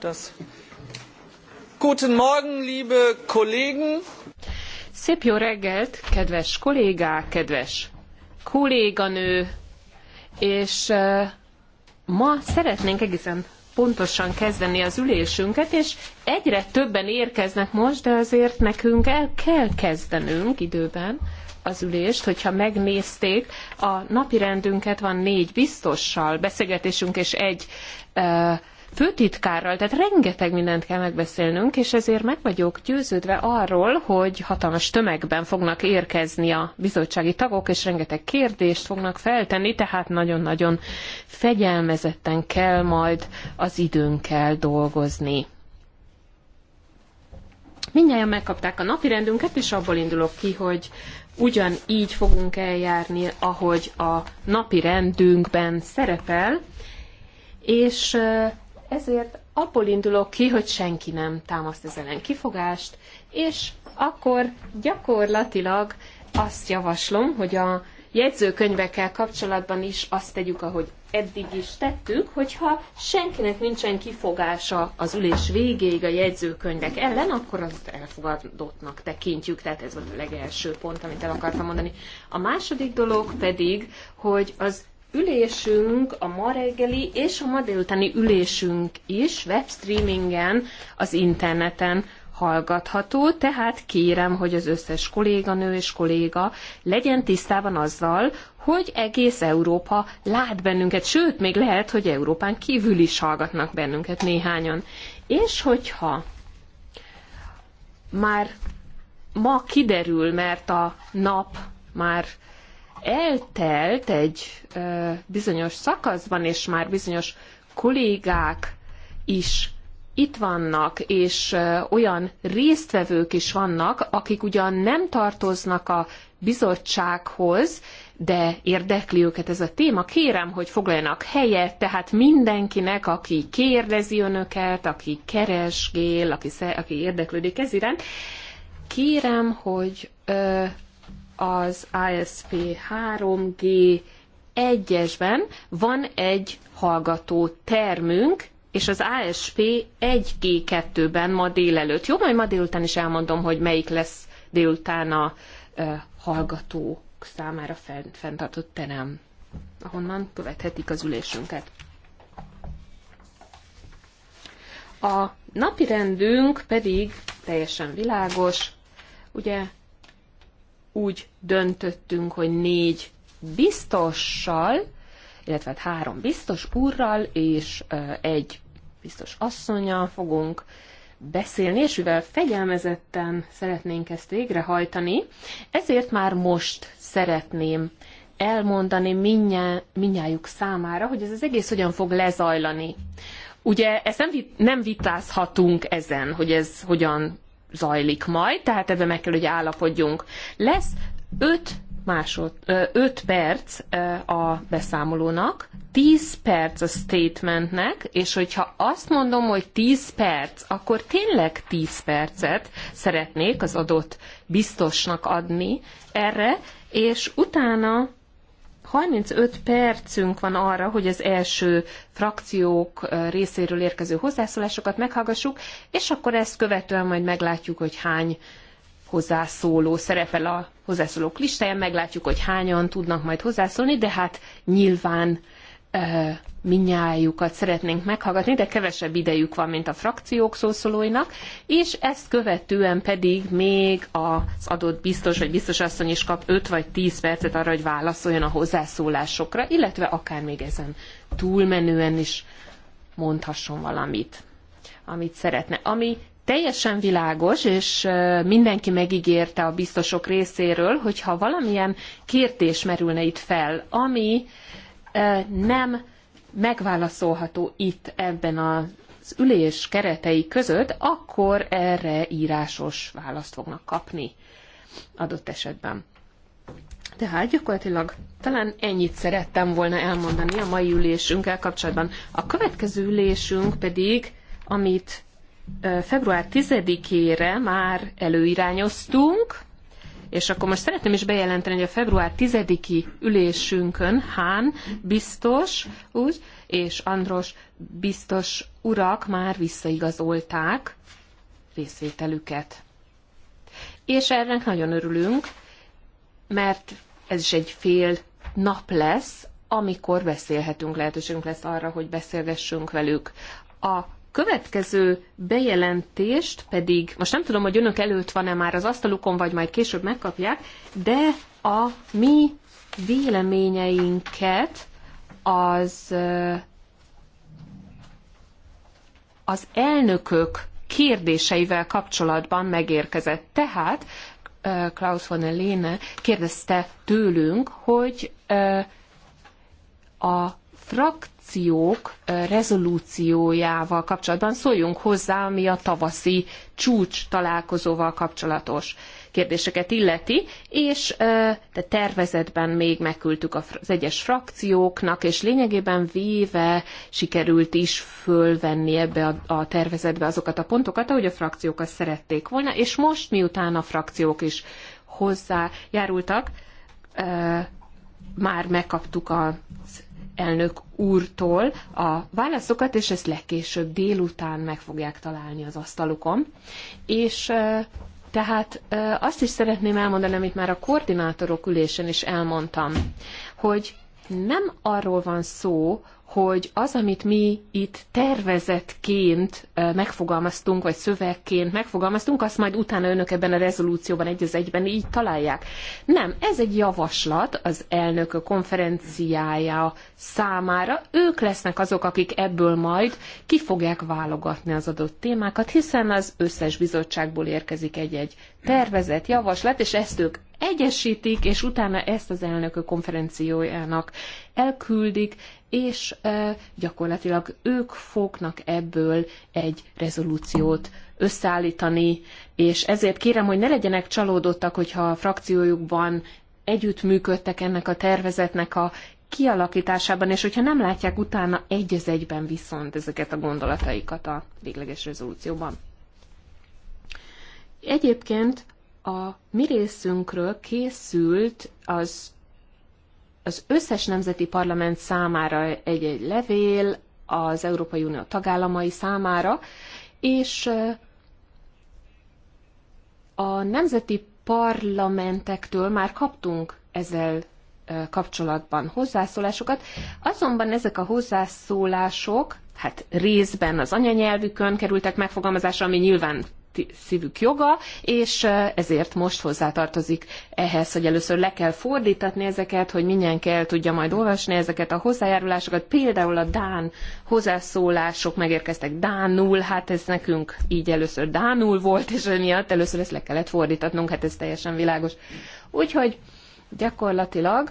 Das. Guten Morgen, liebe Kollegen! Szép jó reggelt, kedves kollégák, kedves kolléganő! És uh, ma szeretnénk egészen pontosan kezdeni az ülésünket, és egyre többen érkeznek most, de azért nekünk el kell kezdenünk időben az ülést, hogyha megnézték, a napirendünket van négy biztossal beszélgetésünk és egy uh, főtitkárral, tehát rengeteg mindent kell megbeszélnünk, és ezért meg vagyok győződve arról, hogy hatalmas tömegben fognak érkezni a bizottsági tagok, és rengeteg kérdést fognak feltenni, tehát nagyon-nagyon fegyelmezetten kell majd az időnkkel dolgozni. Mindjárt megkapták a napirendünket, és abból indulok ki, hogy ugyanígy fogunk eljárni, ahogy a napirendünkben szerepel, és ezért abból indulok ki, hogy senki nem támaszt ez ellen kifogást, és akkor gyakorlatilag azt javaslom, hogy a jegyzőkönyvekkel kapcsolatban is azt tegyük, ahogy eddig is tettük, hogyha senkinek nincsen kifogása az ülés végéig a jegyzőkönyvek ellen, akkor azt elfogadottnak tekintjük, tehát ez volt a legelső pont, amit el akartam mondani. A második dolog pedig, hogy az ülésünk, a ma reggeli és a ma délutáni ülésünk is webstreamingen, az interneten hallgatható, tehát kérem, hogy az összes kolléganő és kolléga legyen tisztában azzal, hogy egész Európa lát bennünket, sőt, még lehet, hogy Európán kívül is hallgatnak bennünket néhányan. És hogyha már ma kiderül, mert a nap már eltelt egy bizonyos szakaszban, és már bizonyos kollégák is itt vannak, és olyan résztvevők is vannak, akik ugyan nem tartoznak a bizottsághoz, de érdekli őket ez a téma, kérem, hogy foglaljanak helyet, tehát mindenkinek, aki kérdezi önöket, aki keresgél, aki, aki érdeklődik ez iránt, kérem, hogy ö, az ISP 3G egyesben van egy hallgató termünk, és az ASP 1G2-ben ma délelőtt. Jó, majd ma délután is elmondom, hogy melyik lesz délután a e, hallgatók számára fenntartott terem, ahonnan követhetik az ülésünket. A napi rendünk pedig teljesen világos. Ugye úgy döntöttünk, hogy négy biztossal, illetve hát három biztos úrral és egy biztos asszonyjal fogunk beszélni, és mivel fegyelmezetten szeretnénk ezt végrehajtani, ezért már most szeretném elmondani minnyá, minnyájuk számára, hogy ez az egész hogyan fog lezajlani. Ugye ezt nem, nem vitázhatunk ezen, hogy ez hogyan zajlik majd, tehát ebben meg kell, hogy állapodjunk. Lesz 5 másod, 5 perc a beszámolónak, 10 perc a statementnek, és hogyha azt mondom, hogy 10 perc, akkor tényleg 10 percet szeretnék az adott biztosnak adni erre, és utána 35 percünk van arra, hogy az első frakciók részéről érkező hozzászólásokat meghallgassuk, és akkor ezt követően majd meglátjuk, hogy hány hozzászóló szerepel a hozzászólók listáján, meglátjuk, hogy hányan tudnak majd hozzászólni, de hát nyilván minnyájukat szeretnénk meghallgatni, de kevesebb idejük van, mint a frakciók szószólóinak, és ezt követően pedig még az adott biztos vagy biztos asszony is kap 5 vagy 10 percet arra, hogy válaszoljon a hozzászólásokra, illetve akár még ezen túlmenően is mondhasson valamit, amit szeretne. Ami teljesen világos, és mindenki megígérte a biztosok részéről, hogyha valamilyen kértés merülne itt fel, ami nem megválaszolható itt ebben az ülés keretei között, akkor erre írásos választ fognak kapni adott esetben. Tehát gyakorlatilag talán ennyit szerettem volna elmondani a mai ülésünkkel kapcsolatban. A következő ülésünk pedig, amit február 10-ére már előirányoztunk, és akkor most szeretném is bejelenteni, hogy a február 10-i ülésünkön Hán biztos úgy, és Andros biztos urak már visszaigazolták részvételüket. És erre nagyon örülünk, mert ez is egy fél nap lesz, amikor beszélhetünk, lehetőségünk lesz arra, hogy beszélgessünk velük. A következő bejelentést pedig, most nem tudom, hogy önök előtt van-e már az asztalukon, vagy majd később megkapják, de a mi véleményeinket az az elnökök kérdéseivel kapcsolatban megérkezett. Tehát Klaus von Eléne kérdezte tőlünk, hogy a frakt frakciók rezolúciójával kapcsolatban szóljunk hozzá, ami a tavaszi csúcs találkozóval kapcsolatos kérdéseket illeti, és de tervezetben még megküldtük az egyes frakcióknak, és lényegében véve sikerült is fölvenni ebbe a, a tervezetbe azokat a pontokat, ahogy a frakciók azt szerették volna, és most miután a frakciók is hozzájárultak, már megkaptuk az elnök úrtól a válaszokat, és ezt legkésőbb délután meg fogják találni az asztalukon. És tehát azt is szeretném elmondani, amit már a koordinátorok ülésen is elmondtam, hogy nem arról van szó, hogy az, amit mi itt tervezetként megfogalmaztunk, vagy szövegként megfogalmaztunk, azt majd utána önök ebben a rezolúcióban egy az egyben így találják. Nem, ez egy javaslat az elnök konferenciája számára. Ők lesznek azok, akik ebből majd ki fogják válogatni az adott témákat, hiszen az összes bizottságból érkezik egy-egy tervezett javaslat, és ezt ők egyesítik, és utána ezt az elnökök konferenciójának elküldik, és gyakorlatilag ők fognak ebből egy rezolúciót összeállítani, és ezért kérem, hogy ne legyenek csalódottak, hogyha a frakciójukban együttműködtek ennek a tervezetnek a kialakításában, és hogyha nem látják utána egy az egyben viszont ezeket a gondolataikat a végleges rezolúcióban. Egyébként a mi részünkről készült az az összes nemzeti parlament számára egy-egy levél, az Európai Unió tagállamai számára, és a nemzeti parlamentektől már kaptunk ezzel kapcsolatban hozzászólásokat, azonban ezek a hozzászólások hát részben az anyanyelvükön kerültek megfogalmazásra, ami nyilván szívük joga, és ezért most hozzátartozik ehhez, hogy először le kell fordítatni ezeket, hogy minden kell tudja majd olvasni ezeket a hozzájárulásokat. Például a Dán hozzászólások megérkeztek Dánul, hát ez nekünk így először Dánul volt, és emiatt először ezt le kellett fordítatnunk, hát ez teljesen világos. Úgyhogy gyakorlatilag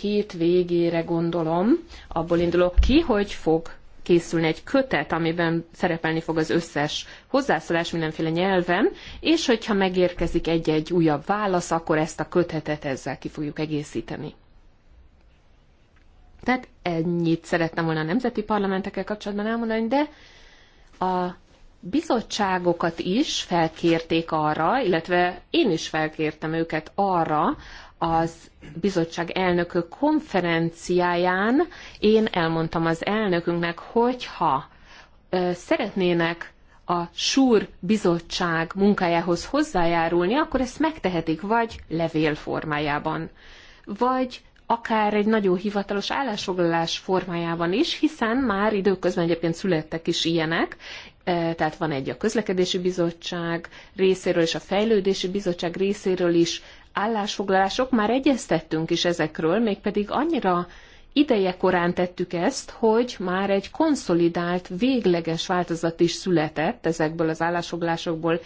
hét végére gondolom, abból indulok ki, hogy fog készülni egy kötet, amiben szerepelni fog az összes hozzászólás mindenféle nyelven, és hogyha megérkezik egy-egy újabb válasz, akkor ezt a kötetet ezzel ki fogjuk egészíteni. Tehát ennyit szerettem volna a nemzeti parlamentekkel kapcsolatban elmondani, de a bizottságokat is felkérték arra, illetve én is felkértem őket arra, az bizottság elnökök konferenciáján én elmondtam az elnökünknek, hogyha szeretnének a SUR bizottság munkájához hozzájárulni, akkor ezt megtehetik, vagy levél formájában, vagy akár egy nagyon hivatalos állásfoglalás formájában is, hiszen már időközben egyébként születtek is ilyenek, tehát van egy a közlekedési bizottság részéről és a fejlődési bizottság részéről is állásfoglalások, már egyeztettünk is ezekről, mégpedig annyira ideje korán tettük ezt, hogy már egy konszolidált, végleges változat is született ezekből az állásfoglalásokból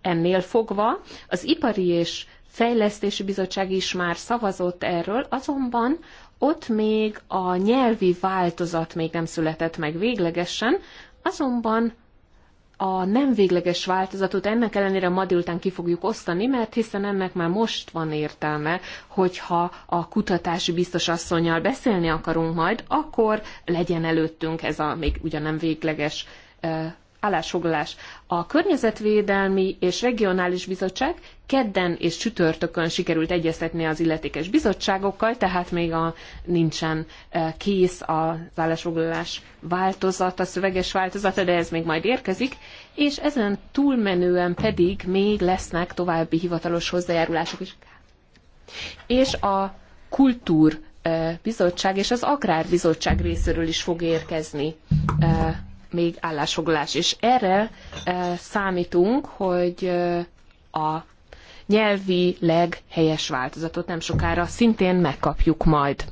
ennél fogva. Az Ipari és Fejlesztési Bizottság is már szavazott erről, azonban ott még a nyelvi változat még nem született meg véglegesen, azonban a nem végleges változatot ennek ellenére ma délután ki fogjuk osztani, mert hiszen ennek már most van értelme, hogyha a kutatási biztos asszonyjal beszélni akarunk majd, akkor legyen előttünk ez a még ugyan nem végleges állásfoglalás. A Környezetvédelmi és Regionális Bizottság kedden és csütörtökön sikerült egyeztetni az illetékes bizottságokkal, tehát még a, nincsen e, kész az állásfoglalás változata, szöveges változata, de ez még majd érkezik, és ezen túlmenően pedig még lesznek további hivatalos hozzájárulások is. És a kultúr e, bizottság és az Agrárbizottság részéről is fog érkezni e, még állásfoglalás. És erre eh, számítunk, hogy eh, a nyelvi helyes változatot nem sokára szintén megkapjuk majd.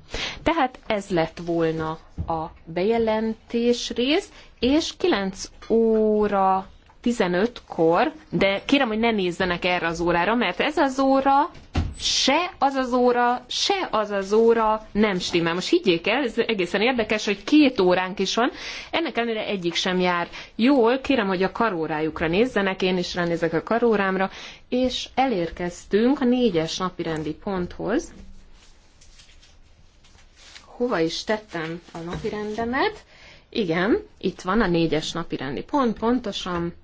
Tehát ez lett volna a bejelentés rész, és 9 óra 15-kor, de kérem, hogy ne nézzenek erre az órára, mert ez az óra se az az óra, se az az óra nem stimmel. Most higgyék el, ez egészen érdekes, hogy két óránk is van, ennek ellenére egyik sem jár jól. Kérem, hogy a karórájukra nézzenek, én is ránézek a karórámra, és elérkeztünk a négyes napirendi ponthoz. Hova is tettem a napirendemet? Igen, itt van a négyes napirendi pont, pontosan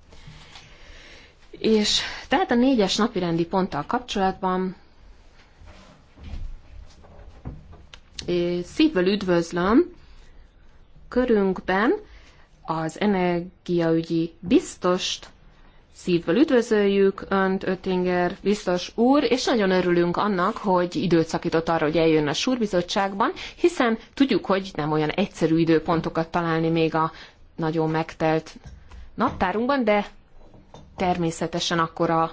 és tehát a négyes napirendi ponttal kapcsolatban szívvel üdvözlöm körünkben az energiaügyi biztost, szívvel üdvözöljük Önt, Öttinger, biztos úr, és nagyon örülünk annak, hogy időt szakított arra, hogy eljön a súrbizottságban, hiszen tudjuk, hogy nem olyan egyszerű időpontokat találni még a nagyon megtelt naptárunkban, de természetesen akkor a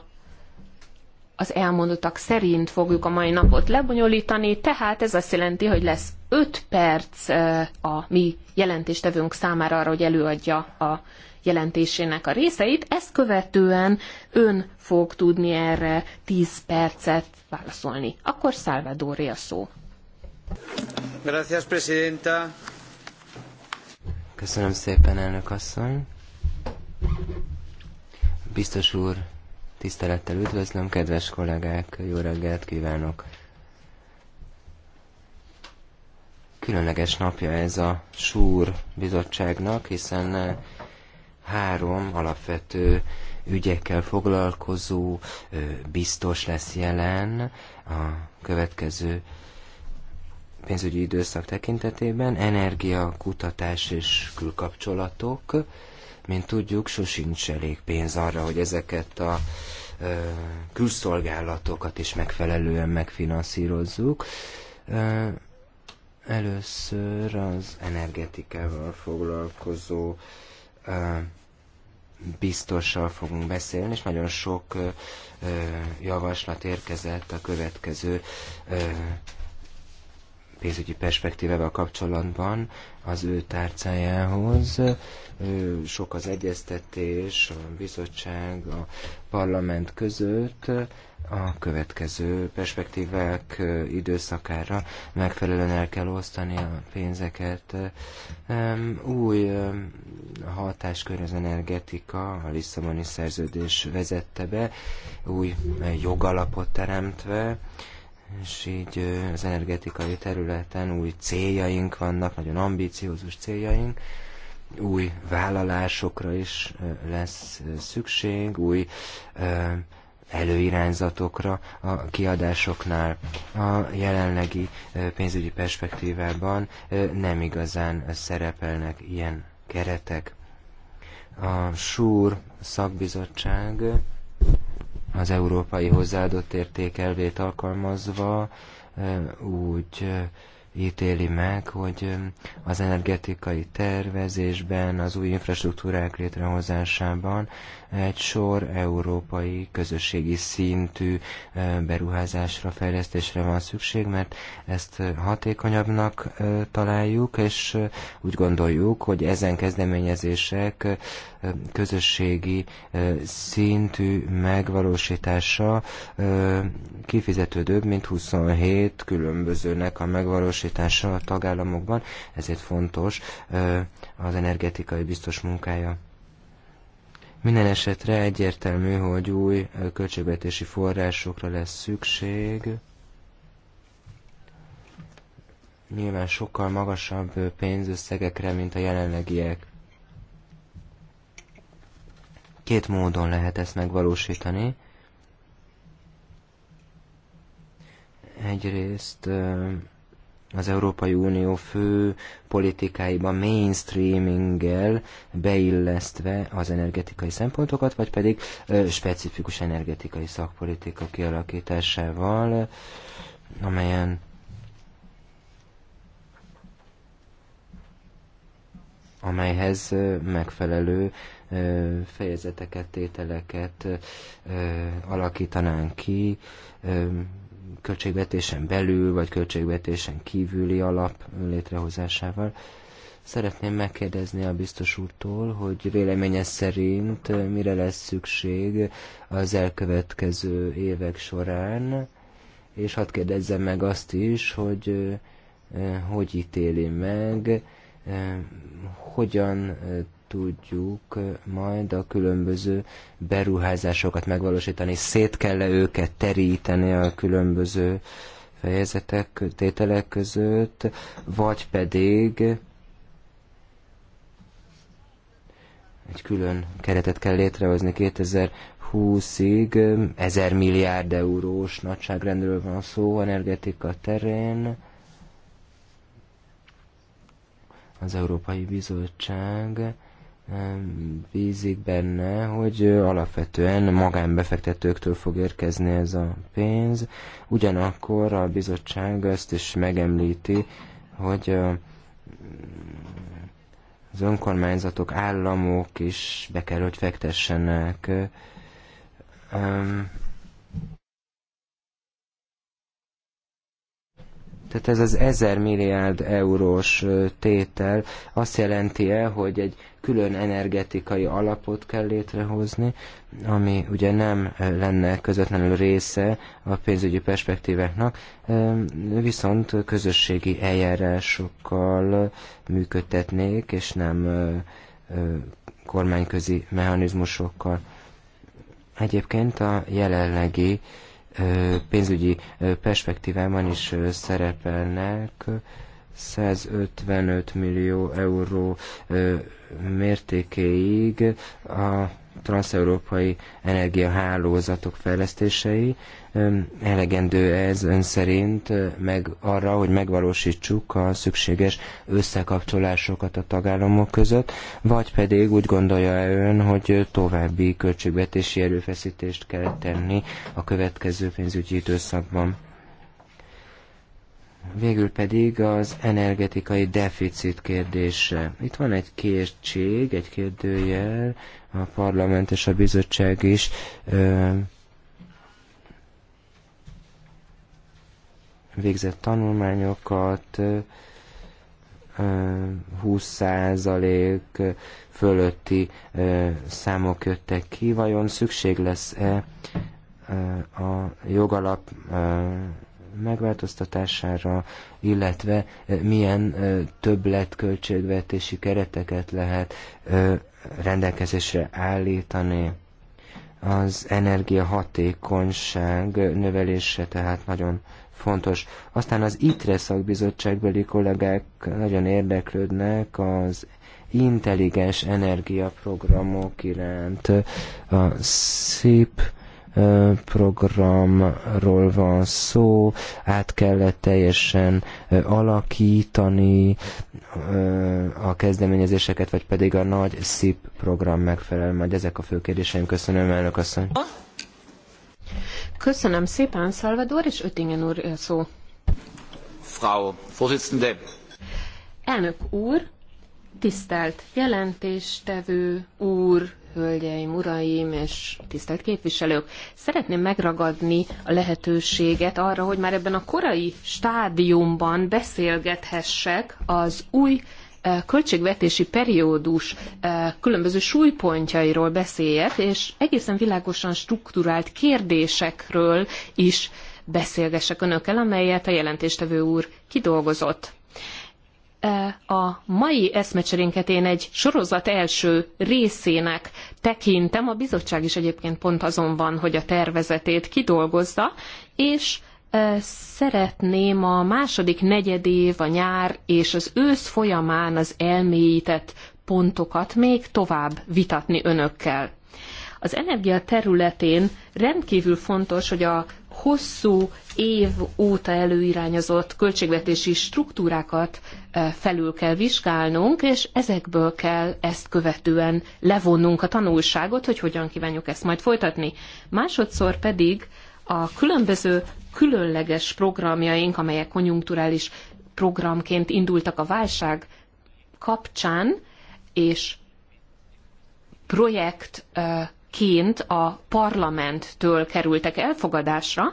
az elmondottak szerint fogjuk a mai napot lebonyolítani, tehát ez azt jelenti, hogy lesz 5 perc a mi jelentéstevőnk számára arra, hogy előadja a jelentésének a részeit, ezt követően ön fog tudni erre 10 percet válaszolni. Akkor Salvadori a szó. Gracias, Presidenta. Köszönöm szépen, elnök asszony. Biztos úr, Tisztelettel üdvözlöm, kedves kollégák, jó reggelt kívánok! Különleges napja ez a SÚR bizottságnak, hiszen három alapvető ügyekkel foglalkozó biztos lesz jelen a következő pénzügyi időszak tekintetében, energia, kutatás és külkapcsolatok, mint tudjuk, sosincs elég pénz arra, hogy ezeket a külszolgálatokat is megfelelően megfinanszírozzuk. Először az energetikával foglalkozó biztossal fogunk beszélni, és nagyon sok javaslat érkezett a következő pénzügyi perspektívával kapcsolatban az ő tárcájához. Sok az egyeztetés a bizottság, a parlament között a következő perspektívák időszakára megfelelően el kell osztani a pénzeket. Új hatáskör az energetika, a Lisszaboni szerződés vezette be, új jogalapot teremtve, és így az energetikai területen új céljaink vannak, nagyon ambíciózus céljaink, új vállalásokra is lesz szükség, új előirányzatokra a kiadásoknál a jelenlegi pénzügyi perspektívában nem igazán szerepelnek ilyen keretek. A SUR szakbizottság az európai hozzáadott értékelvét alkalmazva úgy ítéli meg, hogy az energetikai tervezésben, az új infrastruktúrák létrehozásában egy sor európai közösségi szintű beruházásra, fejlesztésre van szükség, mert ezt hatékonyabbnak találjuk, és úgy gondoljuk, hogy ezen kezdeményezések közösségi szintű megvalósítása kifizetődőbb, mint 27 különbözőnek a megvalósítása a tagállamokban, ezért fontos az energetikai biztos munkája. Minden esetre egyértelmű, hogy új költségvetési forrásokra lesz szükség. Nyilván sokkal magasabb pénzösszegekre, mint a jelenlegiek. Két módon lehet ezt megvalósítani. Egyrészt az Európai Unió fő politikáiba mainstreaminggel beillesztve az energetikai szempontokat, vagy pedig specifikus energetikai szakpolitika kialakításával, amelyen amelyhez megfelelő fejezeteket, tételeket alakítanánk ki, költségvetésen belül vagy költségvetésen kívüli alap létrehozásával. Szeretném megkérdezni a biztos úrtól, hogy véleménye szerint mire lesz szükség az elkövetkező évek során, és hadd kérdezzem meg azt is, hogy eh, hogy ítéli meg, eh, hogyan eh, tudjuk majd a különböző beruházásokat megvalósítani, szét kell -e őket teríteni a különböző fejezetek, tételek között, vagy pedig egy külön keretet kell létrehozni 2020-ig, 1000 milliárd eurós nagyságrendről van szó energetika terén, az Európai Bizottság bízik benne, hogy alapvetően magánbefektetőktől fog érkezni ez a pénz. Ugyanakkor a bizottság ezt is megemlíti, hogy az önkormányzatok, államok is be kell, hogy fektessenek. Tehát ez az 1000 milliárd eurós tétel azt jelenti -e, hogy egy külön energetikai alapot kell létrehozni, ami ugye nem lenne közvetlenül része a pénzügyi perspektíveknak, viszont közösségi eljárásokkal működtetnék, és nem kormányközi mechanizmusokkal. Egyébként a jelenlegi pénzügyi perspektívában is szerepelnek 155 millió euró mértékéig a transeurópai energiahálózatok fejlesztései. Elegendő ez ön szerint meg arra, hogy megvalósítsuk a szükséges összekapcsolásokat a tagállamok között, vagy pedig úgy gondolja -e ön, hogy további költségvetési erőfeszítést kell tenni a következő pénzügyi időszakban? Végül pedig az energetikai deficit kérdése. Itt van egy kértség, egy kérdőjel, a parlament és a bizottság is ö, végzett tanulmányokat, 20% fölötti számok jöttek ki. Vajon szükség lesz-e a jogalap megváltoztatására, illetve milyen többletköltségvetési kereteket lehet rendelkezésre állítani. Az energiahatékonyság növelése tehát nagyon fontos. Aztán az ITRE szakbizottságbeli kollégák nagyon érdeklődnek az intelligens energiaprogramok iránt. A SZIP programról van szó, át kellett teljesen alakítani a kezdeményezéseket, vagy pedig a nagy SZIP program megfelel majd. Ezek a fő kérdéseim. Köszönöm, elnök asszony. Köszönöm szépen, Salvador, és Ötingen úr szó. Frau Vorsitzende. Elnök úr, tisztelt jelentéstevő úr, hölgyeim, uraim és tisztelt képviselők! Szeretném megragadni a lehetőséget arra, hogy már ebben a korai stádiumban beszélgethessek az új eh, költségvetési periódus eh, különböző súlypontjairól beszéljek, és egészen világosan strukturált kérdésekről is beszélgessek önökkel, amelyet a jelentéstevő úr kidolgozott. E, a mai eszmecserénket én egy sorozat első részének tekintem, a bizottság is egyébként pont azon van, hogy a tervezetét kidolgozza, és e, szeretném a második negyedév, a nyár és az ősz folyamán az elmélyített pontokat még tovább vitatni önökkel. Az energia területén rendkívül fontos, hogy a hosszú év óta előirányozott költségvetési struktúrákat e, felül kell vizsgálnunk, és ezekből kell ezt követően levonnunk a tanulságot, hogy hogyan kívánjuk ezt majd folytatni. Másodszor pedig a különböző különleges programjaink, amelyek konjunkturális programként indultak a válság kapcsán, és projekt e, ként a parlamenttől kerültek elfogadásra,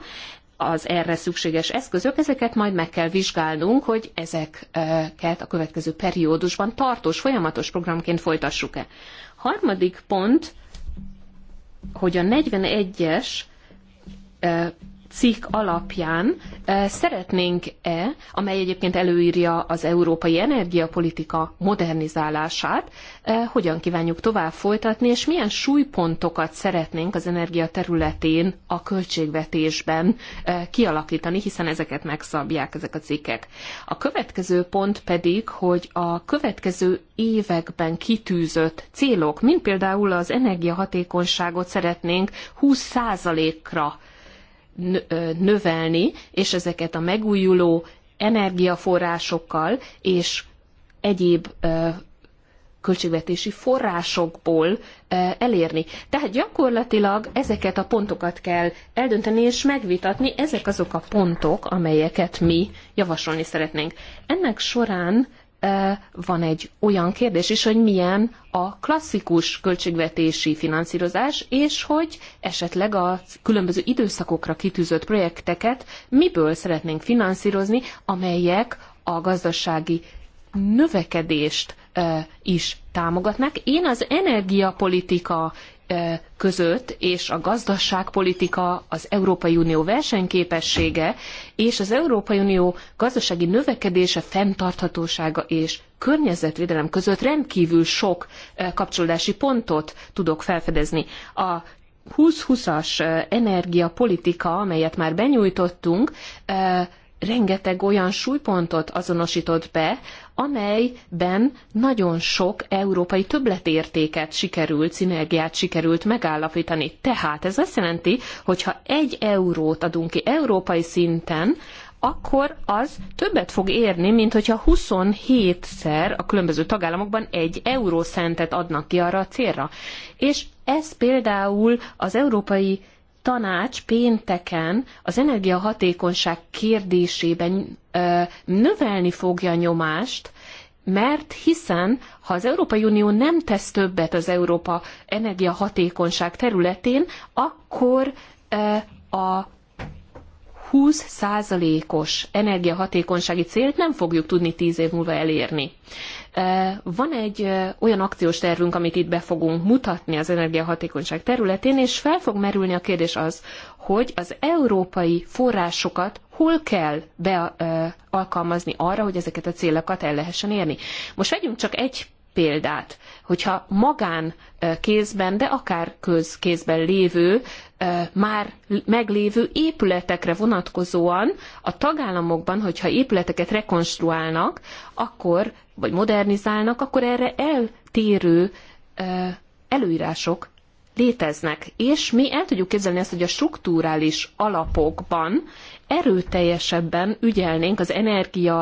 az erre szükséges eszközök, ezeket majd meg kell vizsgálnunk, hogy ezeket a következő periódusban tartós, folyamatos programként folytassuk-e. Harmadik pont, hogy a 41-es cikk alapján szeretnénk-e, amely egyébként előírja az európai energiapolitika modernizálását, hogyan kívánjuk tovább folytatni, és milyen súlypontokat szeretnénk az energia területén a költségvetésben kialakítani, hiszen ezeket megszabják ezek a cikkek. A következő pont pedig, hogy a következő években kitűzött célok, mint például az energiahatékonyságot szeretnénk 20%-ra növelni, és ezeket a megújuló energiaforrásokkal és egyéb költségvetési forrásokból elérni. Tehát gyakorlatilag ezeket a pontokat kell eldönteni és megvitatni. Ezek azok a pontok, amelyeket mi javasolni szeretnénk. Ennek során van egy olyan kérdés is, hogy milyen a klasszikus költségvetési finanszírozás, és hogy esetleg a különböző időszakokra kitűzött projekteket miből szeretnénk finanszírozni, amelyek a gazdasági növekedést is támogatnák. Én az energiapolitika között, és a gazdaságpolitika, az Európai Unió versenyképessége, és az Európai Unió gazdasági növekedése, fenntarthatósága és környezetvédelem között rendkívül sok kapcsolódási pontot tudok felfedezni. A 20 as energiapolitika, amelyet már benyújtottunk, rengeteg olyan súlypontot azonosított be, amelyben nagyon sok európai többletértéket sikerült, szinergiát sikerült megállapítani. Tehát ez azt jelenti, hogy ha egy eurót adunk ki európai szinten, akkor az többet fog érni, mint hogyha 27-szer a különböző tagállamokban egy eurócentet adnak ki arra a célra. És ez például az európai tanács pénteken az energiahatékonyság kérdésében növelni fogja a nyomást, mert hiszen, ha az Európai Unió nem tesz többet az Európa energiahatékonyság területén, akkor a 20%-os energiahatékonysági célt nem fogjuk tudni 10 év múlva elérni. Eh, van egy eh, olyan akciós tervünk, amit itt be fogunk mutatni az energiahatékonyság területén, és fel fog merülni a kérdés az, hogy az európai forrásokat hol kell be eh, alkalmazni arra, hogy ezeket a célokat el lehessen érni. Most vegyünk csak egy példát, hogyha magán kézben, de akár közkézben lévő már meglévő épületekre vonatkozóan a tagállamokban, hogyha épületeket rekonstruálnak, akkor, vagy modernizálnak, akkor erre eltérő előírások léteznek, és mi el tudjuk képzelni ezt, hogy a struktúrális alapokban erőteljesebben ügyelnénk az energia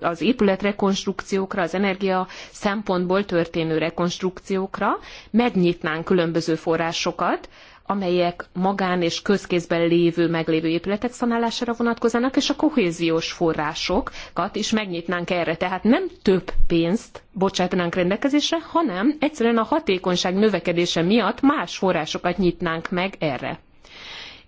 az épület rekonstrukciókra, az energia szempontból történő rekonstrukciókra, megnyitnánk különböző forrásokat, amelyek magán és közkézben lévő meglévő épületek szanálására vonatkozanak, és a kohéziós forrásokat is megnyitnánk erre. Tehát nem több pénzt bocsátanánk rendelkezésre, hanem egyszerűen a hatékonyság növekedése miatt más forrásokat nyitnánk meg erre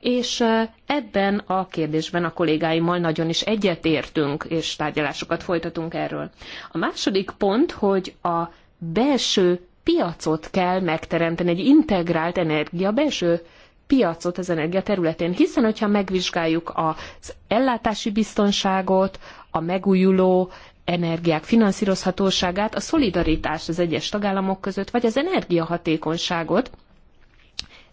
és ebben a kérdésben a kollégáimmal nagyon is egyetértünk, és tárgyalásokat folytatunk erről. A második pont, hogy a belső piacot kell megteremteni, egy integrált energia belső piacot az energia területén, hiszen hogyha megvizsgáljuk az ellátási biztonságot, a megújuló energiák finanszírozhatóságát, a szolidaritást az egyes tagállamok között, vagy az energiahatékonyságot,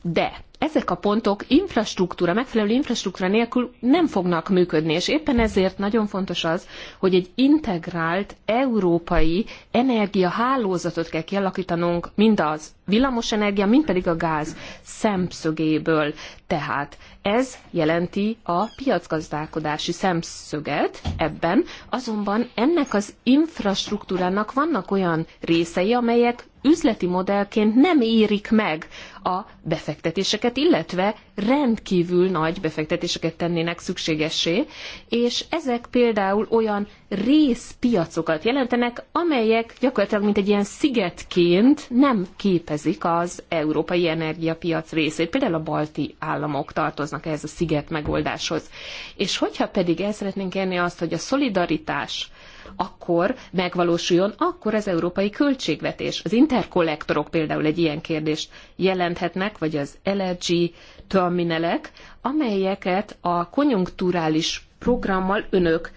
de ezek a pontok infrastruktúra, megfelelő infrastruktúra nélkül nem fognak működni, és éppen ezért nagyon fontos az, hogy egy integrált európai energiahálózatot kell kialakítanunk, mind az villamosenergia, mind pedig a gáz szemszögéből. Tehát ez jelenti a piacgazdálkodási szemszöget ebben, azonban ennek az infrastruktúrának vannak olyan részei, amelyek üzleti modellként nem érik meg a befektetéseket, illetve rendkívül nagy befektetéseket tennének szükségessé, és ezek például olyan részpiacokat jelentenek, amelyek gyakorlatilag mint egy ilyen szigetként nem képezik az európai energiapiac részét. Például a balti államok tartoznak ehhez a sziget megoldáshoz. És hogyha pedig el szeretnénk érni azt, hogy a szolidaritás akkor megvalósuljon, akkor az európai költségvetés. Az interkollektorok például egy ilyen kérdést jelenthetnek, vagy az LRG terminelek, amelyeket a konjunkturális programmal önök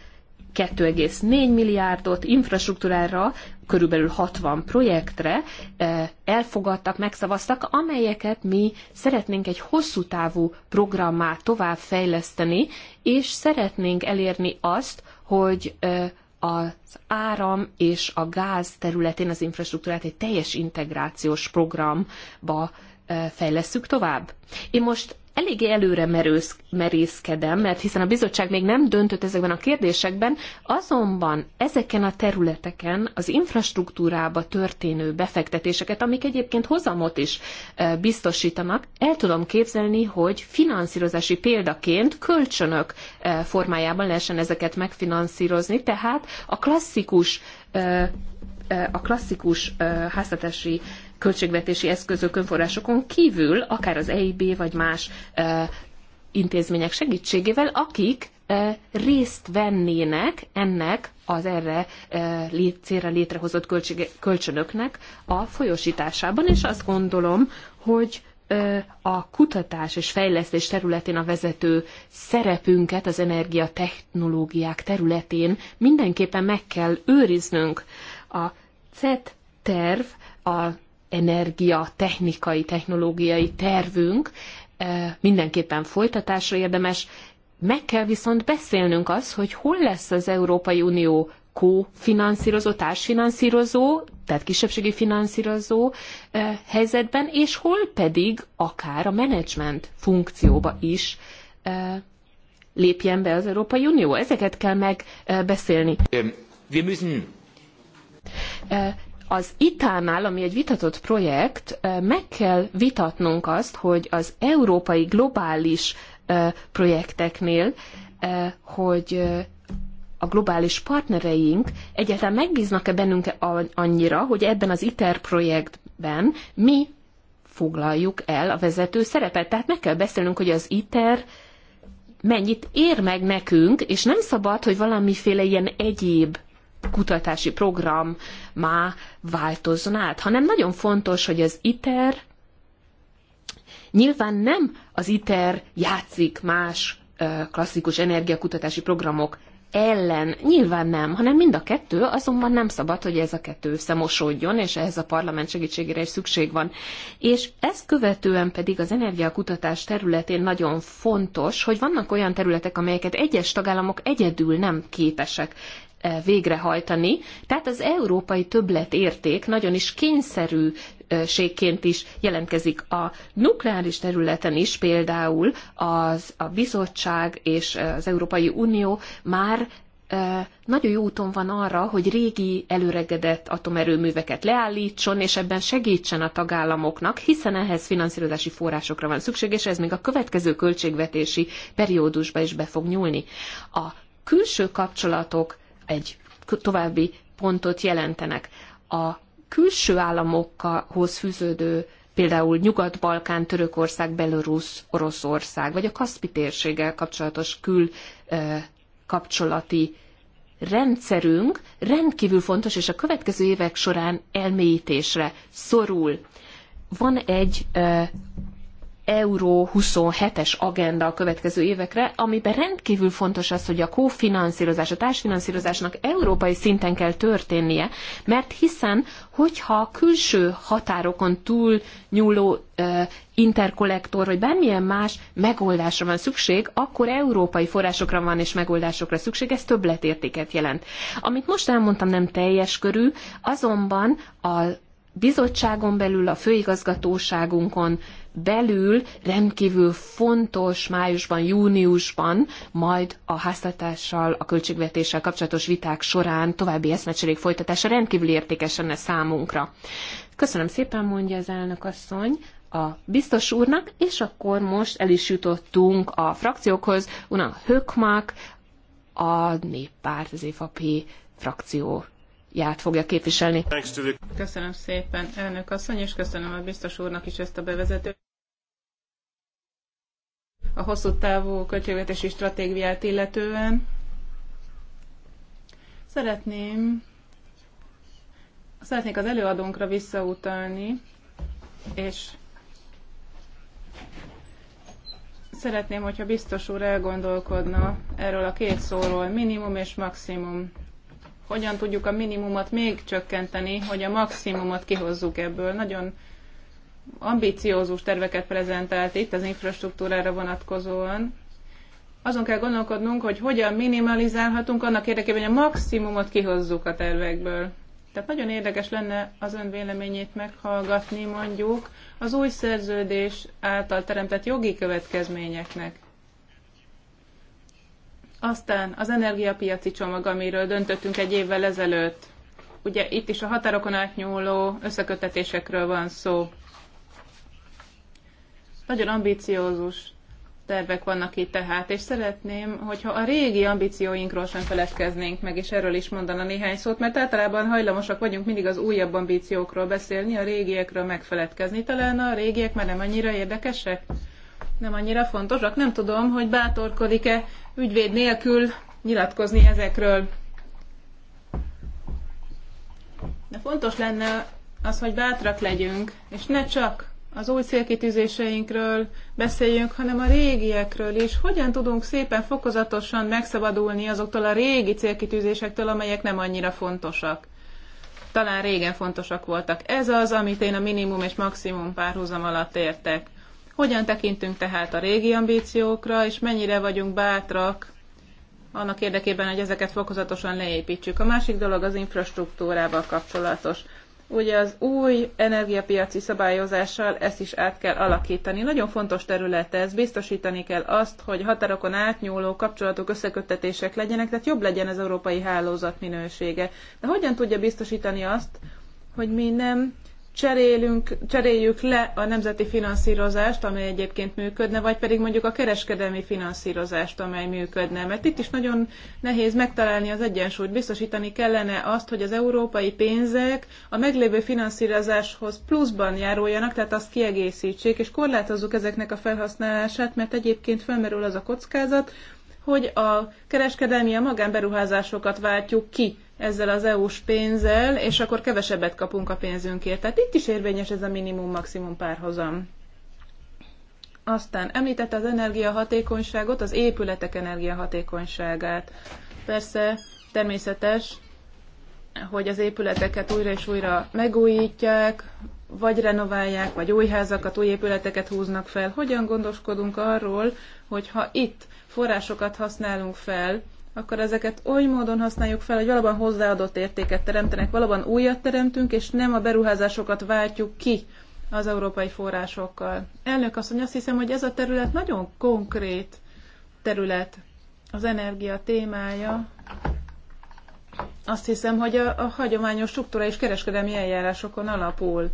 2,4 milliárdot infrastruktúrára, körülbelül 60 projektre eh, elfogadtak, megszavaztak, amelyeket mi szeretnénk egy hosszú távú programmá továbbfejleszteni, és szeretnénk elérni azt, hogy eh, az áram és a gáz területén az infrastruktúrát egy teljes integrációs programba eh, fejlesszük tovább. Én most eléggé előre merősz, merészkedem, mert hiszen a bizottság még nem döntött ezekben a kérdésekben, azonban ezeken a területeken az infrastruktúrába történő befektetéseket, amik egyébként hozamot is biztosítanak, el tudom képzelni, hogy finanszírozási példaként kölcsönök formájában lehessen ezeket megfinanszírozni, tehát a klasszikus a klasszikus háztatási költségvetési eszközökön, forrásokon kívül, akár az EIB vagy más intézmények segítségével, akik részt vennének ennek az erre célra létrehozott költség, kölcsönöknek a folyosításában, és azt gondolom, hogy a kutatás és fejlesztés területén a vezető szerepünket az energiatechnológiák területén mindenképpen meg kell őriznünk. A CET terv a energia technikai, technológiai tervünk mindenképpen folytatásra érdemes. Meg kell viszont beszélnünk az, hogy hol lesz az Európai Unió kófinanszírozó, társfinanszírozó, tehát kisebbségi finanszírozó helyzetben, és hol pedig akár a menedzsment funkcióba is lépjen be az Európai Unió. Ezeket kell megbeszélni. Wir müssen az ITÁ-nál, ami egy vitatott projekt, meg kell vitatnunk azt, hogy az európai globális projekteknél, hogy a globális partnereink egyáltalán megbíznak-e bennünk annyira, hogy ebben az ITER projektben mi foglaljuk el a vezető szerepet. Tehát meg kell beszélnünk, hogy az ITER mennyit ér meg nekünk, és nem szabad, hogy valamiféle ilyen egyéb kutatási program má változzon át, hanem nagyon fontos, hogy az ITER nyilván nem az ITER játszik más klasszikus energiakutatási programok ellen, nyilván nem, hanem mind a kettő, azonban nem szabad, hogy ez a kettő összemosódjon, és ehhez a parlament segítségére is szükség van. És ezt követően pedig az energiakutatás területén nagyon fontos, hogy vannak olyan területek, amelyeket egyes tagállamok egyedül nem képesek E, végrehajtani. Tehát az európai többletérték nagyon is kényszerű ségként is jelentkezik a nukleáris területen is, például az, a bizottság és az Európai Unió már e, nagyon jó úton van arra, hogy régi előregedett atomerőműveket leállítson, és ebben segítsen a tagállamoknak, hiszen ehhez finanszírozási forrásokra van szükség, és ez még a következő költségvetési periódusba is be fog nyúlni. A külső kapcsolatok egy további pontot jelentenek. A külső államokhoz fűződő például Nyugat-Balkán, Törökország, Belarus, Oroszország, vagy a Kaszpi térséggel kapcsolatos kül kapcsolati rendszerünk rendkívül fontos, és a következő évek során elmélyítésre szorul. Van egy Euró 27-es agenda a következő évekre, amiben rendkívül fontos az, hogy a kófinanszírozás, a társfinanszírozásnak európai szinten kell történnie, mert hiszen, hogyha külső határokon túl nyúló interkollektor, vagy bármilyen más megoldásra van szükség, akkor európai forrásokra van és megoldásokra szükség, ez többletértéket jelent. Amit most elmondtam nem teljes körű, azonban a bizottságon belül, a főigazgatóságunkon belül rendkívül fontos májusban, júniusban majd a háztartással, a költségvetéssel kapcsolatos viták során további eszmecserék folytatása rendkívül értékes lenne számunkra. Köszönöm szépen, mondja az elnök asszony a biztos úrnak, és akkor most el is jutottunk a frakciókhoz. Una Hökmak, a néppárt, az EFAP frakció ját fogja képviselni. Köszönöm szépen, elnök asszony, és köszönöm a biztos úrnak is ezt a bevezetőt a hosszú távú költségvetési stratégiát illetően. Szeretném, szeretnék az előadónkra visszautalni, és szeretném, hogyha biztos úr elgondolkodna erről a két szóról, minimum és maximum. Hogyan tudjuk a minimumot még csökkenteni, hogy a maximumot kihozzuk ebből. Nagyon ambiciózus terveket prezentált itt az infrastruktúrára vonatkozóan. Azon kell gondolkodnunk, hogy hogyan minimalizálhatunk annak érdekében, hogy a maximumot kihozzuk a tervekből. Tehát nagyon érdekes lenne az ön véleményét meghallgatni mondjuk az új szerződés által teremtett jogi következményeknek. Aztán az energiapiaci csomag, amiről döntöttünk egy évvel ezelőtt. Ugye itt is a határokon átnyúló összekötetésekről van szó. Nagyon ambiciózus tervek vannak itt tehát, és szeretném, hogyha a régi ambícióinkról sem feledkeznénk meg, és erről is mondana néhány szót, mert általában hajlamosak vagyunk mindig az újabb ambíciókról beszélni, a régiekről megfeledkezni. Talán a régiek már nem annyira érdekesek, nem annyira fontosak. Nem tudom, hogy bátorkodik-e ügyvéd nélkül nyilatkozni ezekről. De fontos lenne az, hogy bátrak legyünk, és ne csak az új célkitűzéseinkről beszéljünk, hanem a régiekről is. Hogyan tudunk szépen fokozatosan megszabadulni azoktól a régi célkitűzésektől, amelyek nem annyira fontosak? Talán régen fontosak voltak. Ez az, amit én a minimum és maximum párhuzam alatt értek. Hogyan tekintünk tehát a régi ambíciókra, és mennyire vagyunk bátrak annak érdekében, hogy ezeket fokozatosan leépítsük. A másik dolog az infrastruktúrával kapcsolatos. Ugye az új energiapiaci szabályozással ezt is át kell alakítani. Nagyon fontos terület ez, biztosítani kell azt, hogy határokon átnyúló kapcsolatok, összeköttetések legyenek, tehát jobb legyen az európai hálózat minősége. De hogyan tudja biztosítani azt, hogy mi nem cserélünk, cseréljük le a nemzeti finanszírozást, amely egyébként működne, vagy pedig mondjuk a kereskedelmi finanszírozást, amely működne. Mert itt is nagyon nehéz megtalálni az egyensúlyt. Biztosítani kellene azt, hogy az európai pénzek a meglévő finanszírozáshoz pluszban járuljanak, tehát azt kiegészítsék, és korlátozzuk ezeknek a felhasználását, mert egyébként felmerül az a kockázat, hogy a kereskedelmi, a magánberuházásokat váltjuk ki ezzel az EU-s pénzzel, és akkor kevesebbet kapunk a pénzünkért. Tehát itt is érvényes ez a minimum-maximum párhozam. Aztán említette az energiahatékonyságot, az épületek energiahatékonyságát. Persze természetes, hogy az épületeket újra és újra megújítják, vagy renoválják, vagy új házakat, új épületeket húznak fel. Hogyan gondoskodunk arról, hogy ha itt forrásokat használunk fel, akkor ezeket oly módon használjuk fel, hogy valóban hozzáadott értéket teremtenek, valóban újat teremtünk, és nem a beruházásokat váltjuk ki az európai forrásokkal. Elnök asszony, azt hiszem, hogy ez a terület nagyon konkrét terület, az energia témája. Azt hiszem, hogy a, a hagyományos struktúra és kereskedelmi eljárásokon alapul.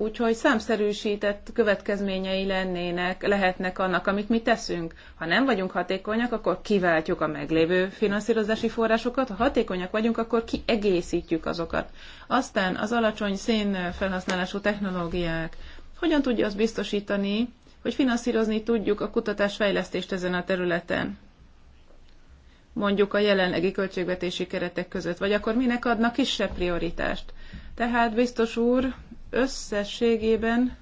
Úgyhogy számszerűsített következményei lennének, lehetnek annak, amit mi teszünk. Ha nem vagyunk hatékonyak, akkor kiváltjuk a meglévő finanszírozási forrásokat, ha hatékonyak vagyunk, akkor kiegészítjük azokat. Aztán az alacsony szén felhasználású technológiák. Hogyan tudja azt biztosítani, hogy finanszírozni tudjuk a kutatásfejlesztést ezen a területen? mondjuk a jelenlegi költségvetési keretek között, vagy akkor minek adnak kisebb prioritást. Tehát biztos úr, összességében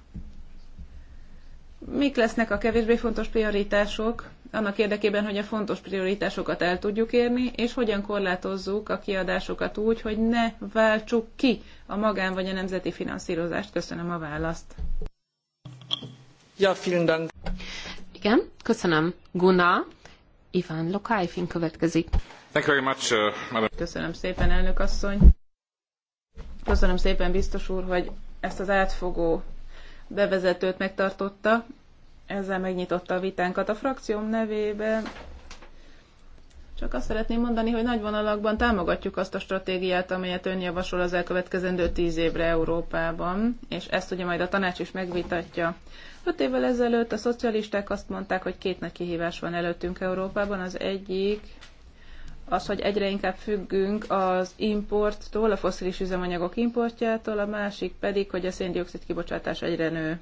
mik lesznek a kevésbé fontos prioritások, annak érdekében, hogy a fontos prioritásokat el tudjuk érni, és hogyan korlátozzuk a kiadásokat úgy, hogy ne váltsuk ki a magán vagy a nemzeti finanszírozást. Köszönöm a választ. Ja, vielen Dank. Igen, köszönöm. Guna, Iván Lokájfin következik. Thank you very much, uh, Köszönöm szépen, elnök asszony. Köszönöm szépen, biztos úr, hogy ezt az átfogó bevezetőt megtartotta, ezzel megnyitotta a vitánkat a frakcióm nevében. Csak azt szeretném mondani, hogy nagy vonalakban támogatjuk azt a stratégiát, amelyet ön javasol az elkövetkezendő tíz évre Európában, és ezt ugye majd a tanács is megvitatja. Öt évvel ezelőtt a szocialisták azt mondták, hogy két nagy kihívás van előttünk Európában. Az egyik az, hogy egyre inkább függünk az importtól, a foszilis üzemanyagok importjától, a másik pedig, hogy a széndiokszid kibocsátás egyre nő.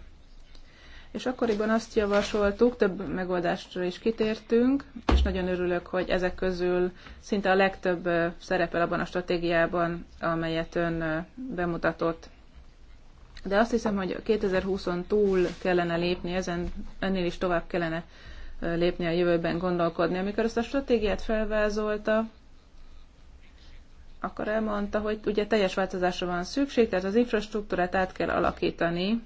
És akkoriban azt javasoltuk, több megoldásra is kitértünk, és nagyon örülök, hogy ezek közül szinte a legtöbb szerepel abban a stratégiában, amelyet ön bemutatott. De azt hiszem, hogy 2020-on túl kellene lépni, ezen ennél is tovább kellene lépni a jövőben, gondolkodni. Amikor ezt a stratégiát felvázolta, akkor elmondta, hogy ugye teljes változásra van szükség, tehát az infrastruktúrát át kell alakítani,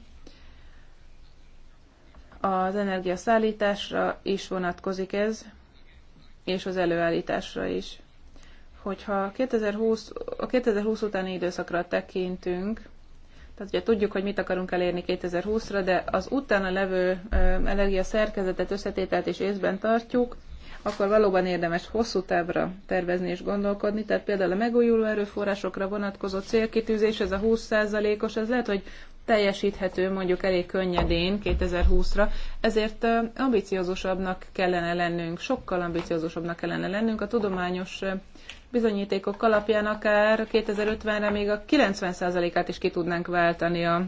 az energiaszállításra is vonatkozik ez, és az előállításra is. Hogyha 2020, a 2020 utáni időszakra tekintünk, tehát ugye tudjuk, hogy mit akarunk elérni 2020-ra, de az utána levő energia szerkezetet, összetételt és észben tartjuk, akkor valóban érdemes hosszú távra tervezni és gondolkodni. Tehát például a megújuló erőforrásokra vonatkozó célkitűzés, ez a 20%-os, ez lehet, hogy teljesíthető mondjuk elég könnyedén 2020-ra, ezért ambiciózusabbnak kellene lennünk, sokkal ambiciózusabbnak kellene lennünk. A tudományos bizonyítékok alapján akár 2050-re még a 90%-át is ki tudnánk váltani a,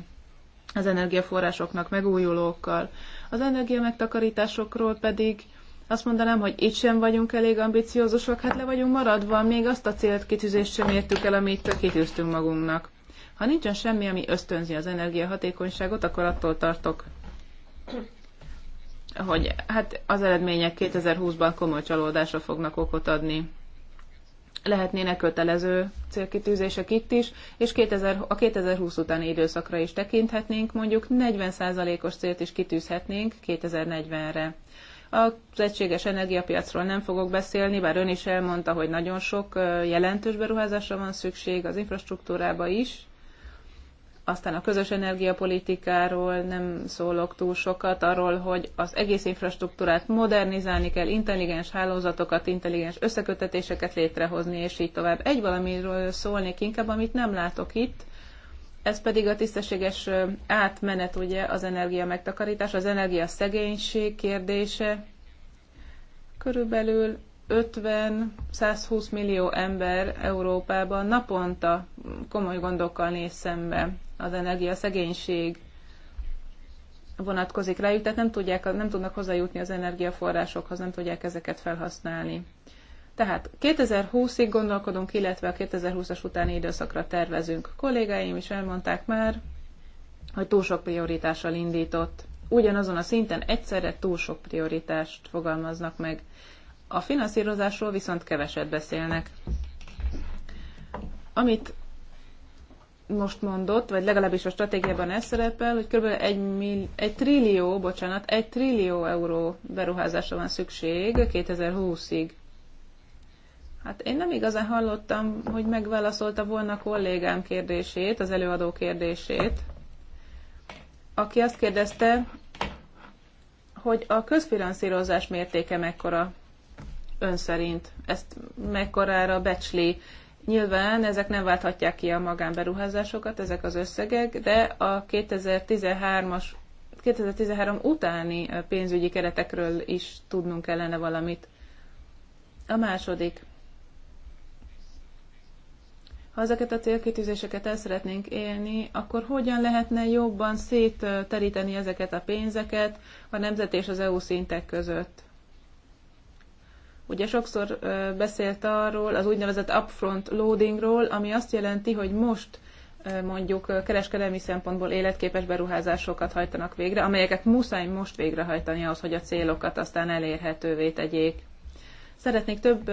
az energiaforrásoknak megújulókkal. Az energia megtakarításokról pedig azt mondanám, hogy itt sem vagyunk elég ambiciózusok, hát le vagyunk maradva, még azt a célt kitűzést sem értük el, amit kitűztünk magunknak. Ha nincsen semmi, ami ösztönzi az energiahatékonyságot, akkor attól tartok, hogy hát az eredmények 2020-ban komoly csalódásra fognak okot adni lehetnének kötelező célkitűzések itt is, és 2000, a 2020 utáni időszakra is tekinthetnénk, mondjuk 40%-os célt is kitűzhetnénk 2040-re. Az egységes energiapiacról nem fogok beszélni, bár ön is elmondta, hogy nagyon sok jelentős beruházásra van szükség az infrastruktúrába is, aztán a közös energiapolitikáról nem szólok túl sokat, arról, hogy az egész infrastruktúrát modernizálni kell, intelligens hálózatokat, intelligens összekötetéseket létrehozni, és így tovább. Egy valamiről szólnék inkább, amit nem látok itt, ez pedig a tisztességes átmenet, ugye, az energia megtakarítás, az energia szegénység kérdése. Körülbelül 50-120 millió ember Európában naponta komoly gondokkal néz szembe az energia szegénység vonatkozik rájuk, tehát nem, tudják, nem tudnak hozzájutni az energiaforrásokhoz, nem tudják ezeket felhasználni. Tehát 2020-ig gondolkodunk, illetve a 2020-as utáni időszakra tervezünk. A kollégáim is elmondták már, hogy túl sok prioritással indított. Ugyanazon a szinten egyszerre túl sok prioritást fogalmaznak meg. A finanszírozásról viszont keveset beszélnek. Amit most mondott, vagy legalábbis a stratégiában ez szerepel, hogy kb. egy, mill, egy trillió, bocsánat, egy trillió euró beruházásra van szükség 2020-ig. Hát én nem igazán hallottam, hogy megválaszolta volna kollégám kérdését, az előadó kérdését, aki azt kérdezte, hogy a közfinanszírozás mértéke mekkora ön szerint? Ezt mekkorára becsli Nyilván ezek nem válthatják ki a magánberuházásokat, ezek az összegek, de a 2013-as 2013 utáni pénzügyi keretekről is tudnunk kellene valamit. A második. Ha ezeket a célkitűzéseket el szeretnénk élni, akkor hogyan lehetne jobban szétteríteni ezeket a pénzeket a nemzet és az EU szintek között? Ugye sokszor beszélt arról, az úgynevezett upfront loadingról, ami azt jelenti, hogy most mondjuk kereskedelmi szempontból életképes beruházásokat hajtanak végre, amelyeket muszáj most végrehajtani ahhoz, hogy a célokat aztán elérhetővé tegyék. Szeretnék több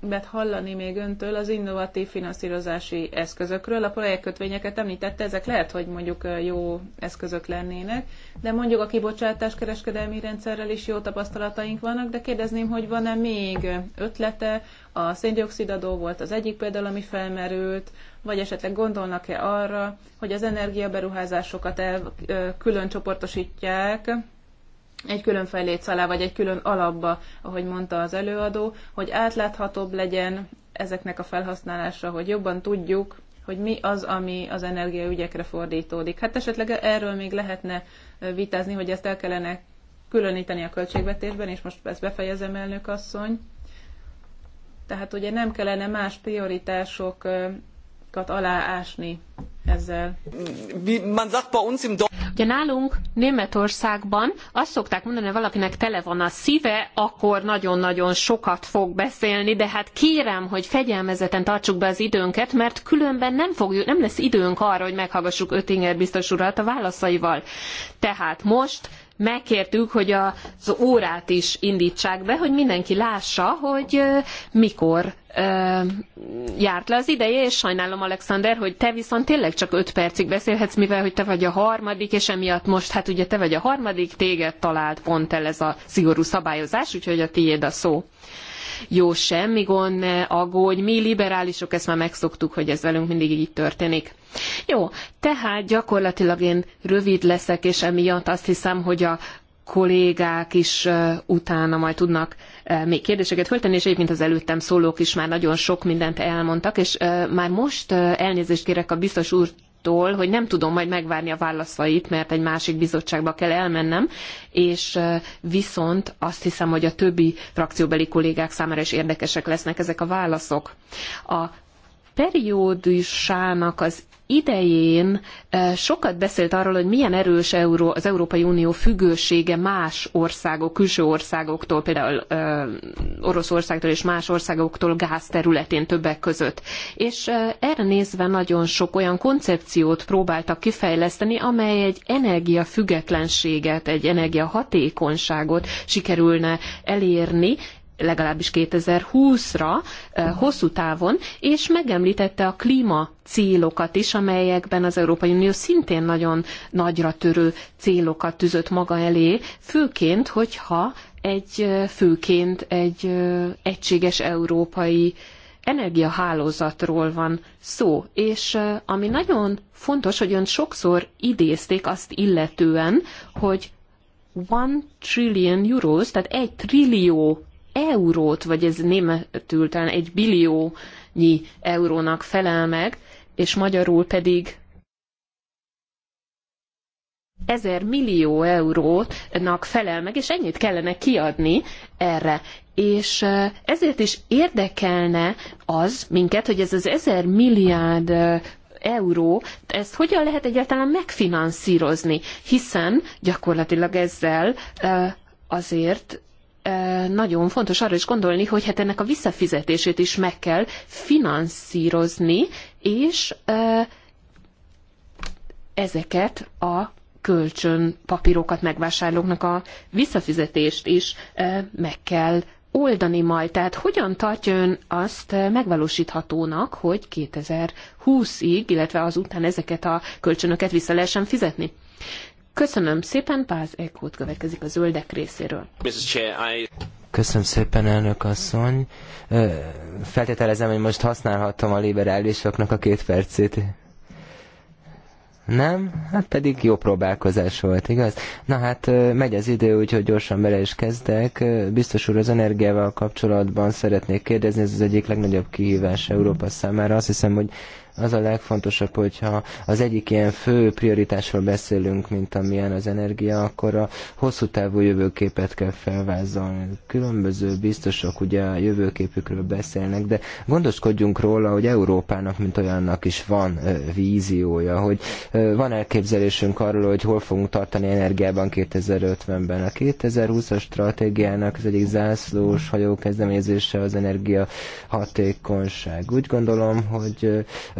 mert hallani még öntől az innovatív finanszírozási eszközökről. A projektkötvényeket említette, ezek lehet, hogy mondjuk jó eszközök lennének, de mondjuk a kibocsátás kereskedelmi rendszerrel is jó tapasztalataink vannak, de kérdezném, hogy van-e még ötlete, a széndiokszidadó volt az egyik például, ami felmerült, vagy esetleg gondolnak-e arra, hogy az energiaberuházásokat el, külön csoportosítják, egy külön fejléc alá, vagy egy külön alapba, ahogy mondta az előadó, hogy átláthatóbb legyen ezeknek a felhasználása, hogy jobban tudjuk, hogy mi az, ami az energiaügyekre fordítódik. Hát esetleg erről még lehetne vitázni, hogy ezt el kellene különíteni a költségvetésben, és most ezt befejezem, elnök asszony. Tehát ugye nem kellene más prioritások másikat aláásni ezzel. Man sagt bei uns im Ugye nálunk Németországban azt szokták mondani, hogy valakinek tele van a szíve, akkor nagyon-nagyon sokat fog beszélni, de hát kérem, hogy fegyelmezeten tartsuk be az időnket, mert különben nem, fogjuk, nem lesz időnk arra, hogy meghallgassuk Ötinger biztos urat a válaszaival. Tehát most megkértük, hogy az órát is indítsák be, hogy mindenki lássa, hogy mikor járt le az ideje, és sajnálom, Alexander, hogy te viszont tényleg csak öt percig beszélhetsz, mivel hogy te vagy a harmadik, és emiatt most, hát ugye te vagy a harmadik, téged talált pont el ez a szigorú szabályozás, úgyhogy a tiéd a szó jó, semmi gond, ne aggódj, mi liberálisok ezt már megszoktuk, hogy ez velünk mindig így történik. Jó, tehát gyakorlatilag én rövid leszek, és emiatt azt hiszem, hogy a kollégák is utána majd tudnak még kérdéseket föltenni, és egyébként az előttem szólók is már nagyon sok mindent elmondtak, és már most elnézést kérek a biztos úr attól, hogy nem tudom majd megvárni a válaszait, mert egy másik bizottságba kell elmennem, és viszont azt hiszem, hogy a többi frakcióbeli kollégák számára is érdekesek lesznek ezek a válaszok. A periódusának az idején eh, sokat beszélt arról, hogy milyen erős az Európai Unió függősége más országok, külső országoktól, például eh, Oroszországtól és más országoktól gáz területén többek között. És eh, erre nézve nagyon sok olyan koncepciót próbáltak kifejleszteni, amely egy energiafüggetlenséget, egy energiahatékonyságot sikerülne elérni, legalábbis 2020-ra hosszú távon, és megemlítette a klíma célokat is, amelyekben az Európai Unió szintén nagyon nagyra törő célokat tűzött maga elé, főként, hogyha egy főként egy egységes európai energiahálózatról van szó, és ami nagyon fontos, hogy ön sokszor idézték azt illetően, hogy one trillion euros, tehát egy trillió eurót, vagy ez németül talán egy billiónyi eurónak felel meg, és magyarul pedig ezer millió eurónak felel meg, és ennyit kellene kiadni erre. És ezért is érdekelne az minket, hogy ez az ezer milliárd euró, ezt hogyan lehet egyáltalán megfinanszírozni, hiszen gyakorlatilag ezzel azért nagyon fontos arra is gondolni, hogy hát ennek a visszafizetését is meg kell finanszírozni, és ezeket a kölcsönpapírokat megvásárlóknak a visszafizetést is meg kell oldani majd? Tehát hogyan tartja ön azt megvalósíthatónak, hogy 2020-ig, illetve azután ezeket a kölcsönöket vissza lehessen fizetni? Köszönöm szépen, Páz Ekót következik a zöldek részéről. Köszönöm szépen, elnök asszony. Feltételezem, hogy most használhatom a liberálisoknak a két percét. Nem? Hát pedig jó próbálkozás volt, igaz? Na hát megy az idő, úgyhogy gyorsan bele is kezdek. Biztos úr, az energiával kapcsolatban szeretnék kérdezni, ez az egyik legnagyobb kihívás Európa számára. Azt hiszem, hogy az a legfontosabb, hogyha az egyik ilyen fő prioritásról beszélünk, mint amilyen az energia, akkor a hosszú távú jövőképet kell felvázolni. Különböző biztosok ugye a jövőképükről beszélnek, de gondoskodjunk róla, hogy Európának, mint olyannak is van víziója, hogy van elképzelésünk arról, hogy hol fogunk tartani energiában 2050-ben. A 2020-as stratégiának az egyik zászlós hajó kezdeményezése az energia hatékonyság. Úgy gondolom, hogy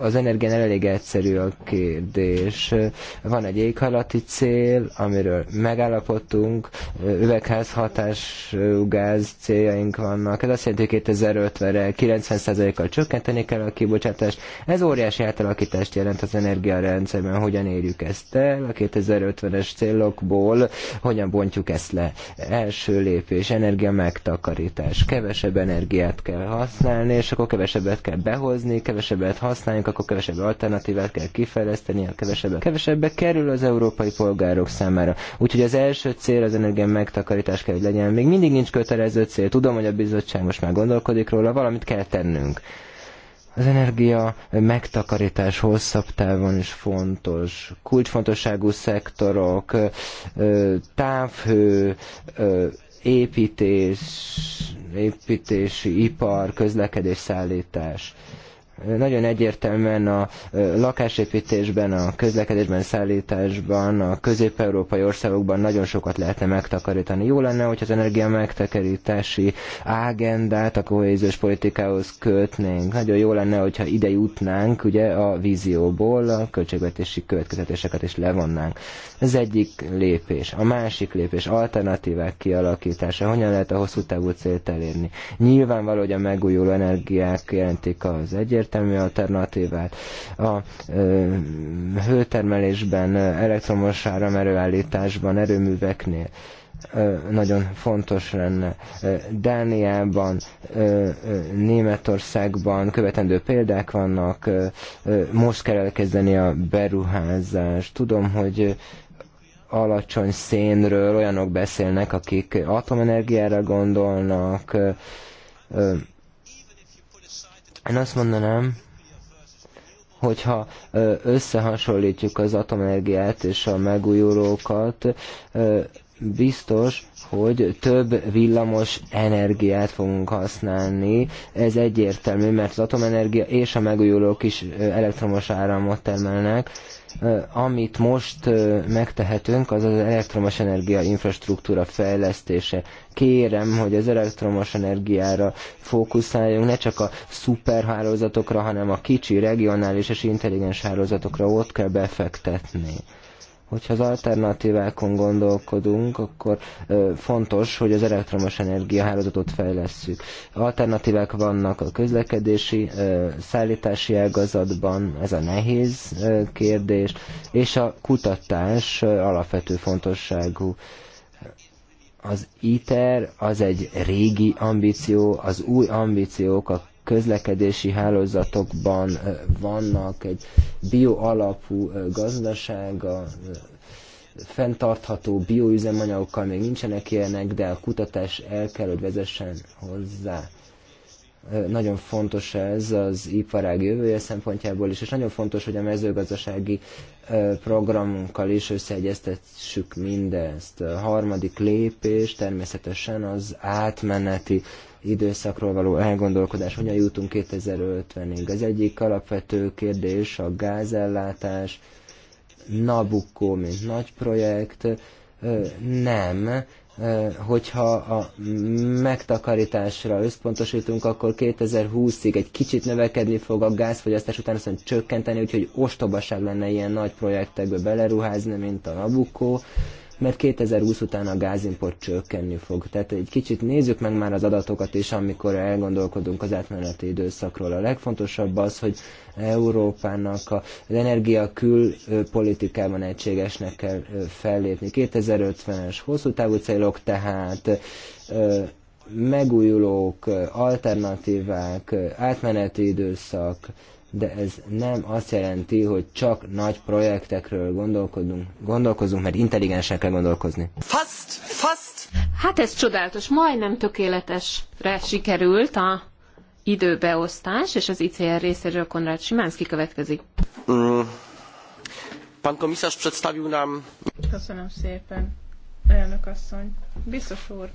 az energián elég egyszerű a kérdés. Van egy éghajlati cél, amiről megállapodtunk, üvegházhatású gáz céljaink vannak. Ez azt jelenti, hogy 2050-re 90%-kal csökkenteni kell a kibocsátást. Ez óriási átalakítást jelent az energiarendszerben. Hogyan érjük ezt el? A 2050-es célokból hogyan bontjuk ezt le? Első lépés, energia megtakarítás. Kevesebb energiát kell használni, és akkor kevesebbet kell behozni, kevesebbet használjunk, akkor kevesebb alternatívát kell kifejleszteni, a kevesebb, kevesebbe kerül az európai polgárok számára. Úgyhogy az első cél az energia megtakarítás kell, hogy legyen. Még mindig nincs kötelező cél. Tudom, hogy a bizottság most már gondolkodik róla, valamit kell tennünk. Az energia megtakarítás hosszabb távon is fontos. Kulcsfontosságú szektorok, távhő, építés, építési ipar, közlekedés, szállítás. Nagyon egyértelműen a lakásépítésben, a közlekedésben, szállításban, a közép-európai országokban nagyon sokat lehetne megtakarítani. Jó lenne, hogy az energia megtakarítási ágendát a kohéziós politikához kötnénk. Nagyon jó lenne, hogyha ide jutnánk ugye a vízióból, a költségvetési következetéseket is levonnánk. Ez egyik lépés. A másik lépés alternatívák kialakítása. Hogyan lehet a hosszú távú célt elérni? Nyilvánvaló, hogy a megújuló energiák jelentik az egyért egyértelmű alternatívát. A ö, hőtermelésben, elektromos áramerőállításban, erőműveknél nagyon fontos lenne. Dániában, Németországban követendő példák vannak, most kell elkezdeni a beruházást. Tudom, hogy alacsony szénről olyanok beszélnek, akik atomenergiára gondolnak, én azt mondanám, hogyha összehasonlítjuk az atomenergiát és a megújulókat, biztos, hogy több villamos energiát fogunk használni. Ez egyértelmű, mert az atomenergia és a megújulók is elektromos áramot termelnek, amit most megtehetünk, az az elektromos energia infrastruktúra fejlesztése. Kérem, hogy az elektromos energiára fókuszáljunk, ne csak a szuperhálózatokra, hanem a kicsi, regionális és intelligens hálózatokra ott kell befektetni. Hogyha az alternatívákon gondolkodunk, akkor fontos, hogy az elektromos energiahálózatot fejlesszük. Alternatívák vannak a közlekedési, szállítási ágazatban, ez a nehéz kérdés, és a kutatás alapvető fontosságú az ITER az egy régi ambíció, az új ambíciók a közlekedési hálózatokban vannak, egy bioalapú gazdaság, a fenntartható bioüzemanyagokkal még nincsenek ilyenek, de a kutatás el kell, hogy vezessen hozzá. Nagyon fontos ez az iparág jövője szempontjából is, és nagyon fontos, hogy a mezőgazdasági programunkkal is összeegyeztessük mindezt. A harmadik lépés természetesen az átmeneti időszakról való elgondolkodás, hogyan jutunk 2050-ig. Az egyik alapvető kérdés a gázellátás, Nabucco, mint nagy projekt, nem, hogyha a megtakarításra összpontosítunk, akkor 2020-ig egy kicsit növekedni fog a gázfogyasztás, után aztán csökkenteni, úgyhogy ostobaság lenne ilyen nagy projektekbe beleruházni, mint a Nabucco mert 2020 után a gázimport csökkenni fog. Tehát egy kicsit nézzük meg már az adatokat is, amikor elgondolkodunk az átmeneti időszakról. A legfontosabb az, hogy Európának az energia külpolitikában egységesnek kell fellépni. 2050-es hosszú távú célok tehát megújulók, alternatívák, átmeneti időszak, de ez nem azt jelenti, hogy csak nagy projektekről gondolkodunk, gondolkozunk, mert intelligensen kell gondolkozni. Fast, fast! Hát ez csodálatos, majdnem tökéletesre sikerült a időbeosztás, és az ICR részéről Konrad Simánszki következik. Mm. Pan komisarz przedstawił nám... Köszönöm szépen, elnök asszony. Biztos úr,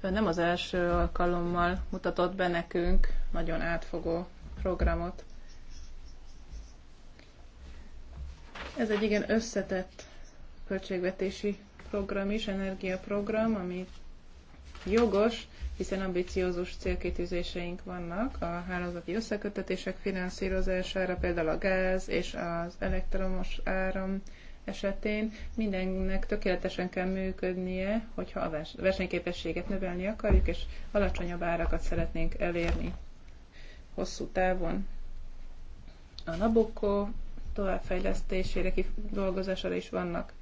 nem az első alkalommal mutatott be nekünk nagyon átfogó programot. Ez egy igen összetett költségvetési program is, energiaprogram, ami jogos, hiszen ambiciózus célkitűzéseink vannak a hálózati összekötetések finanszírozására, például a gáz és az elektromos áram esetén mindennek tökéletesen kell működnie, hogyha a versenyképességet növelni akarjuk, és alacsonyabb árakat szeretnénk elérni hosszú távon. A Nabokko továbbfejlesztésére, kidolgozására is vannak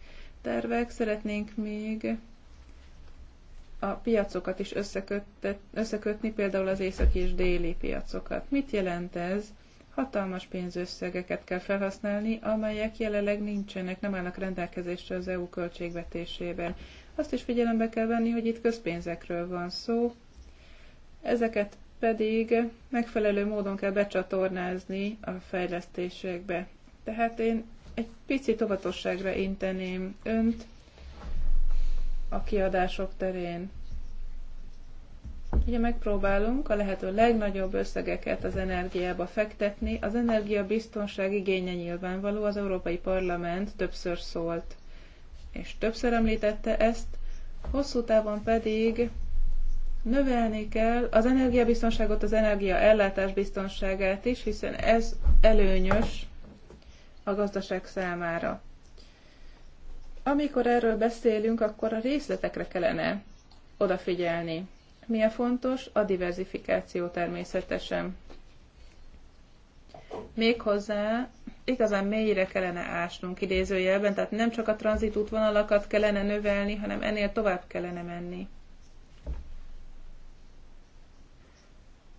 tervek. Szeretnénk még a piacokat is összekötni, például az északi és déli piacokat. Mit jelent ez? Hatalmas pénzösszegeket kell felhasználni, amelyek jelenleg nincsenek, nem állnak rendelkezésre az EU költségvetésében. Azt is figyelembe kell venni, hogy itt közpénzekről van szó. Ezeket pedig megfelelő módon kell becsatornázni a fejlesztésekbe. Tehát én egy picit óvatosságra inteném önt a kiadások terén. Ugye megpróbálunk a lehető legnagyobb összegeket az energiába fektetni. Az energiabiztonság igénye nyilvánvaló, az Európai Parlament többször szólt, és többször említette ezt, hosszú távon pedig Növelni kell az energiabiztonságot, az energiaellátás biztonságát is, hiszen ez előnyös a gazdaság számára. Amikor erről beszélünk, akkor a részletekre kellene odafigyelni. Milyen fontos? A diversifikáció természetesen. Méghozzá igazán mélyre kellene ásnunk idézőjelben, tehát nem csak a tranzitútvonalakat kellene növelni, hanem ennél tovább kellene menni.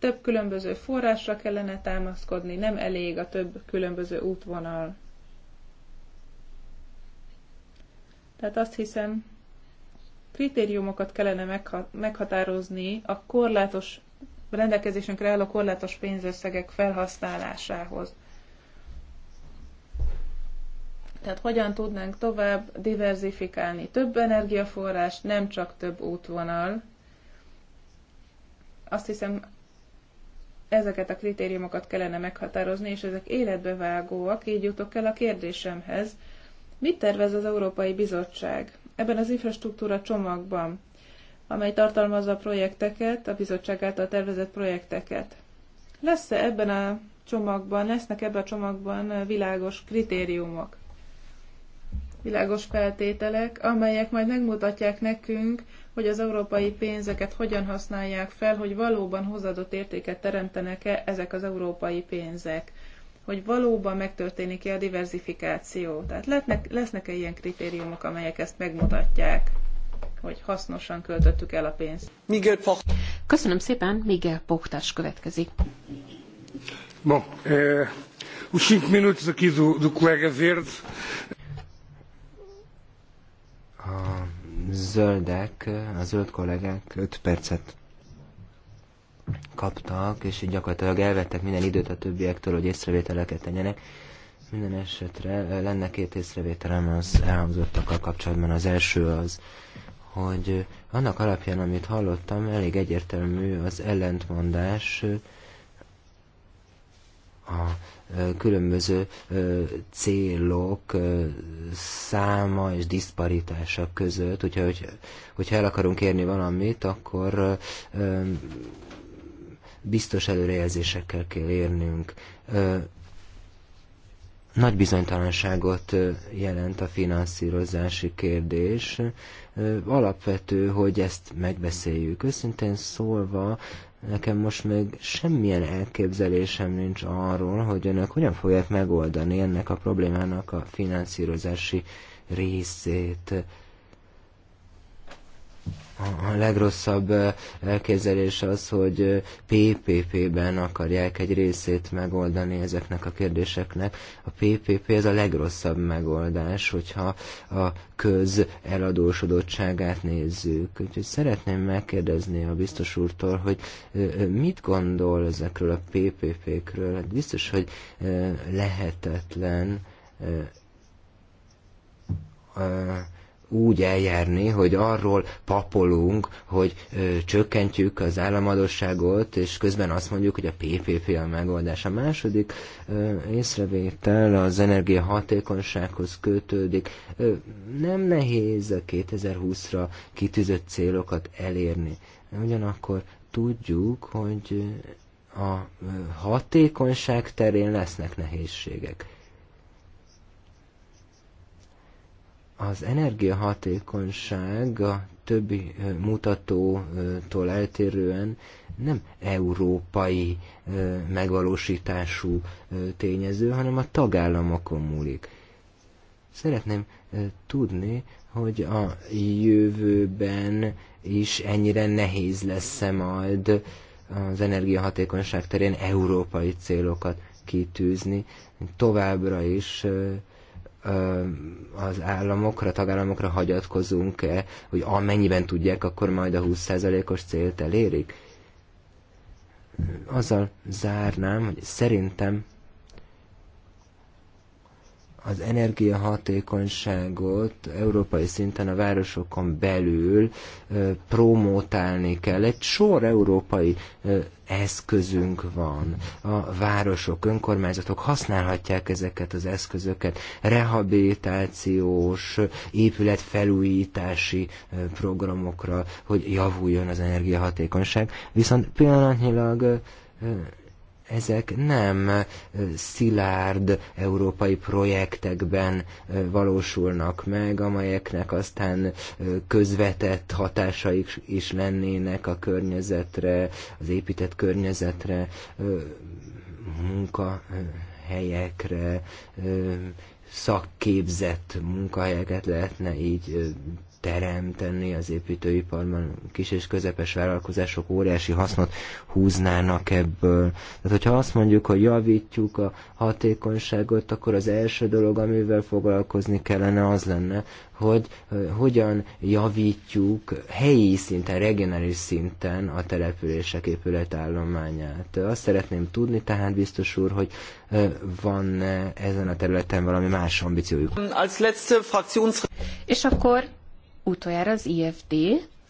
Több különböző forrásra kellene támaszkodni, nem elég a több különböző útvonal. Tehát azt hiszem, kritériumokat kellene meghatározni a korlátos, rendelkezésünkre álló korlátos pénzösszegek felhasználásához. Tehát hogyan tudnánk tovább diverzifikálni több energiaforrás, nem csak több útvonal. Azt hiszem, ezeket a kritériumokat kellene meghatározni, és ezek vágóak, így jutok el a kérdésemhez. Mit tervez az Európai Bizottság ebben az infrastruktúra csomagban, amely tartalmazza a projekteket, a bizottság által tervezett projekteket? Lesz-e ebben a csomagban, lesznek ebben a csomagban világos kritériumok, világos feltételek, amelyek majd megmutatják nekünk, hogy az európai pénzeket hogyan használják fel, hogy valóban hozadott értéket teremtenek-e ezek az európai pénzek hogy valóban megtörténik-e a diversifikáció. Tehát lesznek, lesznek-e ilyen kritériumok, amelyek ezt megmutatják, hogy hasznosan költöttük el a pénzt. Miguel Poch. Köszönöm szépen, Miguel Pochtás következik. Bon, eh, os cinco minutos aqui do, do colega verde. Ah zöldek, a zöld kollégák 5 percet kaptak, és így gyakorlatilag elvettek minden időt a többiektől, hogy észrevételeket tegyenek. Minden esetre lenne két észrevételem az elhangzottakkal kapcsolatban. Az első az, hogy annak alapján, amit hallottam, elég egyértelmű az ellentmondás a különböző célok száma és diszparitása között. Hogyha, hogyha el akarunk érni valamit, akkor biztos előrejelzésekkel kell érnünk. Nagy bizonytalanságot jelent a finanszírozási kérdés. Alapvető, hogy ezt megbeszéljük. Őszintén szólva Nekem most még semmilyen elképzelésem nincs arról, hogy önök hogyan fogják megoldani ennek a problémának a finanszírozási részét a legrosszabb elképzelés az, hogy PPP-ben akarják egy részét megoldani ezeknek a kérdéseknek. A PPP ez a legrosszabb megoldás, hogyha a köz eladósodottságát nézzük. Úgyhogy szeretném megkérdezni a biztos úrtól, hogy mit gondol ezekről a PPP-kről? Hát biztos, hogy lehetetlen úgy eljárni, hogy arról papolunk, hogy csökkentjük az államadosságot, és közben azt mondjuk, hogy a PPP a megoldás. A második észrevétel az energiahatékonysághoz kötődik. Nem nehéz a 2020-ra kitűzött célokat elérni. Ugyanakkor tudjuk, hogy a hatékonyság terén lesznek nehézségek. Az energiahatékonyság a többi mutatótól eltérően nem európai megvalósítású tényező, hanem a tagállamokon múlik. Szeretném tudni, hogy a jövőben is ennyire nehéz lesz-e majd az energiahatékonyság terén európai célokat kitűzni. Továbbra is az államokra, tagállamokra hagyatkozunk-e, hogy amennyiben tudják, akkor majd a 20%-os célt elérik? Azzal zárnám, hogy szerintem az energiahatékonyságot európai szinten a városokon belül promotálni kell. Egy sor európai eszközünk van. A városok, önkormányzatok használhatják ezeket az eszközöket rehabilitációs, épületfelújítási programokra, hogy javuljon az energiahatékonyság. Viszont pillanatnyilag ezek nem szilárd európai projektekben valósulnak meg, amelyeknek aztán közvetett hatásaik is lennének a környezetre, az épített környezetre, munkahelyekre, szakképzett munkahelyeket lehetne így teremteni az építőiparban, kis és közepes vállalkozások óriási hasznot húznának ebből. Tehát, hogyha azt mondjuk, hogy javítjuk a hatékonyságot, akkor az első dolog, amivel foglalkozni kellene, az lenne, hogy hogyan javítjuk helyi szinten, regionális szinten a települések épületállományát. Azt szeretném tudni, tehát biztos úr, hogy van -e ezen a területen valami más ambíciójuk. És akkor utoljára az IFD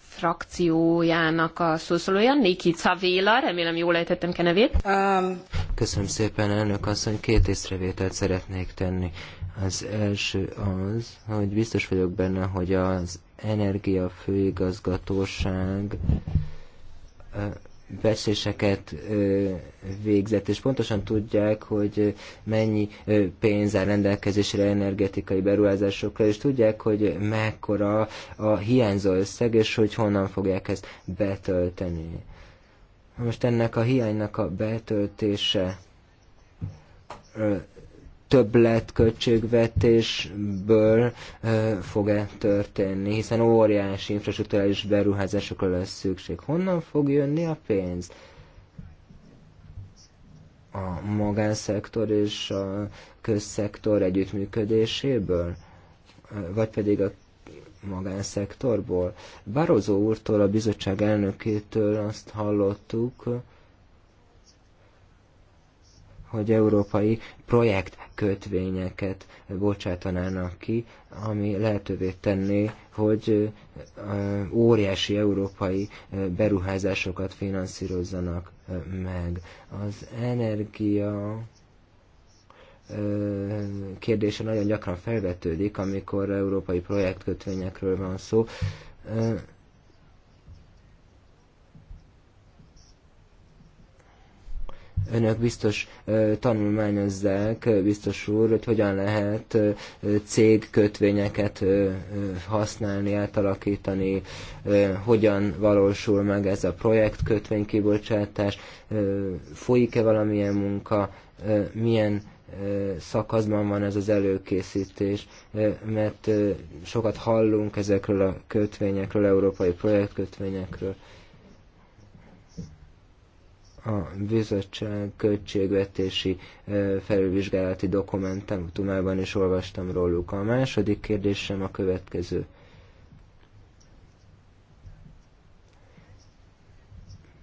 frakciójának a szószólója, Niki Cavéla, remélem jól ejtettem ki nevét. Um. Köszönöm szépen, elnök asszony, két észrevételt szeretnék tenni. Az első az, hogy biztos vagyok benne, hogy az energiafőigazgatóság becsléseket végzett, és pontosan tudják, hogy mennyi pénz áll rendelkezésre energetikai beruházásokra, és tudják, hogy mekkora a hiányzó összeg, és hogy honnan fogják ezt betölteni. Most ennek a hiánynak a betöltése többlet költségvetésből fog-e történni, hiszen óriási infrastruktúrális beruházásokra lesz szükség. Honnan fog jönni a pénz? A magánszektor és a közszektor együttműködéséből? Vagy pedig a magánszektorból? Barozó úrtól, a bizottság elnökétől azt hallottuk, hogy európai projekt kötvényeket bocsátanának ki, ami lehetővé tenné, hogy óriási európai beruházásokat finanszírozzanak meg. Az energia kérdése nagyon gyakran felvetődik, amikor európai projektkötvényekről van szó önök biztos tanulmányozzák, biztos úr, hogy hogyan lehet cégkötvényeket használni, átalakítani, hogyan valósul meg ez a projekt kötvénykibocsátás folyik-e valamilyen munka, milyen szakaszban van ez az előkészítés, mert sokat hallunk ezekről a kötvényekről, európai projektkötvényekről a bizottság költségvetési felülvizsgálati dokumentumában is olvastam róluk. A második kérdésem a következő.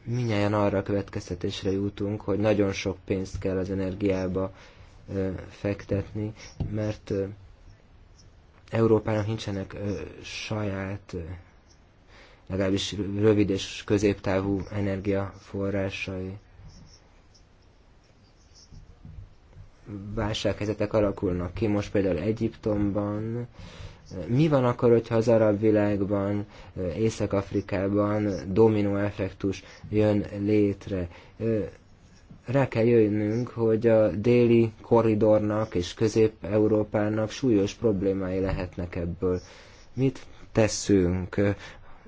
Minnyáján arra a következtetésre jutunk, hogy nagyon sok pénzt kell az energiába fektetni, mert Európának nincsenek saját legalábbis rövid és középtávú energiaforrásai. Válsághelyzetek alakulnak ki, most például Egyiptomban, mi van akkor, hogyha az arab világban, Észak-Afrikában dominó effektus jön létre? Rá kell jönnünk, hogy a déli koridornak és közép-európának súlyos problémái lehetnek ebből. Mit teszünk?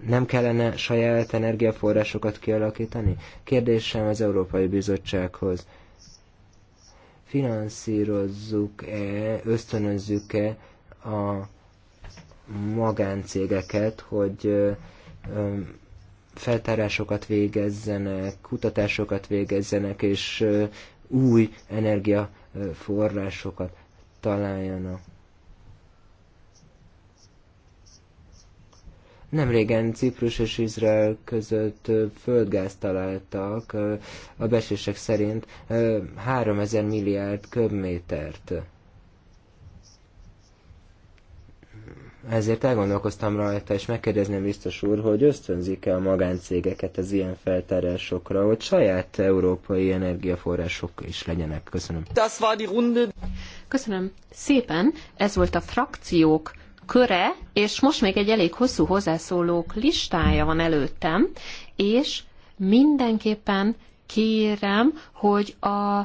nem kellene saját energiaforrásokat kialakítani? Kérdésem az Európai Bizottsághoz. Finanszírozzuk-e, ösztönözzük-e a magáncégeket, hogy feltárásokat végezzenek, kutatásokat végezzenek, és új energiaforrásokat találjanak. Nemrégen Ciprus és Izrael között földgáz találtak, a besések szerint 3000 milliárd köbmétert. Ezért elgondolkoztam rajta, és megkérdezném biztos úr, hogy ösztönzik-e a magáncégeket az ilyen feltárásokra, hogy saját európai energiaforrások is legyenek. Köszönöm. Das war die Runde. Köszönöm szépen. Ez volt a frakciók köre, és most még egy elég hosszú hozzászólók listája van előttem, és mindenképpen kérem, hogy a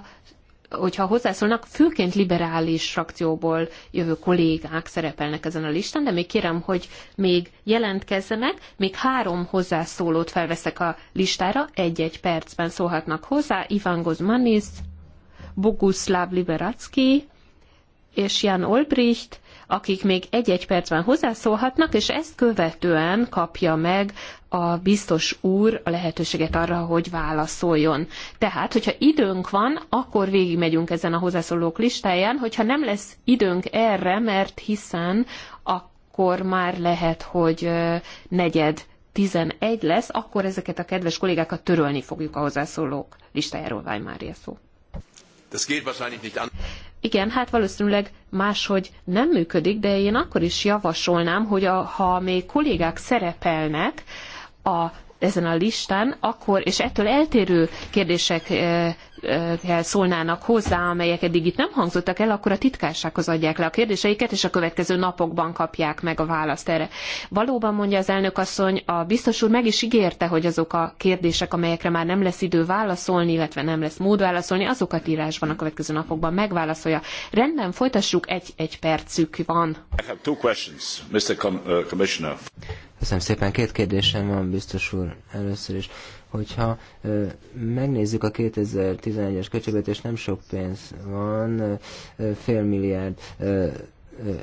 hogyha hozzászólnak, főként liberális frakcióból jövő kollégák szerepelnek ezen a listán, de még kérem, hogy még jelentkezzenek, még három hozzászólót felveszek a listára, egy-egy percben szólhatnak hozzá, Ivan Gozmanis, Boguslav Liberacki és Jan Olbricht, akik még egy-egy percben hozzászólhatnak, és ezt követően kapja meg a biztos úr a lehetőséget arra, hogy válaszoljon. Tehát, hogyha időnk van, akkor végigmegyünk ezen a hozzászólók listáján, hogyha nem lesz időnk erre, mert hiszen akkor már lehet, hogy negyed 11 lesz, akkor ezeket a kedves kollégákat törölni fogjuk a hozzászólók listájáról, Váj Mária igen, hát valószínűleg máshogy nem működik, de én akkor is javasolnám, hogy a, ha még kollégák szerepelnek a ezen a listán, akkor, és ettől eltérő kérdésekkel szólnának hozzá, amelyek eddig itt nem hangzottak el, akkor a titkársághoz adják le a kérdéseiket, és a következő napokban kapják meg a választ erre. Valóban mondja az elnök asszony, a biztos úr meg is ígérte, hogy azok a kérdések, amelyekre már nem lesz idő válaszolni, illetve nem lesz mód válaszolni, azokat írásban a következő napokban megválaszolja. Rendben, folytassuk, egy, egy percük van. I have two questions, Mr. Com- uh, Commissioner. Köszönöm szépen. Két kérdésem van, biztos úr, először is. Hogyha ö, megnézzük a 2011-es költségvetést, nem sok pénz van, ö, fél milliárd ö,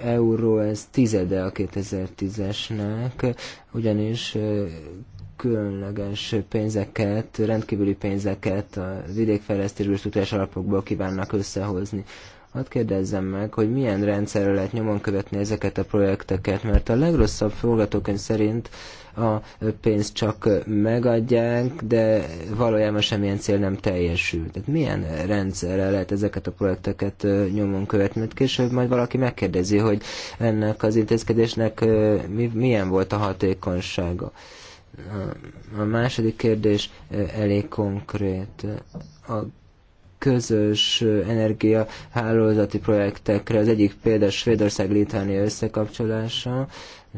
euró, ez tizede a 2010-esnek, ugyanis különleges pénzeket, rendkívüli pénzeket a vidékfejlesztésből és alapokból kívánnak összehozni. Hadd kérdezzem meg, hogy milyen rendszerrel lehet nyomon követni ezeket a projekteket, mert a legrosszabb forgatókönyv szerint a pénzt csak megadják, de valójában semmilyen cél nem teljesül. Tehát milyen rendszerrel lehet ezeket a projekteket nyomon követni? Mert később majd valaki megkérdezi, hogy ennek az intézkedésnek milyen volt a hatékonysága. A második kérdés elég konkrét. A közös energiahálózati projektekre. Az egyik példa Svédország-Litvánia összekapcsolása.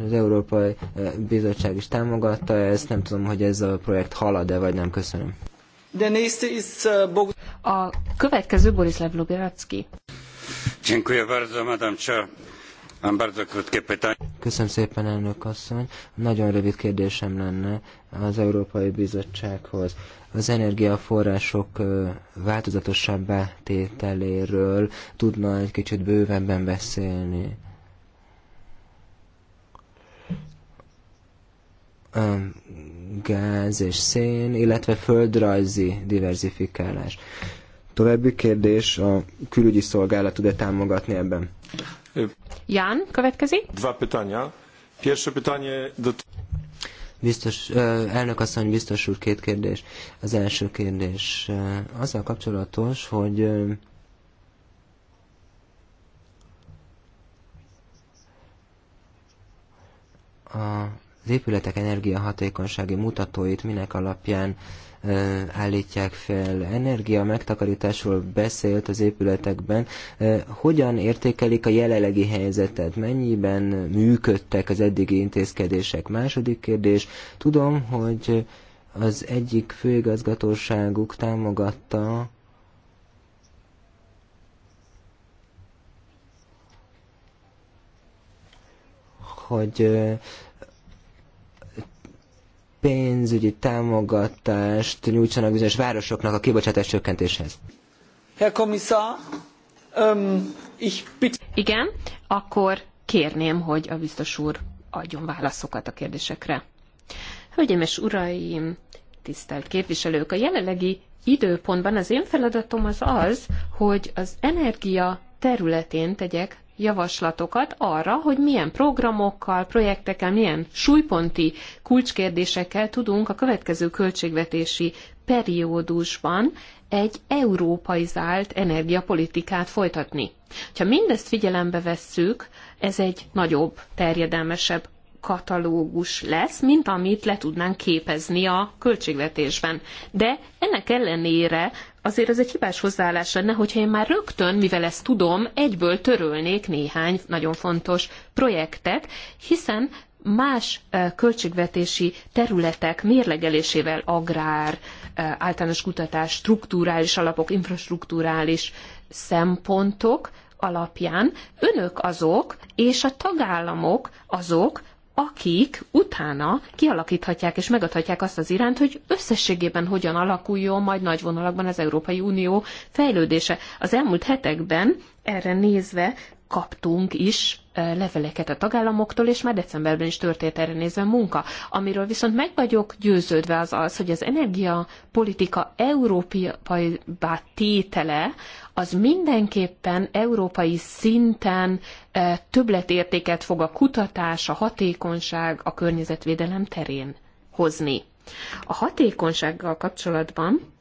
Az Európai eh, Bizottság is támogatta ezt. Nem tudom, hogy ez a projekt halad-e, vagy nem. Köszönöm. Eh, a következő Borislav Lubiracki. madam Köszönöm szépen, elnök asszony. Nagyon rövid kérdésem lenne az Európai Bizottsághoz az energiaforrások változatosabb betételéről tudna egy kicsit bővebben beszélni. gáz és szén, illetve földrajzi diversifikálás. További kérdés, a külügyi szolgálat tud-e támogatni ebben? Ján, következik. Dva pytania. Pierwsze pytanie dotyczy... Biztos, elnök asszony, biztos úr, két kérdés. Az első kérdés azzal kapcsolatos, hogy az épületek energiahatékonysági mutatóit minek alapján állítják fel. Energia megtakarításról beszélt az épületekben. Hogyan értékelik a jelenlegi helyzetet? Mennyiben működtek az eddigi intézkedések? Második kérdés. Tudom, hogy az egyik főigazgatóságuk támogatta hogy pénzügyi támogatást nyújtsanak bizonyos városoknak a kibocsátás csökkentéshez. Herr Kommissar, um, ich bitte... Igen, akkor kérném, hogy a biztos úr adjon válaszokat a kérdésekre. Hölgyeim és uraim, tisztelt képviselők, a jelenlegi időpontban az én feladatom az az, hogy az energia területén tegyek javaslatokat arra, hogy milyen programokkal, projektekkel, milyen súlyponti kulcskérdésekkel tudunk a következő költségvetési periódusban egy európai zált energiapolitikát folytatni. Ha mindezt figyelembe vesszük, ez egy nagyobb, terjedelmesebb katalógus lesz, mint amit le tudnánk képezni a költségvetésben. De ennek ellenére azért ez egy hibás hozzáállás lenne, hogyha én már rögtön, mivel ezt tudom, egyből törölnék néhány nagyon fontos projektet, hiszen más e, költségvetési területek mérlegelésével agrár, e, általános kutatás, strukturális alapok, infrastrukturális szempontok alapján önök azok, és a tagállamok azok, akik utána kialakíthatják és megadhatják azt az iránt, hogy összességében hogyan alakuljon majd nagy vonalakban az Európai Unió fejlődése. Az elmúlt hetekben erre nézve kaptunk is leveleket a tagállamoktól, és már decemberben is történt erre nézve munka. Amiről viszont meg vagyok győződve az az, hogy az energiapolitika európai tétele az mindenképpen európai szinten e, többletértéket fog a kutatás, a hatékonyság, a környezetvédelem terén hozni. A hatékonysággal kapcsolatban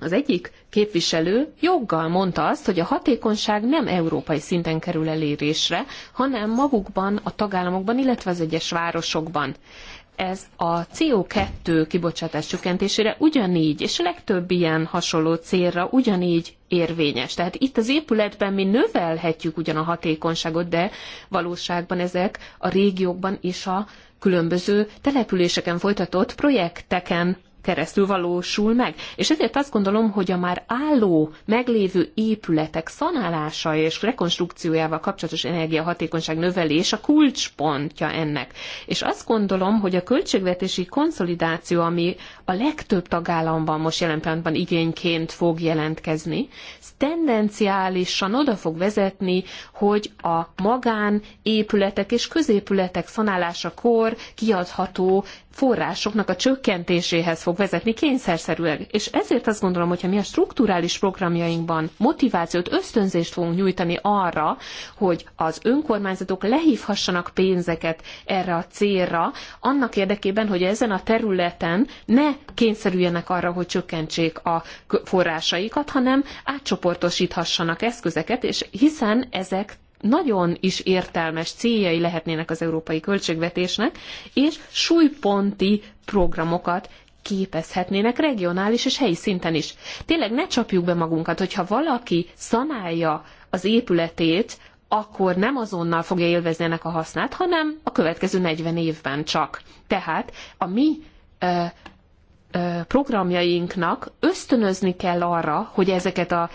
az egyik képviselő joggal mondta azt, hogy a hatékonyság nem európai szinten kerül elérésre, hanem magukban, a tagállamokban, illetve az egyes városokban ez a CO2 kibocsátás csökkentésére ugyanígy, és legtöbb ilyen hasonló célra ugyanígy érvényes. Tehát itt az épületben mi növelhetjük ugyan a hatékonyságot, de valóságban ezek a régiókban és a különböző településeken folytatott projekteken keresztül valósul meg. És ezért azt gondolom, hogy a már álló, meglévő épületek szanálása és rekonstrukciójával kapcsolatos energiahatékonyság növelés a kulcspontja ennek. És azt gondolom, hogy a költségvetési konszolidáció, ami a legtöbb tagállamban most jelen pillanatban igényként fog jelentkezni, tendenciálisan oda fog vezetni, hogy a magán épületek és középületek szanálásakor kiadható forrásoknak a csökkentéséhez fog vezetni kényszerszerűen. És ezért azt gondolom, ha mi a strukturális programjainkban motivációt, ösztönzést fogunk nyújtani arra, hogy az önkormányzatok lehívhassanak pénzeket erre a célra, annak érdekében, hogy ezen a területen ne kényszerüljenek arra, hogy csökkentsék a forrásaikat, hanem átcsoportosíthassanak eszközeket, és hiszen ezek nagyon is értelmes céljai lehetnének az európai költségvetésnek, és súlyponti programokat képezhetnének regionális és helyi szinten is. Tényleg ne csapjuk be magunkat, hogyha valaki szanálja az épületét, akkor nem azonnal fogja élvezni ennek a hasznát, hanem a következő 40 évben csak. Tehát a mi programjainknak ösztönözni kell arra, hogy ezeket a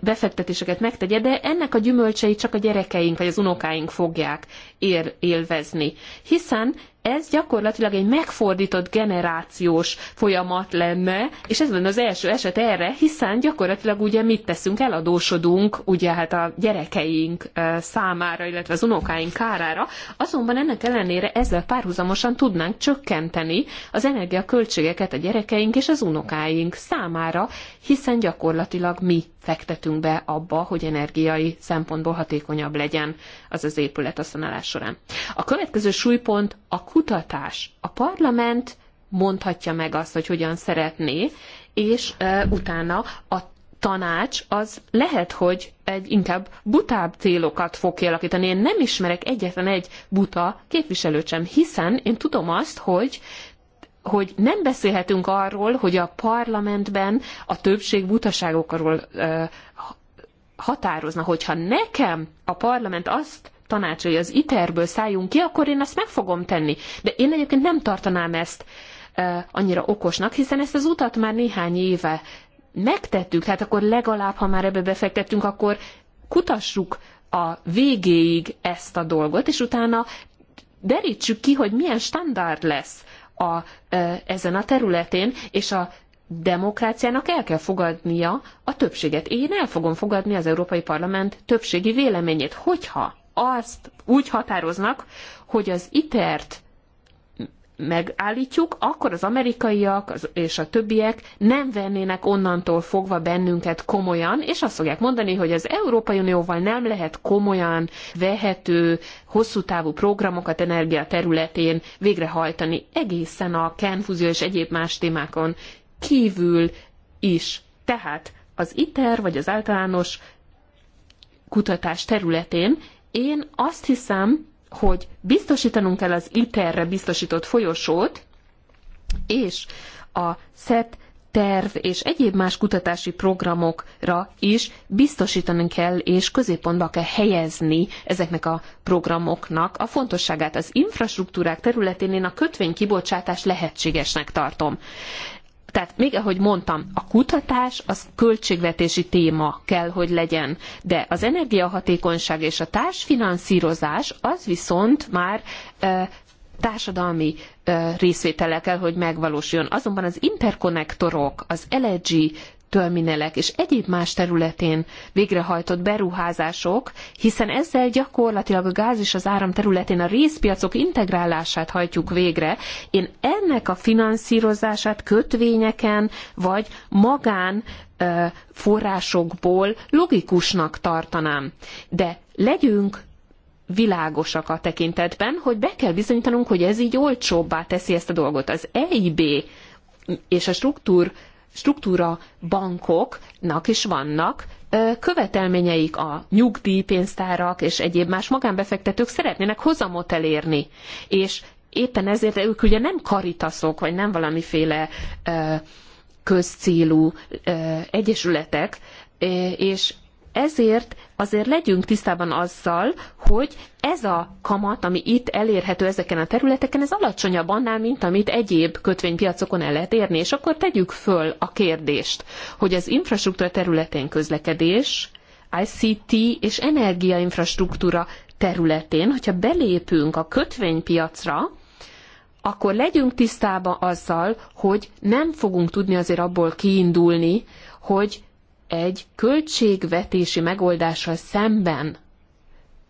befektetéseket megtegye, de ennek a gyümölcsei csak a gyerekeink vagy az unokáink fogják ér, élvezni. Hiszen ez gyakorlatilag egy megfordított generációs folyamat lenne, és ez lenne az első eset erre, hiszen gyakorlatilag ugye mit teszünk, eladósodunk ugye hát a gyerekeink számára, illetve az unokáink kárára, azonban ennek ellenére ezzel párhuzamosan tudnánk csökkenteni az energiaköltségeket a gyerekeink és az unokáink számára, hiszen gyakorlatilag mi fektetünk be abba, hogy energiai szempontból hatékonyabb legyen az az épület a során. A következő súlypont a kutatás. A parlament mondhatja meg azt, hogy hogyan szeretné, és uh, utána a tanács az lehet, hogy egy inkább butább célokat fog kialakítani. Én nem ismerek egyetlen egy buta képviselőt sem, hiszen én tudom azt, hogy hogy nem beszélhetünk arról, hogy a parlamentben a többség butaságokról határozna, hogyha nekem a parlament azt tanácsolja, hogy az iterből szálljunk ki, akkor én ezt meg fogom tenni. De én egyébként nem tartanám ezt annyira okosnak, hiszen ezt az utat már néhány éve megtettük, tehát akkor legalább, ha már ebbe befektettünk, akkor kutassuk a végéig ezt a dolgot, és utána derítsük ki, hogy milyen standard lesz a, e, ezen a területén, és a demokráciának el kell fogadnia a többséget. Én el fogom fogadni az Európai Parlament többségi véleményét, hogyha azt úgy határoznak, hogy az ITERT e megállítjuk, akkor az amerikaiak és a többiek nem vennének onnantól fogva bennünket komolyan, és azt fogják mondani, hogy az Európai Unióval nem lehet komolyan vehető, hosszú távú programokat energia területén végrehajtani egészen a kernfúzió és egyéb más témákon kívül is. Tehát az ITER vagy az általános kutatás területén én azt hiszem, hogy biztosítanunk kell az ITER-re biztosított folyosót, és a SET terv és egyéb más kutatási programokra is biztosítani kell, és középpontba kell helyezni ezeknek a programoknak a fontosságát. Az infrastruktúrák területén én a kötvénykibocsátást lehetségesnek tartom tehát még ahogy mondtam, a kutatás az költségvetési téma kell, hogy legyen, de az energiahatékonyság és a társfinanszírozás az viszont már e, társadalmi e, részvétele kell, hogy megvalósuljon. Azonban az interkonnektorok, az LNG tölminelek és egyéb más területén végrehajtott beruházások, hiszen ezzel gyakorlatilag a gáz és az áram területén a részpiacok integrálását hajtjuk végre. Én ennek a finanszírozását kötvényeken vagy magán forrásokból logikusnak tartanám. De legyünk világosak a tekintetben, hogy be kell bizonyítanunk, hogy ez így olcsóbbá teszi ezt a dolgot. Az EIB és a struktúr struktúra bankoknak is vannak követelményeik a nyugdíjpénztárak és egyéb más magánbefektetők szeretnének hozamot elérni, és éppen ezért ők ugye nem karitaszok, vagy nem valamiféle közcélú egyesületek, és ezért azért legyünk tisztában azzal, hogy ez a kamat, ami itt elérhető ezeken a területeken, ez alacsonyabb annál, mint amit egyéb kötvénypiacokon el lehet érni. És akkor tegyük föl a kérdést, hogy az infrastruktúra területén közlekedés, ICT és energiainfrastruktúra területén, hogyha belépünk a kötvénypiacra, akkor legyünk tisztában azzal, hogy nem fogunk tudni azért abból kiindulni, hogy egy költségvetési megoldással szemben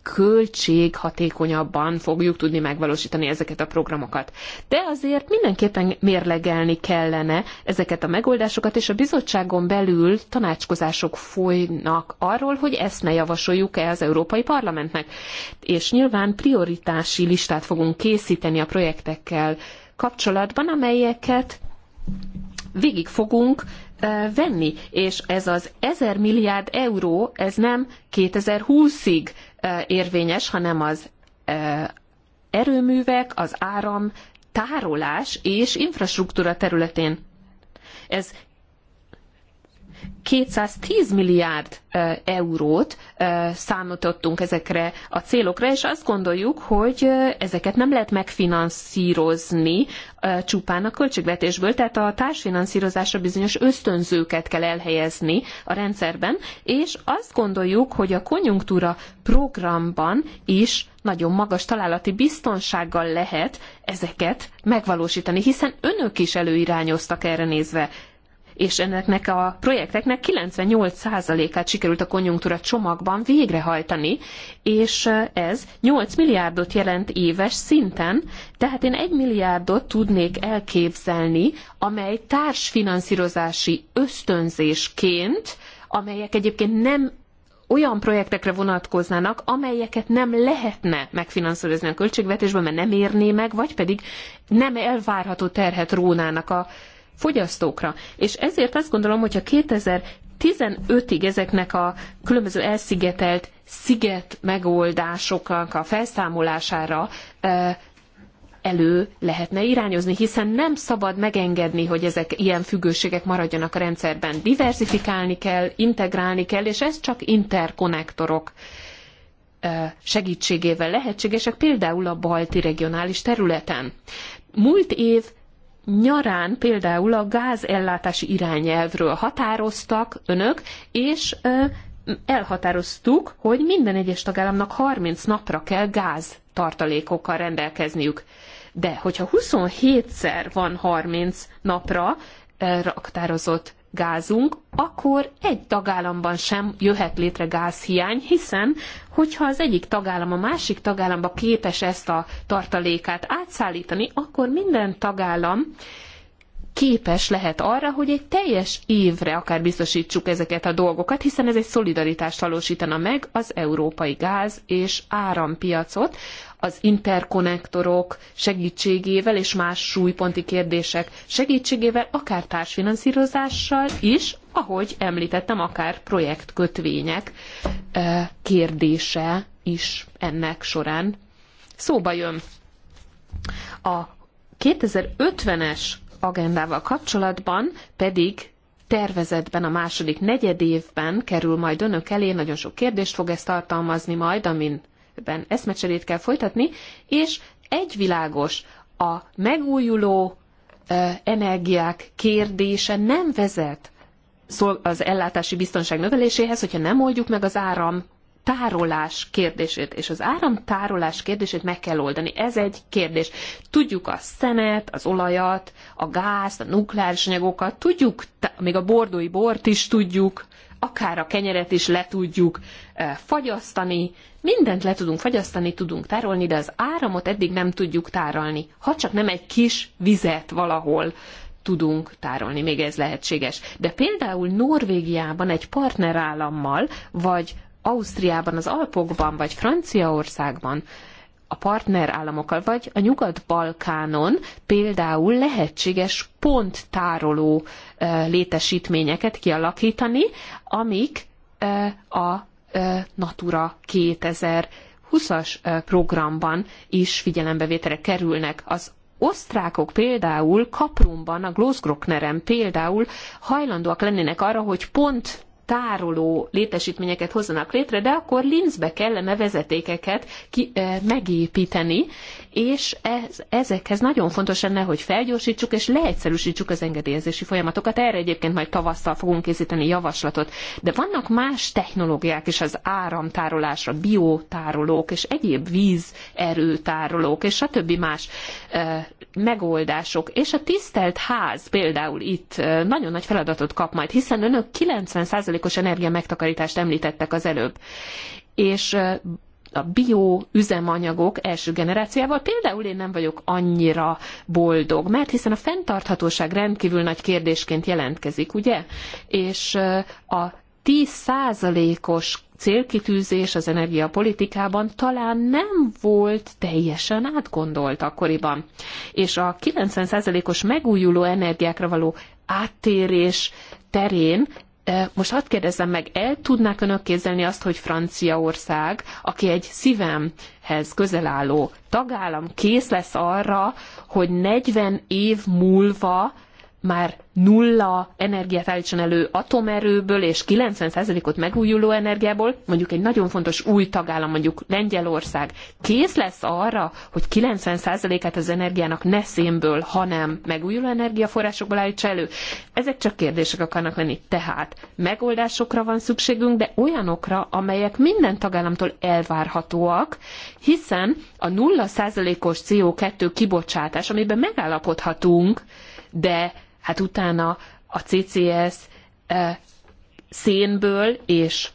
költséghatékonyabban fogjuk tudni megvalósítani ezeket a programokat. De azért mindenképpen mérlegelni kellene ezeket a megoldásokat, és a bizottságon belül tanácskozások folynak arról, hogy ezt ne javasoljuk-e az Európai Parlamentnek. És nyilván prioritási listát fogunk készíteni a projektekkel kapcsolatban, amelyeket végig fogunk venni, és ez az 1000 milliárd euró, ez nem 2020-ig érvényes, hanem az erőművek, az áram, tárolás és infrastruktúra területén. Ez 210 milliárd eurót számot adtunk ezekre a célokra, és azt gondoljuk, hogy ezeket nem lehet megfinanszírozni csupán a költségvetésből, tehát a társfinanszírozásra bizonyos ösztönzőket kell elhelyezni a rendszerben, és azt gondoljuk, hogy a konjunktúra programban is nagyon magas találati biztonsággal lehet ezeket megvalósítani, hiszen önök is előirányoztak erre nézve és ennek a projekteknek 98%-át sikerült a konjunktúra csomagban végrehajtani, és ez 8 milliárdot jelent éves szinten, tehát én 1 milliárdot tudnék elképzelni, amely társfinanszírozási ösztönzésként, amelyek egyébként nem olyan projektekre vonatkoznának, amelyeket nem lehetne megfinanszírozni a költségvetésben, mert nem érné meg, vagy pedig nem elvárható terhet rónának a fogyasztókra. És ezért azt gondolom, hogyha 2015-ig ezeknek a különböző elszigetelt sziget megoldásoknak a felszámolására elő lehetne irányozni, hiszen nem szabad megengedni, hogy ezek ilyen függőségek maradjanak a rendszerben. Diversifikálni kell, integrálni kell, és ez csak interkonnektorok segítségével lehetségesek, például a balti regionális területen. Múlt év nyarán például a gázellátási irányelvről határoztak önök, és elhatároztuk, hogy minden egyes tagállamnak 30 napra kell gáz tartalékokkal rendelkezniük. De hogyha 27-szer van 30 napra raktározott gázunk, akkor egy tagállamban sem jöhet létre gázhiány, hiszen hogyha az egyik tagállam a másik tagállamba képes ezt a tartalékát átszállítani, akkor minden tagállam képes lehet arra, hogy egy teljes évre akár biztosítsuk ezeket a dolgokat, hiszen ez egy szolidaritást valósítana meg az európai gáz és árampiacot, az interkonnektorok segítségével és más súlyponti kérdések segítségével, akár társfinanszírozással is, ahogy említettem, akár projektkötvények kérdése is ennek során szóba jön. A 2050-es agendával kapcsolatban pedig tervezetben a második negyedévben kerül majd önök elé, nagyon sok kérdést fog ez tartalmazni majd, amin ben eszmecserét kell folytatni, és egy világos, a megújuló energiák kérdése nem vezet az ellátási biztonság növeléséhez, hogyha nem oldjuk meg az áram tárolás kérdését, és az áramtárolás kérdését meg kell oldani. Ez egy kérdés. Tudjuk a szenet, az olajat, a gázt, a nukleáris anyagokat, tudjuk, még a bordói bort is tudjuk akár a kenyeret is le tudjuk eh, fagyasztani, mindent le tudunk fagyasztani, tudunk tárolni, de az áramot eddig nem tudjuk tárolni, ha csak nem egy kis vizet valahol tudunk tárolni, még ez lehetséges. De például Norvégiában egy partnerállammal, vagy Ausztriában, az Alpokban, vagy Franciaországban a partnerállamokkal, vagy a Nyugat-Balkánon például lehetséges ponttároló létesítményeket kialakítani, amik a Natura 2000 20-as programban is figyelembevételre kerülnek. Az osztrákok például Kaprumban, a Glosgrockneren például hajlandóak lennének arra, hogy pont tároló létesítményeket hozzanak létre, de akkor Linzbe kellene vezetékeket ki, e, megépíteni, és ez, ezekhez nagyon fontos lenne, hogy felgyorsítsuk és leegyszerűsítsük az engedélyezési folyamatokat. Erre egyébként majd tavasszal fogunk készíteni javaslatot. De vannak más technológiák is az áramtárolásra, biotárolók és egyéb vízerőtárolók és stb. más megoldások. És a tisztelt ház például itt nagyon nagy feladatot kap majd, hiszen önök 90%-os energia megtakarítást említettek az előbb. És a bio üzemanyagok első generációval. Például én nem vagyok annyira boldog, mert hiszen a fenntarthatóság rendkívül nagy kérdésként jelentkezik, ugye? És a 10 százalékos célkitűzés az energiapolitikában talán nem volt teljesen átgondolt akkoriban. És a 90%-os megújuló energiákra való áttérés terén e, most hadd kérdezzem meg, el tudnák önök képzelni azt, hogy Franciaország, aki egy szívemhez közel álló tagállam, kész lesz arra, hogy 40 év múlva már nulla energiát állítson elő atomerőből és 90%-ot megújuló energiából, mondjuk egy nagyon fontos új tagállam, mondjuk Lengyelország, kész lesz arra, hogy 90%-át az energiának ne szénből, hanem megújuló energiaforrásokból állítsa elő. Ezek csak kérdések akarnak lenni. Tehát megoldásokra van szükségünk, de olyanokra, amelyek minden tagállamtól elvárhatóak, hiszen a 0%-os CO2 kibocsátás, amiben megállapodhatunk, de hát utána a CCS eh, szénből és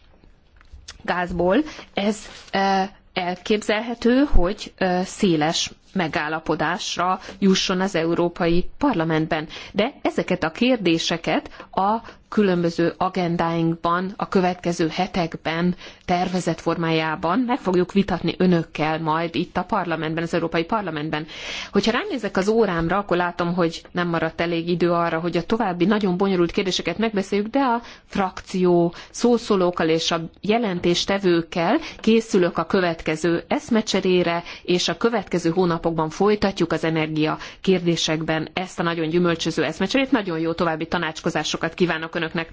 gázból, ez eh, elképzelhető, hogy eh, széles megállapodásra jusson az Európai Parlamentben. De ezeket a kérdéseket a különböző agendáinkban, a következő hetekben, tervezett formájában meg fogjuk vitatni önökkel majd itt a parlamentben, az Európai Parlamentben. Hogyha ránézek az órámra, akkor látom, hogy nem maradt elég idő arra, hogy a további nagyon bonyolult kérdéseket megbeszéljük, de a frakció szószólókkal és a jelentéstevőkkel készülök a következő eszmecserére, és a következő hónap napokban folytatjuk az energia kérdésekben ezt a nagyon gyümölcsöző eszmecserét. Nagyon jó további tanácskozásokat kívánok Önöknek.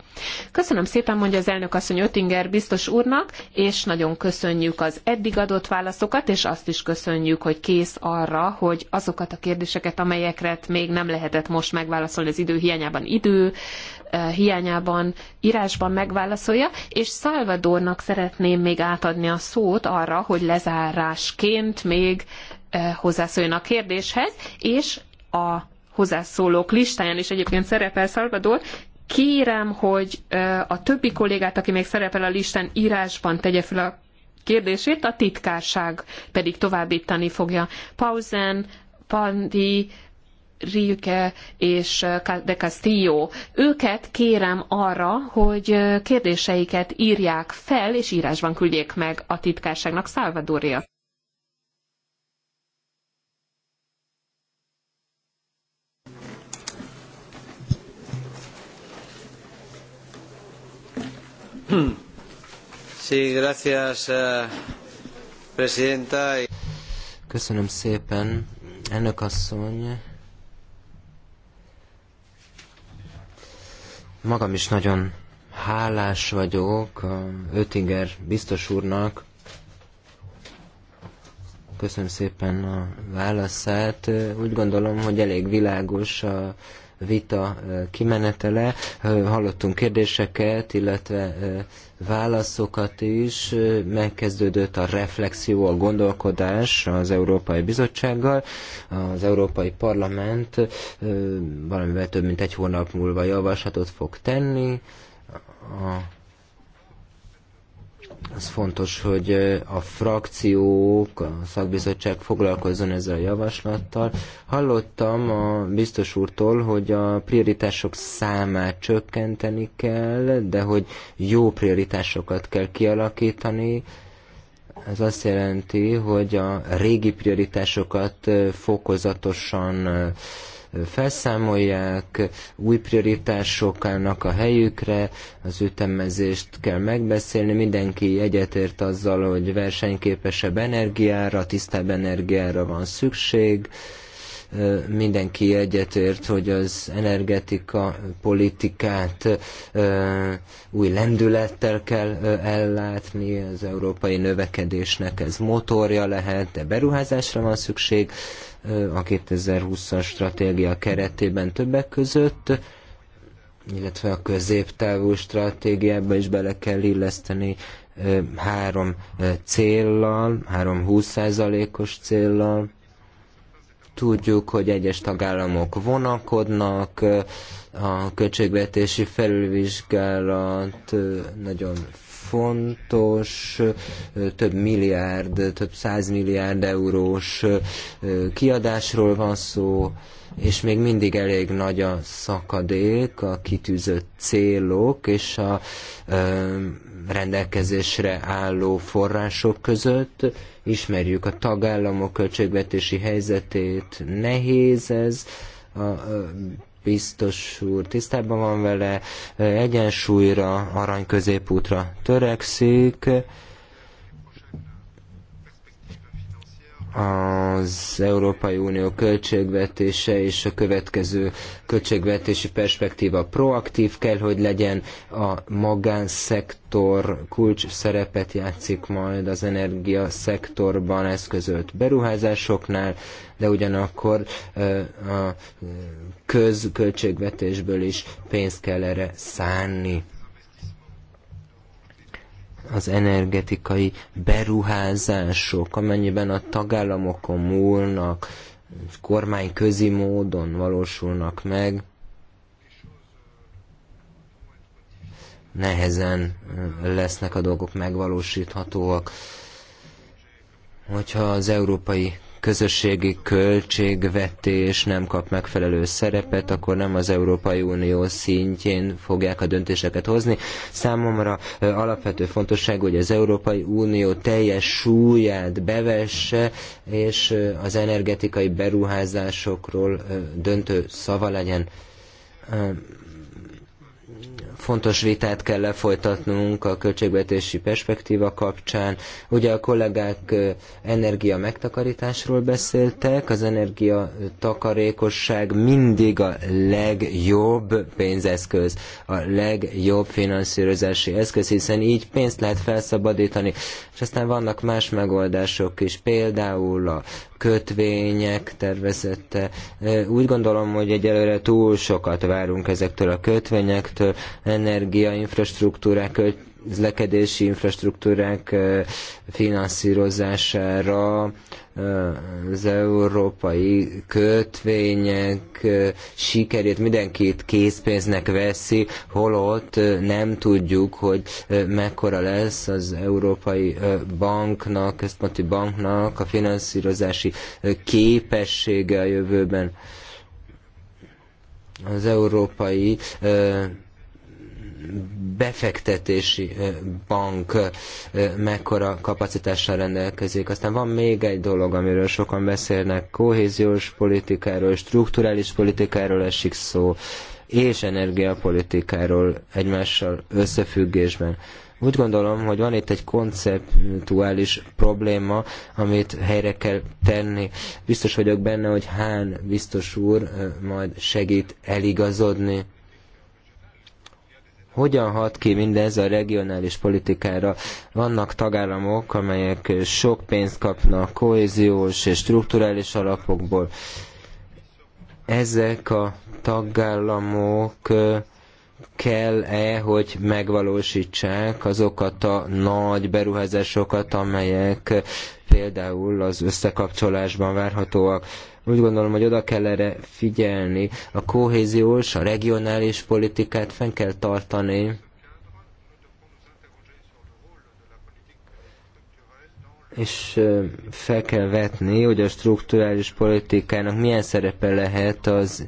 Köszönöm szépen, mondja az elnök asszony Öttinger biztos úrnak, és nagyon köszönjük az eddig adott válaszokat, és azt is köszönjük, hogy kész arra, hogy azokat a kérdéseket, amelyekre még nem lehetett most megválaszolni az idő hiányában idő, eh, hiányában írásban megválaszolja, és Salvadornak szeretném még átadni a szót arra, hogy lezárásként még Eh, hozzászóljon a kérdéshez, és a hozzászólók listáján is egyébként szerepel Salvador, kérem, hogy eh, a többi kollégát, aki még szerepel a listán, írásban tegye fel a kérdését, a titkárság pedig továbbítani fogja. Pausen, Pandi, Rilke és eh, de Castillo. Őket kérem arra, hogy kérdéseiket írják fel, és írásban küldjék meg a titkárságnak. Salvadoria. Eh, Köszönöm szépen, elnök asszony. Magam is nagyon hálás vagyok Ötinger biztos úrnak. Köszönöm szépen a válaszát. Úgy gondolom, hogy elég világos a vita kimenetele. Hallottunk kérdéseket, illetve válaszokat is. Megkezdődött a reflexió, a gondolkodás az Európai Bizottsággal. Az Európai Parlament valamivel több mint egy hónap múlva javaslatot fog tenni. A az fontos, hogy a frakciók, a szakbizottság foglalkozzon ezzel a javaslattal. Hallottam a biztos úrtól, hogy a prioritások számát csökkenteni kell, de hogy jó prioritásokat kell kialakítani. Ez azt jelenti, hogy a régi prioritásokat fokozatosan felszámolják, új prioritások állnak a helyükre, az ütemezést kell megbeszélni, mindenki egyetért azzal, hogy versenyképesebb energiára, tisztább energiára van szükség, mindenki egyetért, hogy az energetika politikát új lendülettel kell ellátni, az európai növekedésnek ez motorja lehet, de beruházásra van szükség, a 2020-as stratégia keretében többek között, illetve a középtávú stratégiába is bele kell illeszteni három céllal, három 20%-os céllal. Tudjuk, hogy egyes tagállamok vonakodnak, a költségvetési felülvizsgálat nagyon fontos, több milliárd, több százmilliárd eurós kiadásról van szó, és még mindig elég nagy a szakadék a kitűzött célok és a rendelkezésre álló források között. Ismerjük a tagállamok költségvetési helyzetét, nehéz ez, a biztos úr tisztában van vele, egyensúlyra, arany középútra törekszik, az Európai Unió költségvetése és a következő költségvetési perspektíva proaktív kell, hogy legyen. A magánszektor kulcs szerepet játszik majd az energiaszektorban eszközölt beruházásoknál, de ugyanakkor a közköltségvetésből is pénzt kell erre szánni az energetikai beruházások, amennyiben a tagállamokon múlnak, kormányközi módon valósulnak meg, nehezen lesznek a dolgok megvalósíthatóak. Hogyha az európai közösségi költségvetés nem kap megfelelő szerepet, akkor nem az Európai Unió szintjén fogják a döntéseket hozni. Számomra alapvető fontosság, hogy az Európai Unió teljes súlyát bevesse, és az energetikai beruházásokról döntő szava legyen fontos vitát kell lefolytatnunk a költségvetési perspektíva kapcsán. Ugye a kollégák energia megtakarításról beszéltek, az energia takarékosság mindig a legjobb pénzeszköz, a legjobb finanszírozási eszköz, hiszen így pénzt lehet felszabadítani. És aztán vannak más megoldások is, például a kötvények tervezette. Úgy gondolom, hogy egyelőre túl sokat várunk ezektől a kötvényektől, energia, infrastruktúrák közlekedési infrastruktúrák finanszírozására, az európai kötvények sikerét mindenkit készpénznek veszi, holott nem tudjuk, hogy mekkora lesz az Európai Banknak, Központi Banknak a finanszírozási képessége a jövőben. Az európai befektetési bank mekkora kapacitással rendelkezik. Aztán van még egy dolog, amiről sokan beszélnek, kohéziós politikáról, strukturális politikáról esik szó, és energiapolitikáról egymással összefüggésben. Úgy gondolom, hogy van itt egy konceptuális probléma, amit helyre kell tenni. Biztos vagyok benne, hogy Hán biztos úr majd segít eligazodni hogyan hat ki mindez a regionális politikára? Vannak tagállamok, amelyek sok pénzt kapnak kohéziós és strukturális alapokból. Ezek a tagállamok kell-e, hogy megvalósítsák azokat a nagy beruházásokat, amelyek például az összekapcsolásban várhatóak. Úgy gondolom, hogy oda kell erre figyelni. A kohéziós, a regionális politikát fenn kell tartani. és fel kell vetni, hogy a strukturális politikának milyen szerepe lehet az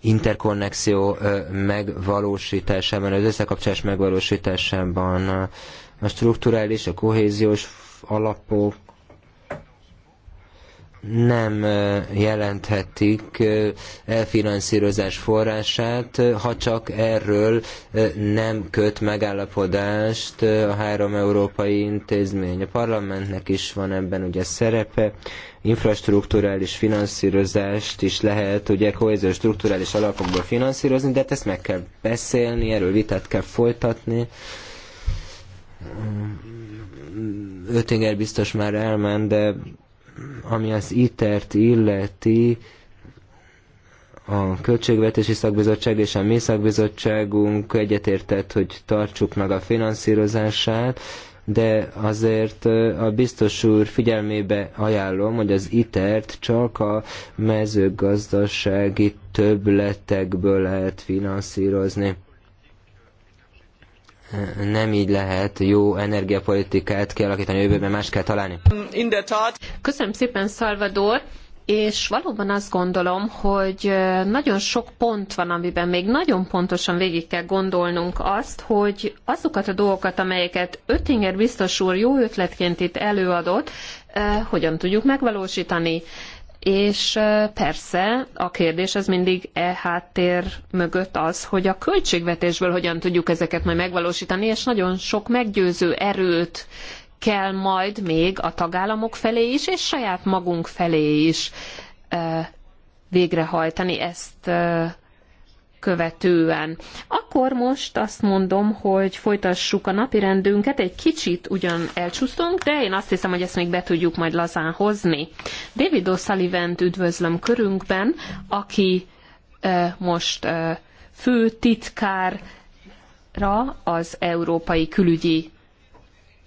interkonnexió megvalósításában, az összekapcsolás megvalósításában, a strukturális, a kohéziós alapok nem jelenthetik elfinanszírozás forrását, ha csak erről nem köt megállapodást a három európai intézmény. A parlamentnek is van ebben ugye szerepe, infrastruktúrális finanszírozást is lehet ugye kohéziós strukturális alapokból finanszírozni, de hát ezt meg kell beszélni, erről vitát kell folytatni. Ötinger biztos már elment, de ami az ITER-t e illeti, a Költségvetési Szakbizottság és a mi szakbizottságunk egyetértett, hogy tartsuk meg a finanszírozását, de azért a biztos úr figyelmébe ajánlom, hogy az ITER-t e csak a mezőgazdasági többletekből lehet finanszírozni nem így lehet jó energiapolitikát kialakítani a jövőben, más kell találni. Köszönöm szépen, Salvador! és valóban azt gondolom, hogy nagyon sok pont van, amiben még nagyon pontosan végig kell gondolnunk azt, hogy azokat a dolgokat, amelyeket Öttinger biztos úr jó ötletként itt előadott, hogyan tudjuk megvalósítani és persze a kérdés az mindig e háttér mögött az, hogy a költségvetésből hogyan tudjuk ezeket majd megvalósítani, és nagyon sok meggyőző erőt kell majd még a tagállamok felé is, és saját magunk felé is végrehajtani ezt követően. Akkor most azt mondom, hogy folytassuk a napi rendünket egy kicsit ugyan elcsúsztunk, de én azt hiszem, hogy ezt még be tudjuk majd lazán hozni. David osullivan üdvözlöm körünkben, aki e, most fő főtitkárra az Európai Külügyi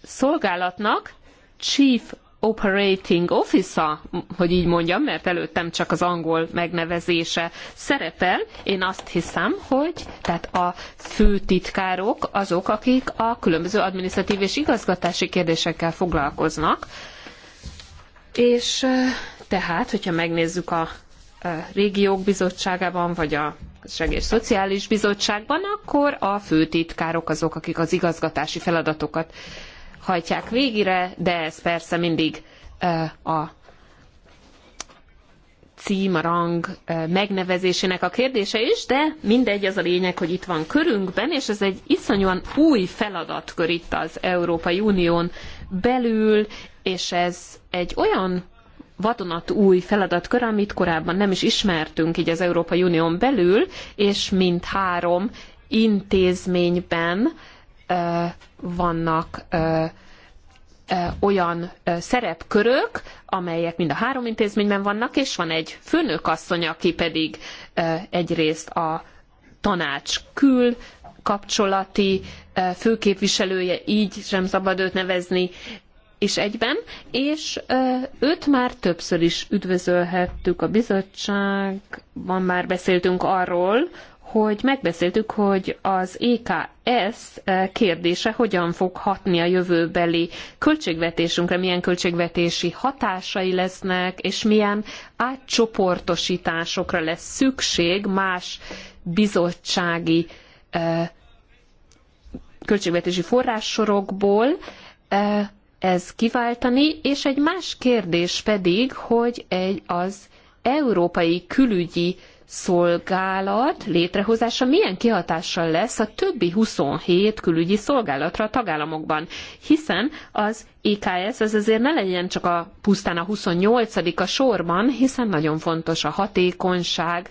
Szolgálatnak, Chief operating officer, hogy így mondjam, mert előttem csak az angol megnevezése szerepel. Én azt hiszem, hogy tehát a főtitkárok azok, akik a különböző adminisztratív és igazgatási kérdésekkel foglalkoznak. És tehát, hogyha megnézzük a régiók bizottságában, vagy a gazdasági és szociális bizottságban, akkor a főtitkárok azok, akik az igazgatási feladatokat hajtják végre, de ez persze mindig a cím, a rang megnevezésének a kérdése is, de mindegy, az a lényeg, hogy itt van körünkben, és ez egy iszonyúan új feladatkör itt az Európai Unión belül, és ez egy olyan vadonatúj feladatkör, amit korábban nem is ismertünk így az Európai Unión belül, és mint három intézményben vannak olyan szerepkörök, amelyek mind a három intézményben vannak, és van egy főnökasszony, aki pedig egyrészt a tanács kül kapcsolati főképviselője, így sem szabad őt nevezni, is egyben, és őt már többször is üdvözölhettük a bizottságban, már beszéltünk arról, hogy megbeszéltük, hogy az EKS eh, kérdése hogyan fog hatni a jövőbeli költségvetésünkre, milyen költségvetési hatásai lesznek, és milyen átcsoportosításokra lesz szükség más bizottsági eh, költségvetési forrássorokból, eh, ez kiváltani, és egy más kérdés pedig, hogy egy az európai külügyi szolgálat létrehozása milyen kihatással lesz a többi 27 külügyi szolgálatra a tagállamokban, hiszen az IKS e az azért ne legyen csak a pusztán a 28 a sorban, hiszen nagyon fontos a hatékonyság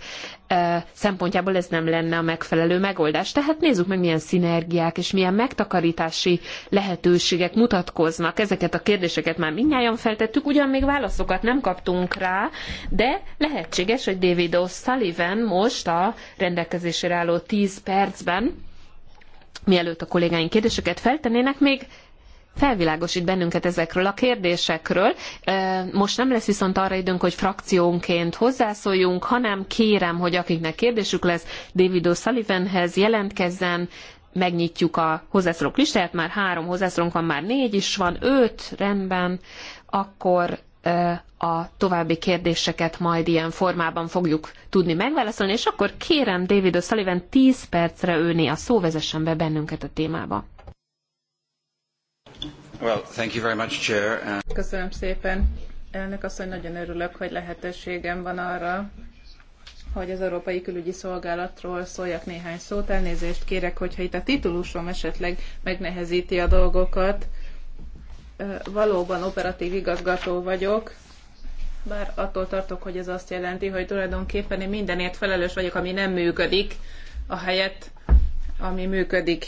szempontjából ez nem lenne a megfelelő megoldás. Tehát nézzük meg, milyen szinergiák és milyen megtakarítási lehetőségek mutatkoznak. Ezeket a kérdéseket már mindnyájan feltettük, ugyan még válaszokat nem kaptunk rá, de lehetséges, hogy David O'Sullivan most a rendelkezésére álló 10 percben mielőtt a kollégáink kérdéseket feltennének, még felvilágosít bennünket ezekről a kérdésekről. Most nem lesz viszont arra időnk, hogy frakciónként hozzászóljunk, hanem kérem, hogy akiknek kérdésük lesz, David O'Sullivanhez jelentkezzen, megnyitjuk a hozzászólók listáját, már három hozzászólónk van, már négy is van, öt, rendben, akkor a további kérdéseket majd ilyen formában fogjuk tudni megválaszolni, és akkor kérem David O'Sullivan 10 percre őni a szóvezessen vezessen be bennünket a témába. Köszönöm szépen. Elnök asszony, nagyon örülök, hogy lehetőségem van arra, hogy az Európai Külügyi Szolgálatról szóljak néhány szót. Elnézést kérek, hogyha itt a titulusom esetleg megnehezíti a dolgokat. Valóban operatív igazgató vagyok, bár attól tartok, hogy ez azt jelenti, hogy tulajdonképpen én mindenért felelős vagyok, ami nem működik, a helyet, ami működik.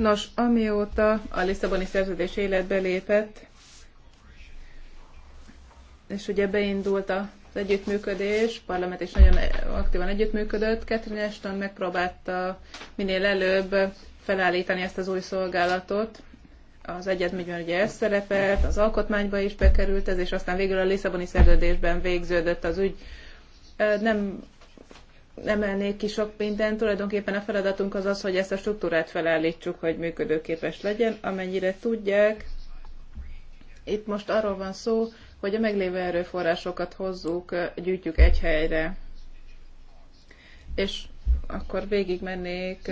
Nos, amióta a Lisszaboni szerződés életbe lépett, és ugye beindult az együttműködés, parlament is nagyon aktívan együttműködött, Catherine Ashton megpróbálta minél előbb felállítani ezt az új szolgálatot, az egyetműgyben ugye ez szerepelt, az alkotmányba is bekerült ez, és aztán végül a Lisszaboni szerződésben végződött az ügy. Nem emelnék ki sok mindent. Tulajdonképpen a feladatunk az az, hogy ezt a struktúrát felállítsuk, hogy működőképes legyen. Amennyire tudják, itt most arról van szó, hogy a meglévő erőforrásokat hozzuk, gyűjtjük egy helyre. És akkor végig mennék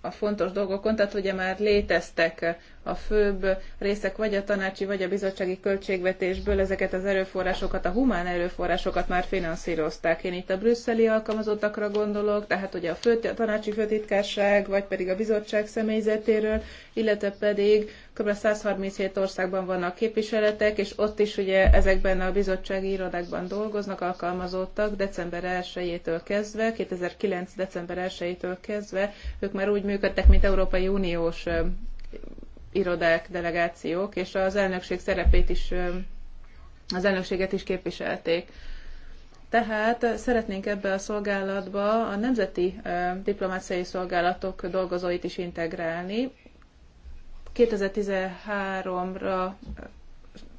a fontos dolgokon, tehát ugye már léteztek a főbb részek vagy a tanácsi, vagy a bizottsági költségvetésből ezeket az erőforrásokat, a humán erőforrásokat már finanszírozták. Én itt a brüsszeli alkalmazottakra gondolok, tehát ugye a, fő, a tanácsi főtitkárság, vagy pedig a bizottság személyzetéről, illetve pedig kb. 137 országban vannak képviseletek, és ott is ugye ezekben a bizottsági irodákban dolgoznak alkalmazottak december 1-től kezdve, 2009. december 1-től kezdve, ők már úgy működtek, mint Európai Uniós irodák, delegációk, és az elnökség szerepét is, az elnökséget is képviselték. Tehát szeretnénk ebbe a szolgálatba a nemzeti diplomáciai szolgálatok dolgozóit is integrálni. 2013-ra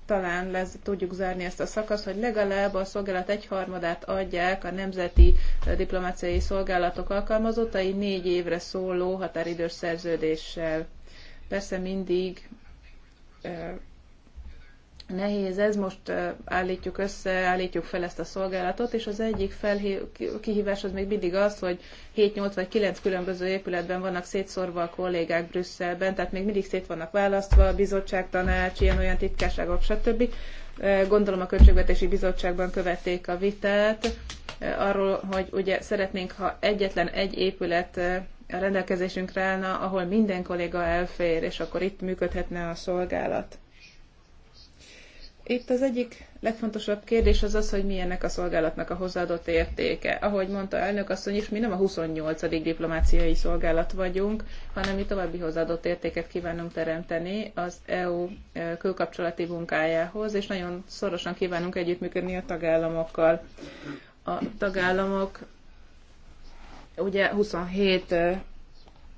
talán lesz, tudjuk zárni ezt a szakaszt, hogy legalább a szolgálat egyharmadát adják a nemzeti diplomáciai szolgálatok alkalmazottai négy évre szóló határidős szerződéssel. Persze mindig nehéz ez, most állítjuk össze, állítjuk fel ezt a szolgálatot, és az egyik felhív, kihívás az még mindig az, hogy 7-8 vagy 9 különböző épületben vannak szétszorva a kollégák Brüsszelben, tehát még mindig szét vannak választva a bizottság, tanács, ilyen-olyan titkárságok, stb. Gondolom a Költségvetési Bizottságban követték a vitát arról, hogy ugye szeretnénk, ha egyetlen egy épület a rendelkezésünkre állna, ahol minden kolléga elfér, és akkor itt működhetne a szolgálat. Itt az egyik legfontosabb kérdés az az, hogy milyennek a szolgálatnak a hozzáadott értéke. Ahogy mondta elnök asszony is, mi nem a 28. diplomáciai szolgálat vagyunk, hanem mi további hozzáadott értéket kívánunk teremteni az EU e, külkapcsolati munkájához, és nagyon szorosan kívánunk együttműködni a tagállamokkal. A tagállamok ugye 27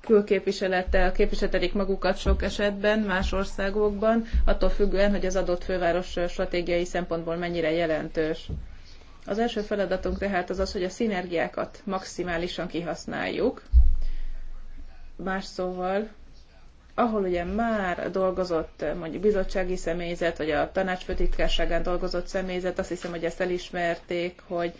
külképviselettel képviseltetik magukat sok esetben más országokban, attól függően, hogy az adott főváros stratégiai szempontból mennyire jelentős. Az első feladatunk tehát az az, hogy a szinergiákat maximálisan kihasználjuk. Más szóval, ahol ugye már dolgozott mondjuk bizottsági személyzet, vagy a tanácsfőtitkárságán dolgozott személyzet, azt hiszem, hogy ezt elismerték, hogy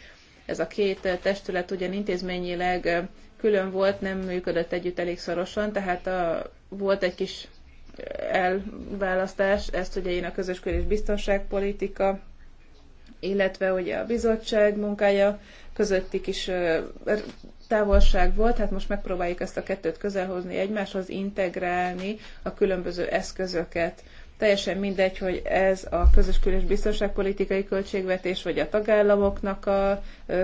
ez a két eh, testület ugyan intézményileg eh, külön volt, nem működött együtt elég szorosan, tehát a, volt egy kis eh, elválasztás, ezt ugye én a közös kör és biztonságpolitika, illetve ugye a bizottság munkája közötti kis távolság volt, hát most megpróbáljuk ezt a kettőt közelhozni egymáshoz, integrálni a különböző eszközöket Teljesen mindegy, hogy ez a közös külös biztonságpolitikai költségvetés, vagy a tagállamoknak a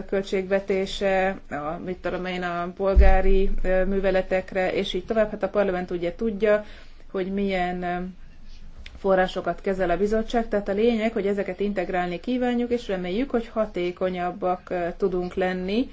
költségvetése, a, mit tudom én, a polgári műveletekre, és így tovább. Hát a parlament ugye tudja, hogy milyen forrásokat kezel a bizottság, tehát a lényeg, hogy ezeket integrálni kívánjuk, és reméljük, hogy hatékonyabbak tudunk lenni,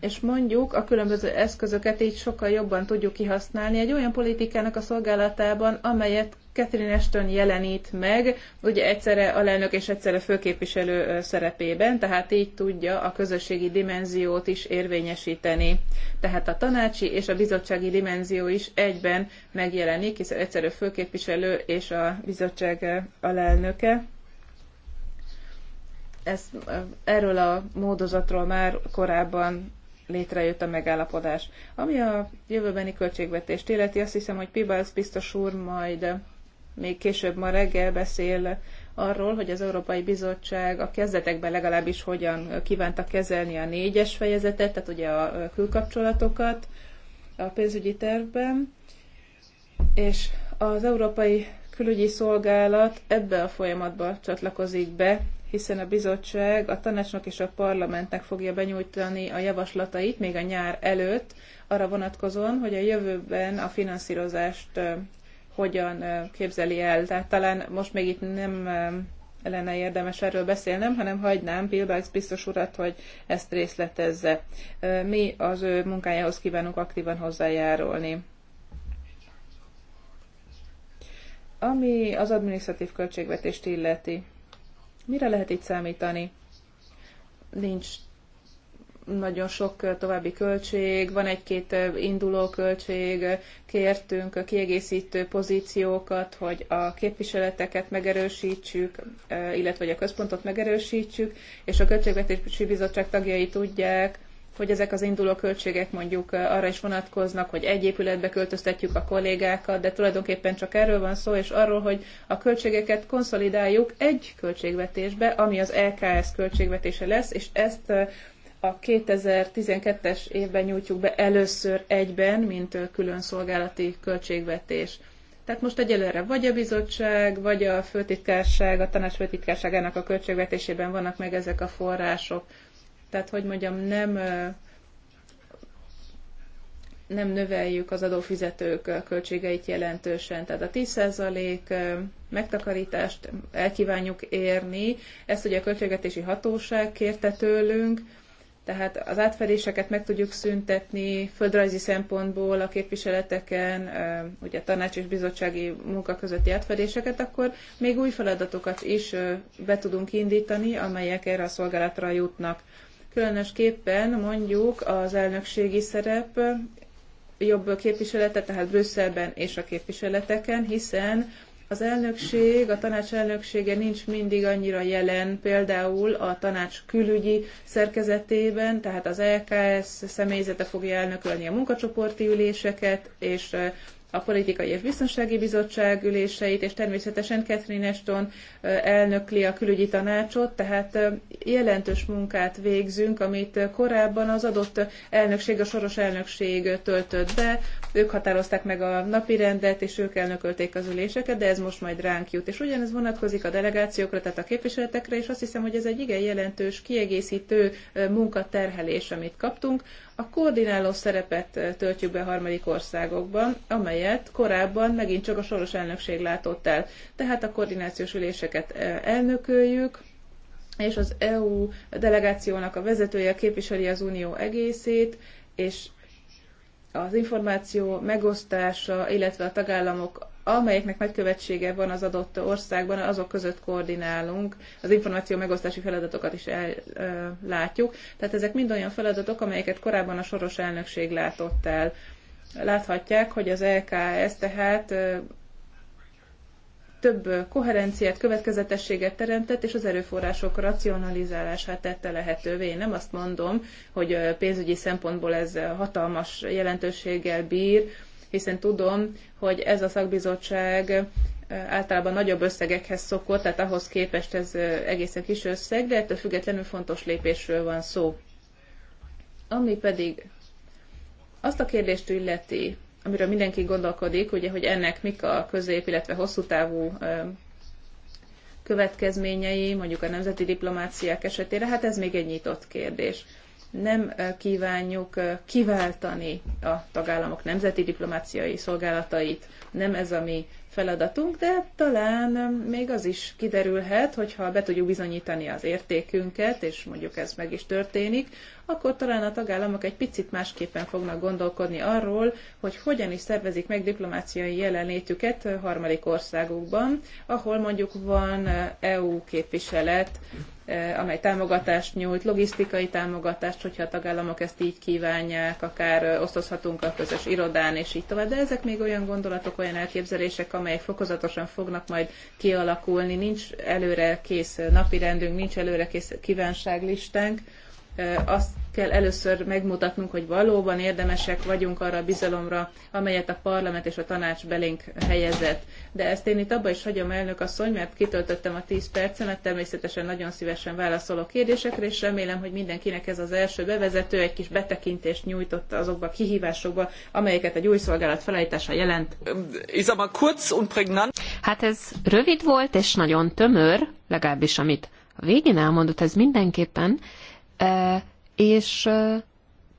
és mondjuk a különböző eszközöket így sokkal jobban tudjuk kihasználni egy olyan politikának a szolgálatában, amelyet Catherine Ashton jelenít meg, ugye egyszerre alelnök és egyszerre főképviselő szerepében, tehát így tudja a közösségi dimenziót is érvényesíteni. Tehát a tanácsi és a bizottsági dimenzió is egyben megjelenik, hiszen egyszerre főképviselő és a bizottság alelnöke. Ez, erről a módozatról már korábban létrejött a megállapodás. Ami a jövőbeni költségvetést illeti, azt hiszem, hogy Pibász biztos úr majd még később ma reggel beszél arról, hogy az Európai Bizottság a kezdetekben legalábbis hogyan kívánta kezelni a négyes fejezetet, tehát ugye a külkapcsolatokat a pénzügyi tervben, és az Európai Külügyi Szolgálat ebbe a folyamatba csatlakozik be, hiszen a bizottság a tanácsnak és a parlamentnek fogja benyújtani a javaslatait még a nyár előtt, arra vonatkozóan, hogy a jövőben a finanszírozást hogyan képzeli el. Tehát talán most még itt nem lenne érdemes erről beszélnem, hanem hagynám Pilbács biztos urat, hogy ezt részletezze. Mi az ő munkájához kívánunk aktívan hozzájárulni. Ami az adminisztratív költségvetést illeti, mire lehet itt számítani? Nincs nagyon sok további költség, van egy-két induló költség, kértünk a kiegészítő pozíciókat, hogy a képviseleteket megerősítsük, illetve hogy a központot megerősítsük, és a Költségvetési Bizottság tagjai tudják, hogy ezek az induló költségek mondjuk arra is vonatkoznak, hogy egy épületbe költöztetjük a kollégákat, de tulajdonképpen csak erről van szó, és arról, hogy a költségeket konszolidáljuk egy költségvetésbe, ami az LKS költségvetése lesz, és ezt a 2012-es évben nyújtjuk be először egyben, mint külön szolgálati költségvetés. Tehát most egyelőre vagy a bizottság, vagy a főtitkárság, a tanács főtitkárságának a költségvetésében vannak meg ezek a források. Tehát, hogy mondjam, nem, nem növeljük az adófizetők költségeit jelentősen. Tehát a 10% megtakarítást elkívánjuk érni, ezt ugye a költségvetési hatóság kérte tőlünk, tehát az átfedéseket meg tudjuk szüntetni földrajzi szempontból a képviseleteken, ugye tanács és bizottsági munka közötti átfedéseket, akkor még új feladatokat is be tudunk indítani, amelyek erre a szolgálatra jutnak. Különösképpen mondjuk az elnökségi szerep jobb képviselete, tehát Brüsszelben és a képviseleteken, hiszen az elnökség, a tanács elnöksége nincs mindig annyira jelen, például a tanács külügyi szerkezetében, tehát az LKS személyzete fogja elnökölni a munkacsoporti üléseket, és a Politikai és Biztonsági Bizottság üléseit, és természetesen Catherine Ashton elnökli a külügyi tanácsot, tehát jelentős munkát végzünk, amit korábban az adott elnökség, a soros elnökség töltött be, ők határozták meg a napi rendet, és ők elnökölték az üléseket, de ez most majd ránk jut. És ugyanez vonatkozik a delegációkra, tehát a képviseletekre, és azt hiszem, hogy ez egy igen jelentős kiegészítő munkaterhelés, amit kaptunk, a koordináló szerepet töltjük be harmadik országokban, amelyet korábban megint csak a soros elnökség látott el. Tehát a koordinációs üléseket elnököljük, és az EU delegációnak a vezetője képviseli az unió egészét, és az információ megosztása, illetve a tagállamok amelyeknek nagykövetsége van az adott országban, azok között koordinálunk, az információ megosztási feladatokat is el, ö, látjuk. Tehát ezek mind olyan feladatok, amelyeket korábban a soros elnökség látott el. Láthatják, hogy az LKS tehát ö, több koherenciát, következetességet teremtett, és az erőforrások racionalizálását tette lehetővé. Én nem azt mondom, hogy pénzügyi szempontból ez hatalmas jelentőséggel bír, hiszen tudom, hogy ez a szakbizottság általában nagyobb összegekhez szokott, tehát ahhoz képest ez egészen kis összeg, de ettől függetlenül fontos lépésről van szó. Ami pedig azt a kérdést illeti, amiről mindenki gondolkodik, ugye, hogy ennek mik a közép, illetve hosszú távú következményei, mondjuk a nemzeti diplomáciák esetére, hát ez még egy nyitott kérdés nem kívánjuk kiváltani a tagállamok nemzeti diplomáciai szolgálatait, nem ez a mi feladatunk, de talán még az is kiderülhet, hogyha be tudjuk bizonyítani az értékünket, és mondjuk ez meg is történik, akkor talán a tagállamok egy picit másképpen fognak gondolkodni arról, hogy hogyan is szervezik meg diplomáciai jelenlétüket harmadik országokban, ahol mondjuk van EU képviselet amely támogatást nyújt, logisztikai támogatást, hogyha a tagállamok ezt így kívánják, akár osztozhatunk a közös irodán, és így tovább. De ezek még olyan gondolatok, olyan elképzelések, amelyek fokozatosan fognak majd kialakulni. Nincs előre kész napirendünk, nincs előre kész kívánságlistánk azt kell először megmutatnunk, hogy valóban érdemesek vagyunk arra a bizalomra, amelyet a parlament és a tanács belénk helyezett. De ezt én itt abba is hagyom elnök asszony, mert kitöltöttem a 10 percemet, hát természetesen nagyon szívesen válaszolok kérdésekre, és remélem, hogy mindenkinek ez az első bevezető egy kis betekintést nyújtott azokba a kihívásokba, amelyeket egy új szolgálat felállítása jelent. Hát ez rövid volt és nagyon tömör, legalábbis amit a végén elmondott, ez mindenképpen és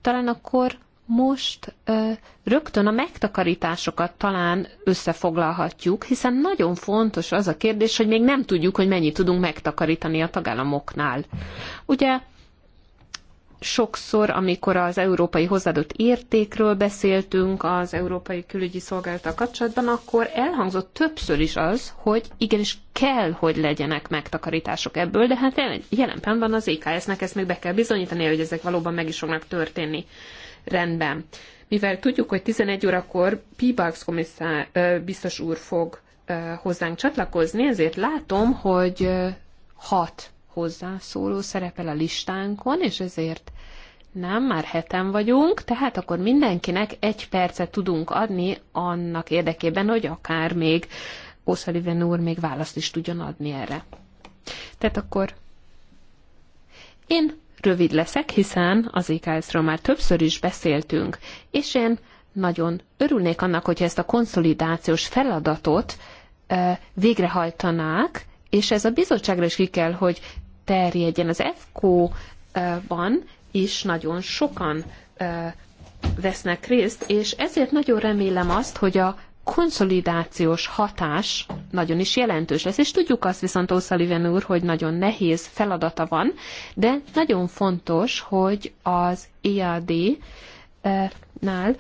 talán akkor most rögtön a megtakarításokat talán összefoglalhatjuk, hiszen nagyon fontos az a kérdés, hogy még nem tudjuk, hogy mennyit tudunk megtakarítani a tagállamoknál. Ugye sokszor, amikor az európai hozzáadott értékről beszéltünk az Európai Külügyi Szolgálattal kapcsolatban, akkor elhangzott többször is az, hogy igenis kell, hogy legyenek megtakarítások ebből, de hát jelen pillanatban az EKS-nek ezt még be kell bizonyítani, hogy ezek valóban meg is fognak történni. Rendben. Mivel tudjuk, hogy 11 órakor Pibax komisszár biztos úr fog hozzánk csatlakozni, ezért látom, hogy hat hozzászóló szerepel a listánkon, és ezért nem, már heten vagyunk, tehát akkor mindenkinek egy percet tudunk adni annak érdekében, hogy akár még Oszaliven úr még választ is tudjon adni erre. Tehát akkor én rövid leszek, hiszen az IKS-ről e már többször is beszéltünk, és én nagyon örülnék annak, hogyha ezt a konszolidációs feladatot végrehajtanák, és ez a bizottságra is ki kell, hogy terjedjen. Az fk ban is nagyon sokan vesznek részt, és ezért nagyon remélem azt, hogy a konszolidációs hatás nagyon is jelentős lesz, és tudjuk azt viszont Ószaliven úr, hogy nagyon nehéz feladata van, de nagyon fontos, hogy az EAD-nál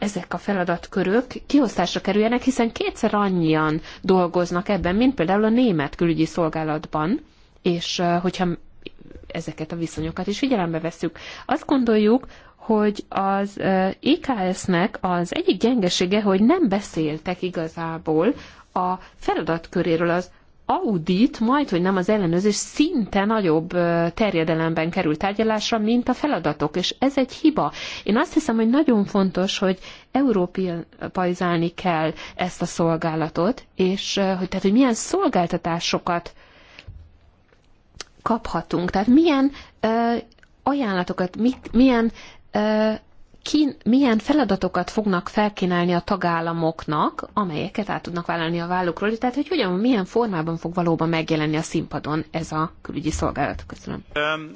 ezek a feladatkörök kiosztásra kerüljenek, hiszen kétszer annyian dolgoznak ebben, mint például a német külügyi szolgálatban, és hogyha ezeket a viszonyokat is figyelembe vesszük. Azt gondoljuk, hogy az IKS-nek az egyik gyengesége, hogy nem beszéltek igazából a feladatköréről, az audit majdhogy nem az ellenőrzés szinte nagyobb terjedelemben kerül tárgyalásra, mint a feladatok, és ez egy hiba. Én azt hiszem, hogy nagyon fontos, hogy európaizálni kell ezt a szolgálatot, és hogy, tehát, hogy milyen szolgáltatásokat kaphatunk, tehát milyen ö, ajánlatokat, mit, milyen ö, ki, milyen feladatokat fognak felkínálni a tagállamoknak, amelyeket át tudnak vállalni a vállukról, tehát hogy hogyan, milyen formában fog valóban megjelenni a színpadon ez a külügyi szolgálat. Köszönöm. Um,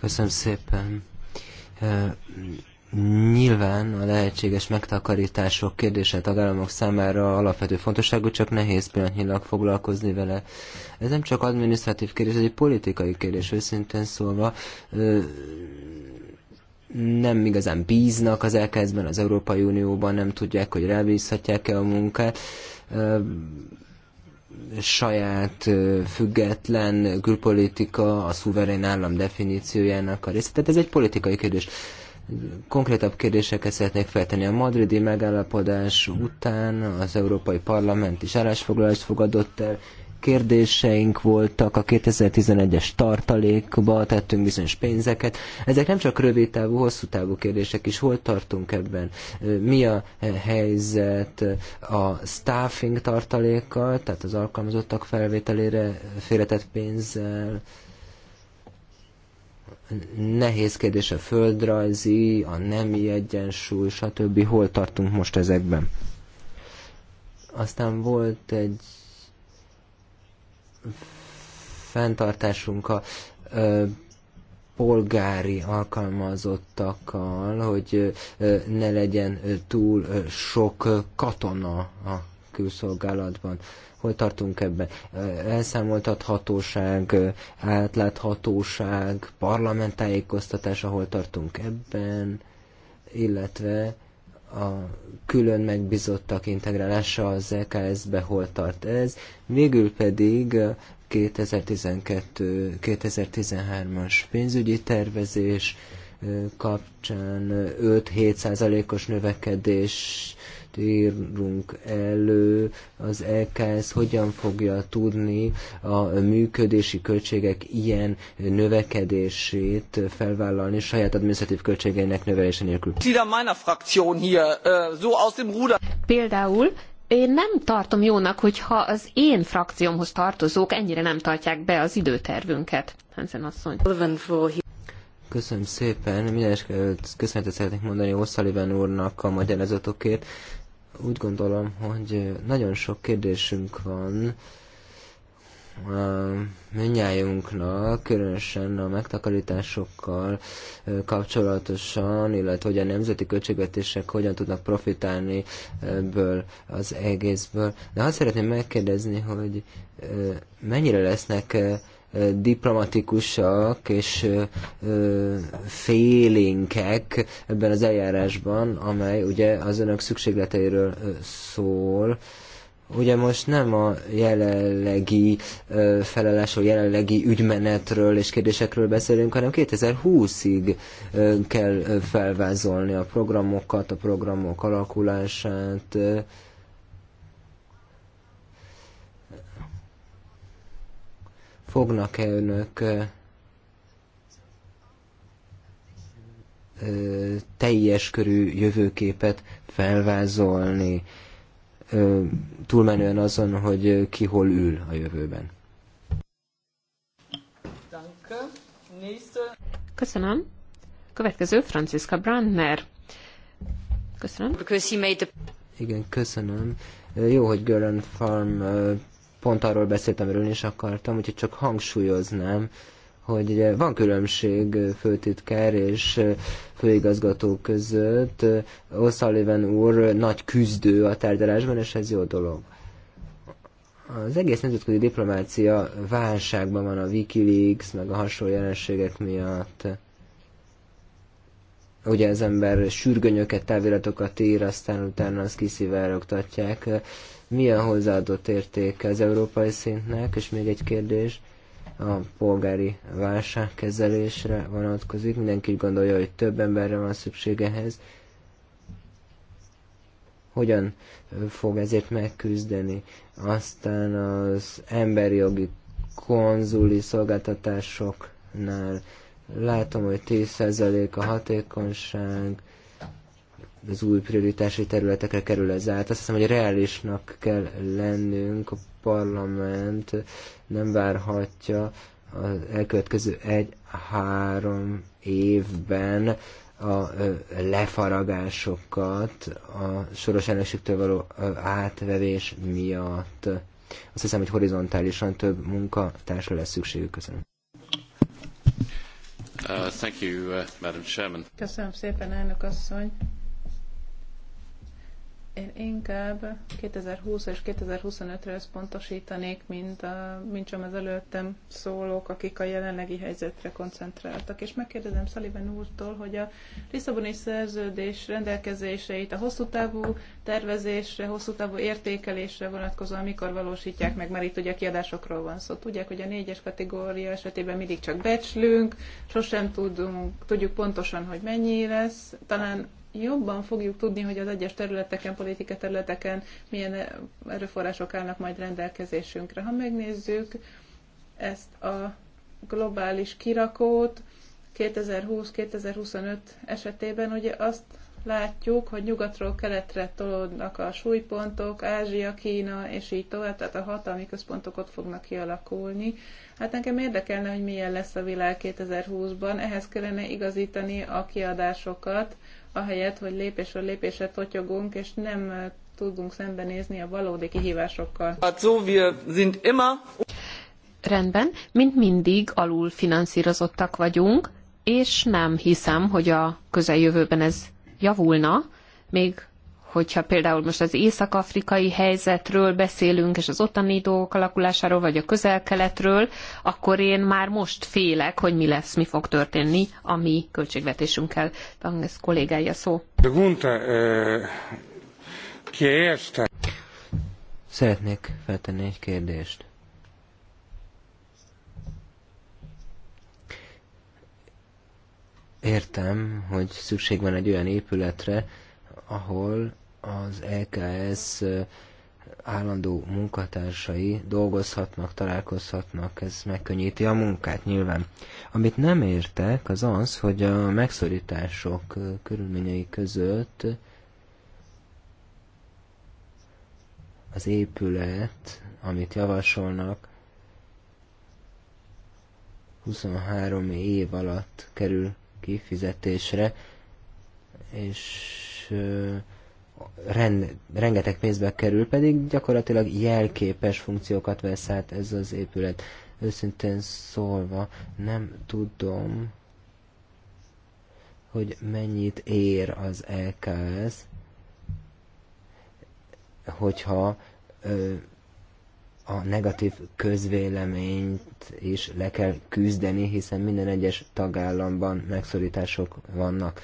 Köszönöm szépen. Uh, nyilván a lehetséges megtakarítások kérdése a tagállamok számára alapvető fontosságú, csak nehéz pillanatnyilag foglalkozni vele. Ez nem csak adminisztratív kérdés, ez egy politikai kérdés, őszintén szólva uh, nem igazán bíznak az elkezdben, az Európai Unióban nem tudják, hogy rábízhatják-e a munkát saját független külpolitika, a szuverén állam definíciójának a része. Tehát ez egy politikai kérdés. Konkrétabb kérdéseket szeretnék feltenni. A madridi megállapodás után az Európai Parlament is állásfoglalást fogadott el, kérdéseink voltak, a 2011-es tartalékba tettünk bizonyos pénzeket. Ezek nem csak rövid távú, hosszú távú kérdések is. Hol tartunk ebben? Mi a helyzet a staffing tartalékkal, tehát az alkalmazottak felvételére félretett pénzzel? Nehéz kérdés a földrajzi, a nemi egyensúly, stb. Hol tartunk most ezekben? Aztán volt egy fenntartásunk a polgári alkalmazottakkal, hogy ne legyen túl sok katona a külszolgálatban. Hol tartunk ebben? Elszámoltathatóság, átláthatóság, parlamentájékoztatás, ahol tartunk ebben, illetve a külön megbizottak integrálása az EKS-be hol tart ez, végül pedig 2012-2013-as pénzügyi tervezés kapcsán 5-7 százalékos növekedés írunk elő, az EKS hogyan fogja tudni a működési költségek ilyen növekedését felvállalni saját adminisztratív költségeinek növelése nélkül. Äh, Például én nem tartom jónak, hogyha az én frakciómhoz tartozók ennyire nem tartják be az időtervünket. Hansen asszony. Köszönöm szépen. Mindenesetre köszönetet szeretnék mondani Oszaliven úrnak a magyarázatokért úgy gondolom, hogy nagyon sok kérdésünk van minnyájunknak, különösen a megtakarításokkal kapcsolatosan, illetve hogy a nemzeti költségvetések hogyan tudnak profitálni ebből az egészből. De azt szeretném megkérdezni, hogy mennyire lesznek diplomatikusak és félénkek ebben az eljárásban, amely ugye az önök szükségleteiről szól. Ugye most nem a jelenlegi felelásról, jelenlegi ügymenetről és kérdésekről beszélünk, hanem 2020-ig kell felvázolni a programokat, a programok alakulását, fognak-e önök teljes körű jövőképet felvázolni, túlmenően azon, hogy ki hol ül a jövőben. Köszönöm. Következő Franciska Brandner. Köszönöm. Igen, köszönöm. Jó, hogy Görön Farm pont arról beszéltem, amiről is akartam, úgyhogy csak hangsúlyoznám, hogy van különbség főtitkár és főigazgató között. O'Sullivan úr nagy küzdő a tárgyalásban, és ez jó dolog. Az egész nemzetközi diplomácia válságban van a Wikileaks, meg a hasonló jelenségek miatt. Ugye az ember sürgönyöket, táviratokat ír, aztán utána azt kiszivárogtatják mi a hozzáadott értéke az európai szintnek, és még egy kérdés, a polgári válságkezelésre vonatkozik. Mindenki gondolja, hogy több emberre van szüksége ehhez. Hogyan fog ezért megküzdeni? Aztán az emberi jogi konzuli szolgáltatásoknál látom, hogy 10% a hatékonyság, az új prioritási területekre kerül ez át. Azt hiszem, hogy reálisnak kell lennünk, a parlament nem várhatja az elkövetkező egy-három évben a lefaragásokat a soros elnökségtől való átvevés miatt. Azt hiszem, hogy horizontálisan több munkatársra lesz szükségük. Köszönöm. Uh, thank you, uh, Madam Chairman. Köszönöm szépen, elnök asszony. Én inkább 2020 és 2025-re összpontosítanék, mint, a, mint sem az előttem szólók, akik a jelenlegi helyzetre koncentráltak. És megkérdezem Sullivan úrtól, hogy a Lisszaboni szerződés rendelkezéseit a hosszú távú tervezésre, hosszú távú értékelésre vonatkozóan mikor valósítják meg, mert itt ugye kiadásokról van szó. Tudják, hogy a négyes kategória esetében mindig csak becslünk, sosem tudunk, tudjuk pontosan, hogy mennyi lesz. Talán jobban fogjuk tudni, hogy az egyes területeken, politika területeken milyen erőforrások állnak majd rendelkezésünkre. Ha megnézzük ezt a globális kirakót 2020-2025 esetében, ugye azt látjuk, hogy nyugatról keletre tolódnak a súlypontok, Ázsia, Kína, és így tovább, tehát a hatalmi központok ott fognak kialakulni. Hát nekem érdekelne, hogy milyen lesz a világ 2020-ban, ehhez kellene igazítani a kiadásokat, ahelyett, hogy lépésről lépésre totyogunk, és nem tudunk szembenézni a valódi kihívásokkal. Hát so, wir sind immer... Rendben, mint mindig alul finanszírozottak vagyunk, és nem hiszem, hogy a közeljövőben ez javulna, még hogyha például most az észak-afrikai helyzetről beszélünk, és az ottani dolgok alakulásáról, vagy a közel-keletről, akkor én már most félek, hogy mi lesz, mi fog történni a mi költségvetésünkkel. Ez kollégája szó. Eh, Szeretnék feltenni egy kérdést. Értem, hogy szükség van egy olyan épületre, ahol az EKS állandó munkatársai dolgozhatnak, találkozhatnak, ez megkönnyíti a munkát nyilván. Amit nem értek, az az, hogy a megszorítások körülményei között az épület, amit javasolnak, 23 év alatt kerül kifizetésre, és ren, rengeteg pénzbe kerül, pedig gyakorlatilag jelképes funkciókat vesz át ez az épület. Őszintén szólva nem tudom, hogy mennyit ér az LKS, hogyha ö, a negatív közvéleményt is le kell küzdeni, hiszen minden egyes tagállamban megszorítások vannak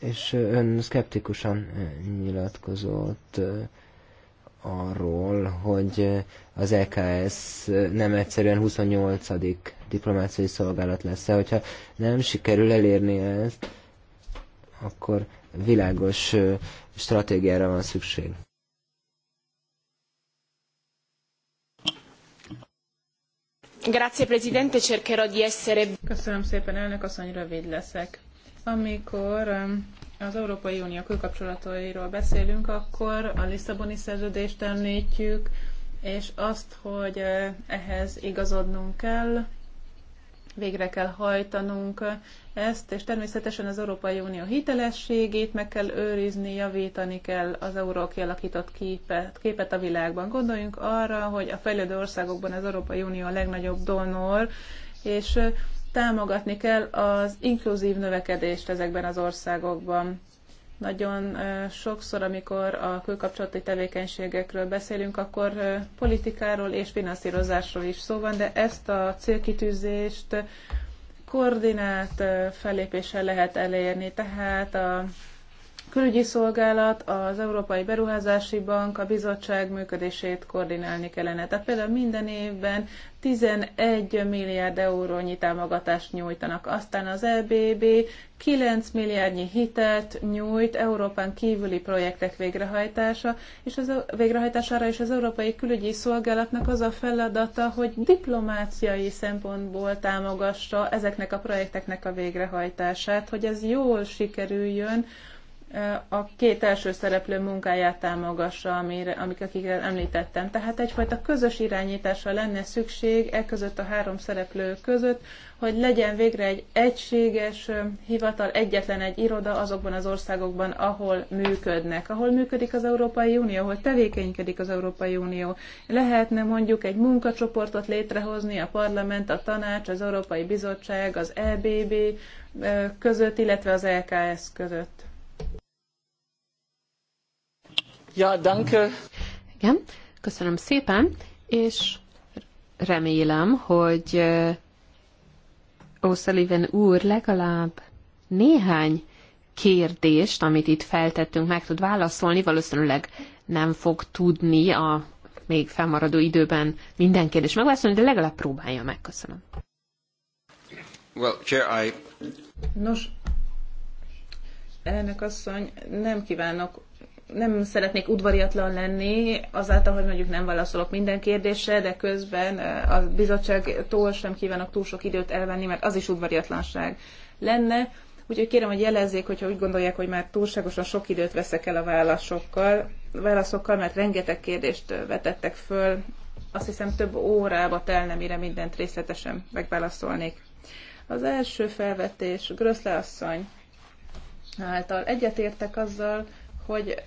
és ön szkeptikusan nyilatkozott arról, hogy az EKS nem egyszerűen 28. diplomáciai szolgálat lesz. -e. Hogyha nem sikerül elérni ezt, akkor világos stratégiára van szükség. Grazie Presidente, cercherò di essere... Köszönöm szépen, elnök asszony, rövid leszek amikor um, az Európai Unió külkapcsolatairól beszélünk, akkor a Lisszaboni szerződést említjük, és azt, hogy uh, ehhez igazodnunk kell, végre kell hajtanunk uh, ezt, és természetesen az Európai Unió hitelességét meg kell őrizni, javítani kell az euró kialakított képet, képet a világban. Gondoljunk arra, hogy a fejlődő országokban az Európai Unió a legnagyobb donor, és uh, támogatni kell az inkluzív növekedést ezekben az országokban. Nagyon sokszor, amikor a külkapcsolati tevékenységekről beszélünk, akkor politikáról és finanszírozásról is szó van, de ezt a célkitűzést koordinált fellépéssel lehet elérni, tehát a külügyi szolgálat, az Európai Beruházási Bank, a bizottság működését koordinálni kellene. Tehát például minden évben 11 milliárd eurónyi támogatást nyújtanak. Aztán az EBB 9 milliárdnyi hitelt nyújt Európán kívüli projektek végrehajtása, és az végrehajtására és az Európai Külügyi Szolgálatnak az a feladata, hogy diplomáciai szempontból támogassa ezeknek a projekteknek a végrehajtását, hogy ez jól sikerüljön, a két első szereplő munkáját támogassa, amire, amik akikre említettem. Tehát egyfajta közös irányításra lenne szükség e között a három szereplő között, hogy legyen végre egy egységes hivatal, egyetlen egy iroda azokban az országokban, ahol működnek, ahol működik az Európai Unió, ahol tevékenykedik az Európai Unió. Lehetne mondjuk egy munkacsoportot létrehozni, a parlament, a tanács, az Európai Bizottság, az EBB között, illetve az LKS e között. Ja, danke. Igen, köszönöm szépen, és remélem, hogy O'Sullivan úr legalább néhány kérdést, amit itt feltettünk, meg tud válaszolni, valószínűleg nem fog tudni a még felmaradó időben minden kérdést megválaszolni, de legalább próbálja meg. Köszönöm. Well, chair, I... Nos, elnök asszony, nem kívánok nem szeretnék udvariatlan lenni, azáltal, hogy mondjuk nem válaszolok minden kérdésre, de közben a bizottságtól sem kívánok túl sok időt elvenni, mert az is udvariatlanság lenne. Úgyhogy kérem, hogy jelezzék, hogyha úgy gondolják, hogy már túlságosan sok időt veszek el a válaszokkal, válaszokkal mert rengeteg kérdést vetettek föl. Azt hiszem több órába telne, mire mindent részletesen megválaszolnék. Az első felvetés Gröszle asszony által egyetértek azzal, hogy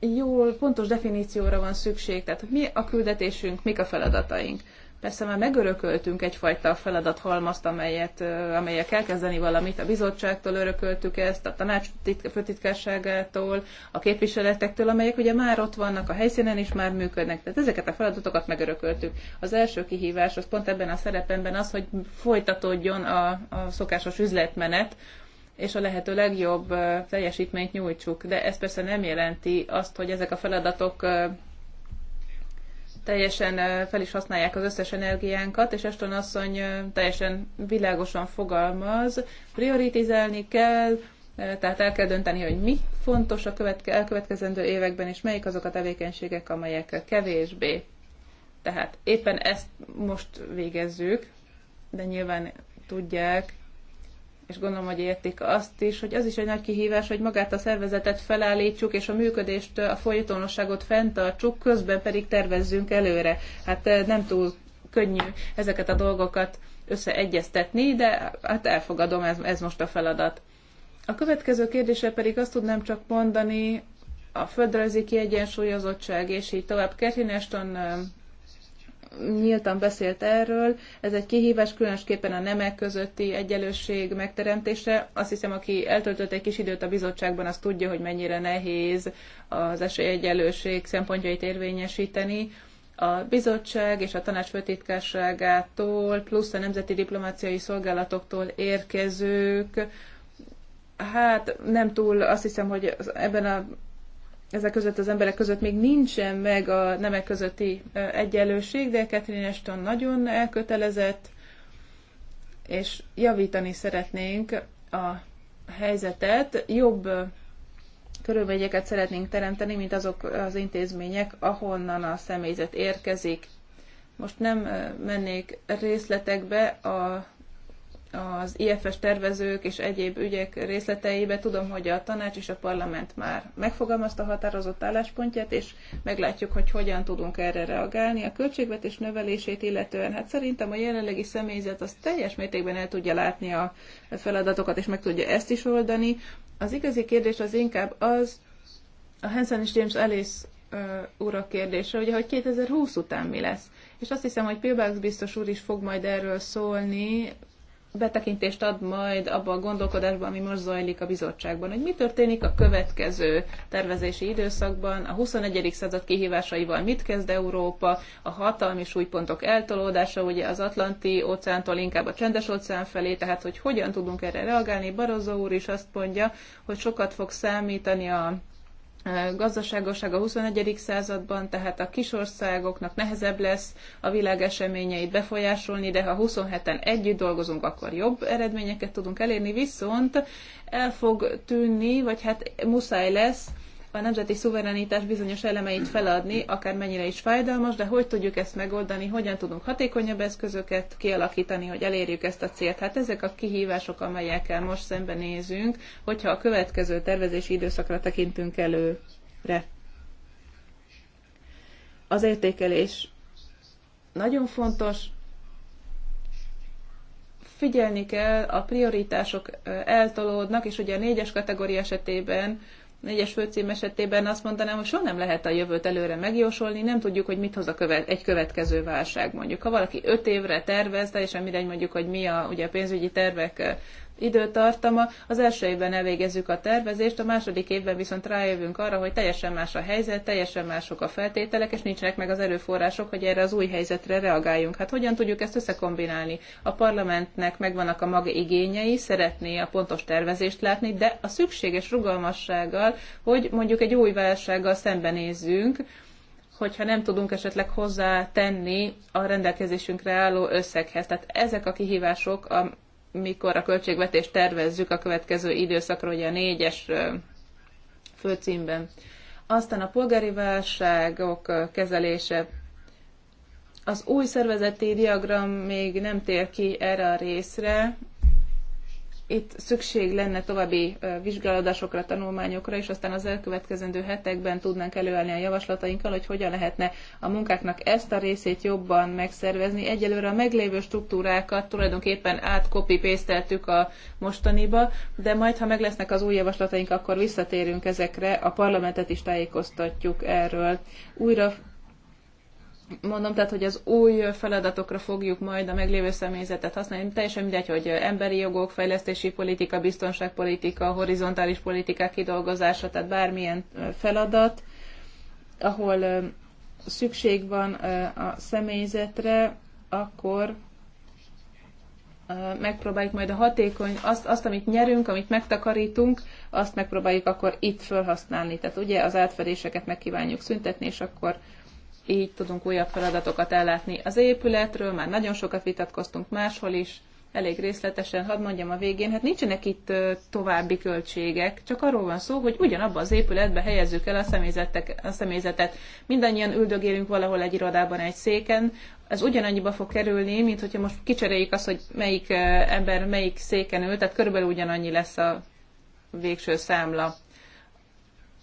jól, pontos definícióra van szükség, tehát mi a küldetésünk, mik a feladataink. Persze már megörököltünk egyfajta feladathalmazt, amelyet, amelyek kell kezdeni valamit. A bizottságtól örököltük ezt, a tanács főtitkárságától, a képviseletektől, amelyek ugye már ott vannak, a helyszínen is már működnek. Tehát ezeket a feladatokat megörököltük. Az első kihívás az pont ebben a szerepemben az, hogy folytatódjon a, a szokásos üzletmenet, és a lehető legjobb teljesítményt nyújtsuk. De ez persze nem jelenti azt, hogy ezek a feladatok teljesen fel is használják az összes energiánkat, és Eston asszony teljesen világosan fogalmaz, prioritizálni kell, tehát el kell dönteni, hogy mi fontos a követke, elkövetkezendő években, és melyik azok a tevékenységek, amelyek kevésbé. Tehát éppen ezt most végezzük, de nyilván tudják, és gondolom, hogy értik azt is, hogy az is egy nagy kihívás, hogy magát a szervezetet felállítsuk, és a működést, a folytonosságot fenntartsuk, közben pedig tervezzünk előre. Hát eh, nem túl könnyű ezeket a dolgokat összeegyeztetni, de hát elfogadom, ez, ez most a feladat. A következő kérdése pedig azt tudnám csak mondani, a földrajzi kiegyensúlyozottság, és így tovább. Kertin nyíltan beszélt erről. Ez egy kihívás, különösképpen a nemek közötti egyenlőség megteremtése. Azt hiszem, aki eltöltött egy kis időt a bizottságban, az tudja, hogy mennyire nehéz az esélyegyenlőség szempontjait érvényesíteni. A bizottság és a tanács főtitkárságától, plusz a nemzeti diplomáciai szolgálatoktól érkezők, hát nem túl, azt hiszem, hogy ebben a ezek között az emberek között még nincsen meg a nemek közötti egyenlőség, de Catherine Ashton nagyon elkötelezett, és javítani szeretnénk a helyzetet. Jobb körülményeket szeretnénk teremteni, mint azok az intézmények, ahonnan a személyzet érkezik. Most nem mennék részletekbe a az IFS tervezők és egyéb ügyek részleteibe. Tudom, hogy a tanács és a parlament már megfogalmazta határozott álláspontját, és meglátjuk, hogy hogyan tudunk erre reagálni. A költségvetés növelését illetően, hát szerintem a jelenlegi személyzet az teljes mértékben el tudja látni a feladatokat, és meg tudja ezt is oldani. Az igazi kérdés az inkább az, a Hansen és James Ellis úra kérdése, ugye, hogy 2020 után mi lesz. És azt hiszem, hogy Pilbax biztos úr is fog majd erről szólni, betekintést ad majd abba a gondolkodásba, ami most zajlik a bizottságban, hogy mi történik a következő tervezési időszakban, a 21. század kihívásaival mit kezd Európa, a hatalmi súlypontok eltolódása, ugye az Atlanti óceántól inkább a csendes óceán felé, tehát hogy hogyan tudunk erre reagálni. Barozó úr is azt mondja, hogy sokat fog számítani a gazdaságosság a 21. században, tehát a kisországoknak nehezebb lesz a világ eseményeit befolyásolni, de ha 27-en együtt dolgozunk, akkor jobb eredményeket tudunk elérni, viszont el fog tűnni, vagy hát muszáj lesz a nemzeti szuverenitás bizonyos elemeit feladni, akár mennyire is fájdalmas, de hogy tudjuk ezt megoldani, hogyan tudunk hatékonyabb eszközöket kialakítani, hogy elérjük ezt a célt. Hát ezek a kihívások, amelyekkel most szembenézünk, hogyha a következő tervezési időszakra tekintünk előre. Az értékelés nagyon fontos, figyelni kell, a prioritások eltolódnak, és ugye a négyes kategória esetében egyes főcím esetében azt mondanám, hogy soha nem lehet a jövőt előre megjósolni, nem tudjuk, hogy mit hoz a követ, egy következő válság mondjuk. Ha valaki öt évre tervez, teljesen mindegy mondjuk, hogy mi a, ugye a pénzügyi tervek időtartama. Az első évben elvégezzük a tervezést, a második évben viszont rájövünk arra, hogy teljesen más a helyzet, teljesen mások a feltételek, és nincsenek meg az erőforrások, hogy erre az új helyzetre reagáljunk. Hát hogyan tudjuk ezt összekombinálni? A parlamentnek megvannak a maga igényei, szeretné a pontos tervezést látni, de a szükséges rugalmassággal, hogy mondjuk egy új válsággal szembenézzünk, hogyha nem tudunk esetleg hozzá tenni a rendelkezésünkre álló összeghez. Tehát ezek a kihívások, a mikor a költségvetést tervezzük a következő időszakra, ugye a négyes főcímben. Aztán a polgári válságok kezelése. Az új szervezeti diagram még nem tér ki erre a részre, itt szükség lenne további vizsgálódásokra, tanulmányokra, és aztán az elkövetkezendő hetekben tudnánk előállni a javaslatainkkal, hogy hogyan lehetne a munkáknak ezt a részét jobban megszervezni. Egyelőre a meglévő struktúrákat tulajdonképpen átkopi pészteltük a mostaniba, de majd, ha meg lesznek az új javaslataink, akkor visszatérünk ezekre, a parlamentet is tájékoztatjuk erről. Újra mondom, tehát hogy az új feladatokra fogjuk majd a meglévő személyzetet használni. Teljesen mindegy, hogy emberi jogok, fejlesztési politika, biztonságpolitika, horizontális politikák kidolgozása, tehát bármilyen feladat, ahol szükség van a személyzetre, akkor megpróbáljuk majd a hatékony, azt, azt, amit nyerünk, amit megtakarítunk, azt megpróbáljuk akkor itt felhasználni. Tehát ugye az átfedéseket meg kívánjuk szüntetni, és akkor így tudunk újabb feladatokat ellátni. Az épületről már nagyon sokat vitatkoztunk máshol is, elég részletesen, hadd mondjam a végén, hát nincsenek itt további költségek, csak arról van szó, hogy ugyanabban az épületbe helyezzük el a, a személyzetet. Mindannyian üldögélünk valahol egy irodában, egy széken, ez ugyanannyiba fog kerülni, mint hogyha most kicseréljük azt, hogy melyik ember melyik széken ül, tehát körülbelül ugyanannyi lesz a végső számla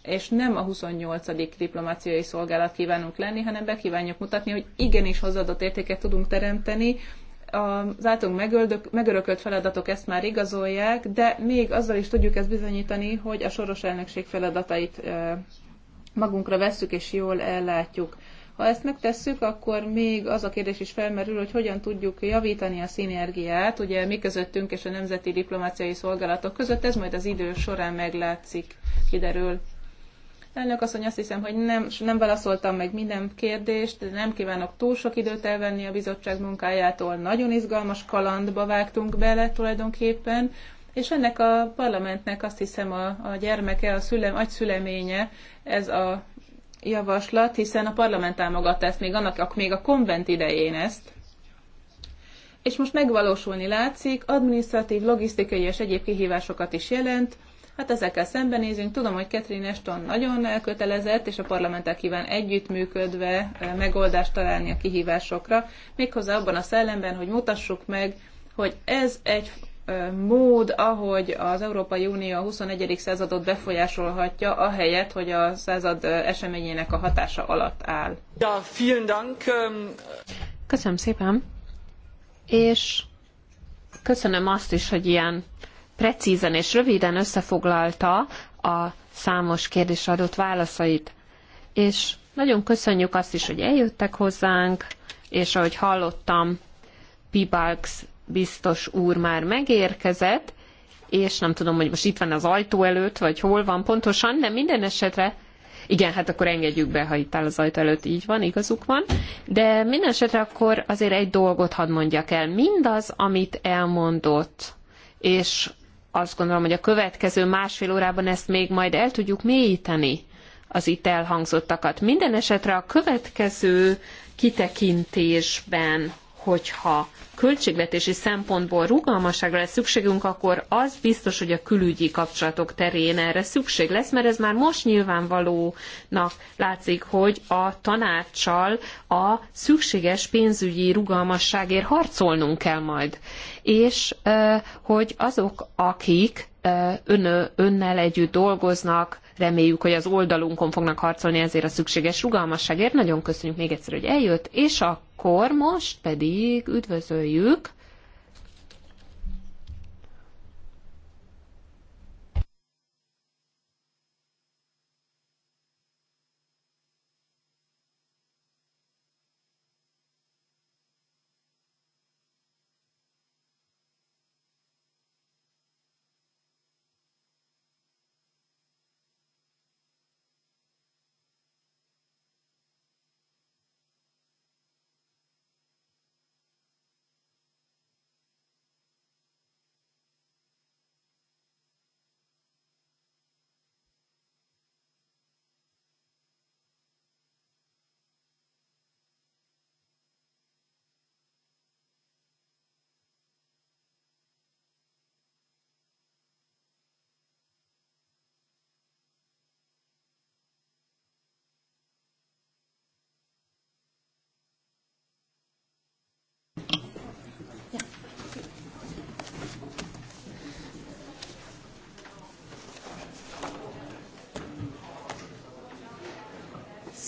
és nem a 28. diplomáciai szolgálat kívánunk lenni, hanem be kívánjuk mutatni, hogy igenis hozzáadott értéket tudunk teremteni, az általunk megörökölt feladatok ezt már igazolják, de még azzal is tudjuk ezt bizonyítani, hogy a soros elnökség feladatait magunkra vesszük és jól ellátjuk. Ha ezt megtesszük, akkor még az a kérdés is felmerül, hogy hogyan tudjuk javítani a szinergiát, ugye mi közöttünk és a nemzeti diplomáciai szolgálatok között, ez majd az idő során meglátszik, kiderül. Elnök asszony, azt hiszem, hogy nem, nem válaszoltam meg minden kérdést, nem kívánok túl sok időt elvenni a bizottság munkájától. Nagyon izgalmas kalandba vágtunk bele tulajdonképpen, és ennek a parlamentnek azt hiszem a, a gyermeke, a szülem, agyszüleménye ez a javaslat, hiszen a parlament támogatta ezt még, annak, még a konvent idején ezt, és most megvalósulni látszik, adminisztratív, logisztikai és egyéb kihívásokat is jelent, Hát ezekkel szembenézünk. Tudom, hogy Catherine Ashton nagyon elkötelezett, és a parlamenttel kíván együttműködve eh, megoldást találni a kihívásokra, méghozzá abban a szellemben, hogy mutassuk meg, hogy ez egy eh, mód, ahogy az Európai Unió a 21. századot befolyásolhatja, ahelyett, hogy a század eh, eseményének a hatása alatt áll. Ja, vielen Dank. Ähm, köszönöm szépen, és köszönöm azt is, hogy ilyen precízen és röviden összefoglalta a számos kérdésre adott válaszait. És nagyon köszönjük azt is, hogy eljöttek hozzánk, és ahogy hallottam, Pibalks biztos úr már megérkezett, és nem tudom, hogy most itt van az ajtó előtt, vagy hol van pontosan, de minden esetre igen, hát akkor engedjük be, ha itt áll az ajtó előtt, így van, igazuk van. De minden esetre akkor azért egy dolgot hadd mondjak el. Mindaz, amit elmondott, és azt gondolom, hogy a következő másfél órában ezt még majd el tudjuk mélyíteni az itt elhangzottakat. Minden esetre a következő kitekintésben, hogyha költségvetési szempontból rugalmasságra lesz szükségünk, akkor az biztos, hogy a külügyi kapcsolatok terén erre szükség lesz, mert ez már most nyilvánvalónak látszik, hogy a tanácssal a szükséges pénzügyi rugalmasságért harcolnunk kell majd. És hogy azok, akik önnel együtt dolgoznak, reméljük, hogy az oldalunkon fognak harcolni ezért a szükséges rugalmasságért. Nagyon köszönjük még egyszer, hogy eljött, és akkor most pedig üdvözöljük